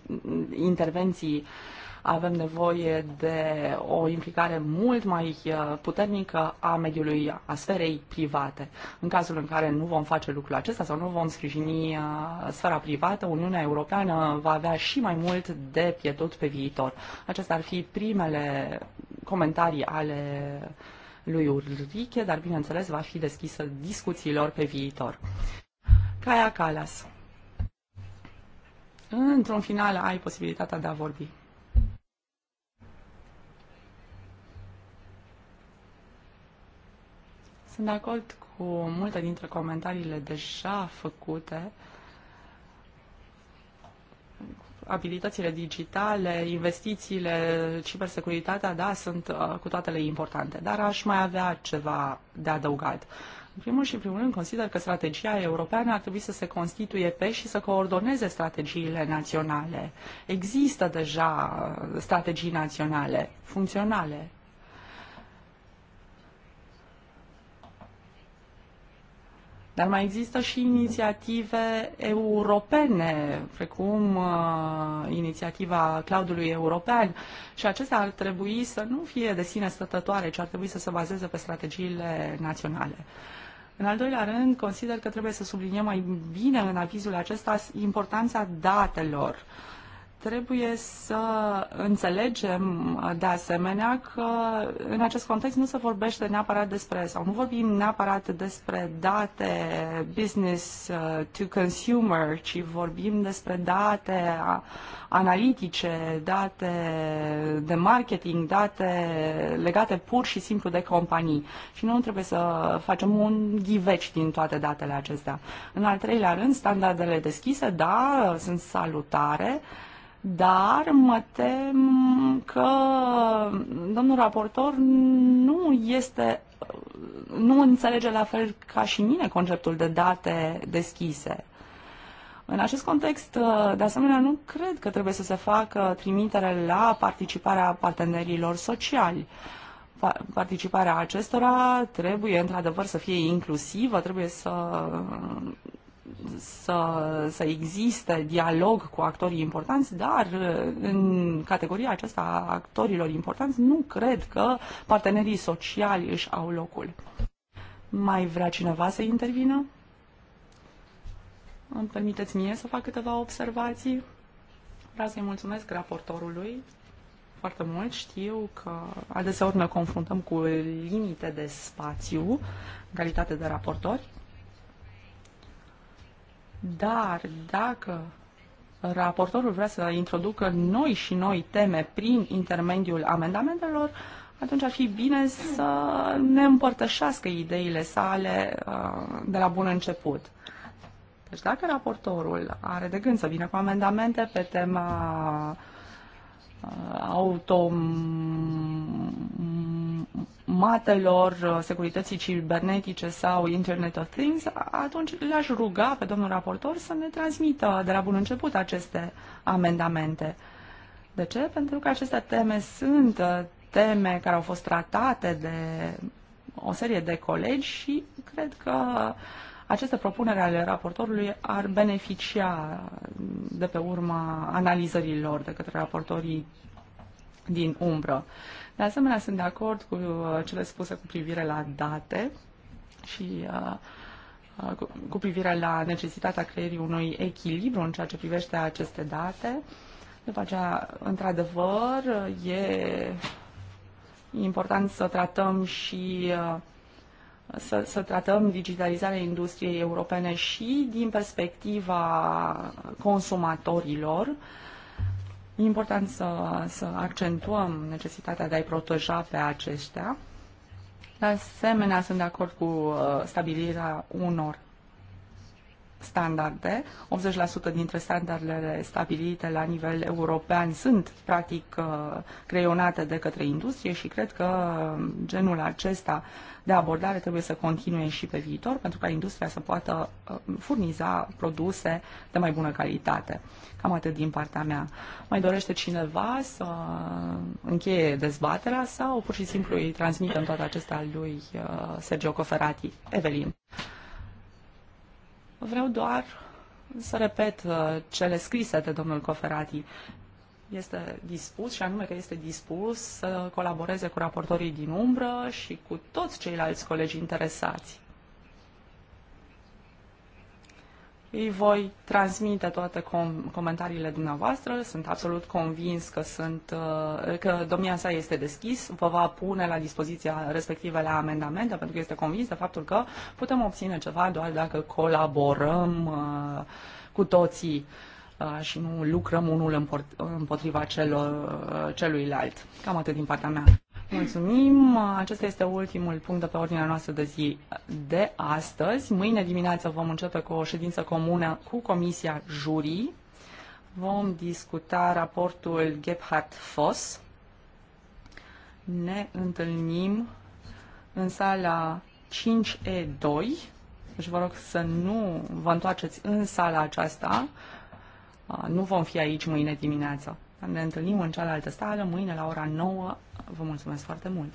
intervenții uh, avem nevoie de o implicare mult mai uh, puternică a mediului, a sferei private. În cazul în care nu vom face lucrul acesta sau nu vom sprijini uh, sfera privată, Uniunea Europeană va avea și mai mult de pierdut pe viitor. Acestea ar fi primele comentarii ale lui Ulrike, dar bineînțeles va fi deschisă discuțiilor pe viitor. Caia Calas. Într-un final ai posibilitatea de a vorbi. Sunt de acord cu multe dintre comentariile deja făcute. Abilitățile digitale, investițiile, cibersecuritatea, da, sunt uh, cu toatele importante, dar aș mai avea ceva de adăugat. În primul și primul rând, consider că strategia europeană ar trebui să se constituie pe și să coordoneze strategiile naționale. Există deja uh, strategii naționale, funcționale, Dar mai există și inițiative europene, precum uh, inițiativa Cloudului European și acestea ar trebui să nu fie de sine stătătoare, ci ar trebui să se bazeze pe strategiile naționale. În al doilea rând, consider că trebuie să subliniem mai bine în avizul acesta importanța datelor. Uh, Trebuie să înțelegem, de asemenea, că în acest context nu se vorbește neapărat despre, sau nu vorbim neapărat despre date business uh, to consumer, ci vorbim despre date analitice, date de marketing, date legate pur și simplu de companii. Și nu trebuie să facem un ghiveci din toate datele acestea. În al treilea rând, standardele deschise, da, sunt salutare, dar mă tem că domnul raportor nu este nu înțelege la fel ca și mine conceptul de date deschise. În acest context, de asemenea, nu cred că trebuie să se facă trimitere la participarea partenerilor sociali. Participarea acestora trebuie, într-adevăr, să fie inclusivă, trebuie să să, să existe dialog cu actorii importanți, dar uh, în categoria aceasta a actorilor importanți nu cred că partenerii sociali își au locul. Mai vrea cineva să intervină? Îmi permiteți mie să fac câteva observații? Vreau să-i mulțumesc raportorului foarte mult. Știu că adeseori ne confruntăm cu limite de spațiu în calitate de raportori. Dar dacă raportorul vrea să introducă noi și noi teme prin intermediul amendamentelor, atunci ar fi bine să ne împărtășească ideile sale uh, de la bun început. Deci dacă raportorul are de gând să vină cu amendamente pe tema automatelor, securității cibernetice sau Internet of Things, atunci le-aș ruga pe domnul raportor să ne transmită de la bun început aceste amendamente. De ce? Pentru că aceste teme sunt uh, teme care au fost tratate de o serie de colegi și cred că uh, aceste propuneri ale raportorului ar beneficia de pe urma analizărilor de către raportorii din umbră. De asemenea, sunt de acord cu uh, cele spuse cu privire la date și uh, uh, cu, cu privire la necesitatea creierii unui echilibru în ceea ce privește aceste date. După aceea, într-adevăr, e important să tratăm și uh, să, să tratăm digitalizarea industriei europene și din perspectiva consumatorilor, e important să, să accentuăm necesitatea de a-i proteja pe aceștia. De asemenea, sunt de acord cu uh, stabilirea unor standarde. 80% dintre standardele stabilite la nivel european sunt practic uh, creionate de către industrie și cred că um, genul acesta de abordare trebuie să continue și pe viitor pentru ca industria să poată um, furniza produse de mai bună calitate. Cam atât din partea mea. Mai dorește cineva să uh, încheie dezbaterea sau pur și simplu îi transmitem toate acestea lui uh, Sergio Coferati? Evelin. Vreau doar să repet uh, cele scrise de domnul Coferati. Este dispus și anume că este dispus să colaboreze cu raportorii din umbră și cu toți ceilalți colegi interesați. Îi voi transmite toate com- comentariile dumneavoastră. Sunt absolut convins că, sunt, uh, că domnia sa este deschis. Vă va pune la dispoziția respectivele amendamente pentru că este convins de faptul că putem obține ceva doar dacă colaborăm uh, cu toții și nu lucrăm unul împotriva celor, celuilalt. Cam atât din partea mea. Mulțumim! Acesta este ultimul punct de pe ordinea noastră de zi de astăzi. Mâine dimineață vom începe cu o ședință comună cu Comisia Jurii. Vom discuta raportul Gebhardt-Foss. Ne întâlnim în sala 5E2. Deci vă rog să nu vă întoarceți în sala aceasta. Ah, nu vom fi aici mâine dimineață. Ne întâlnim în cealaltă sală, mâine la ora 9. Vă mulțumesc foarte mult!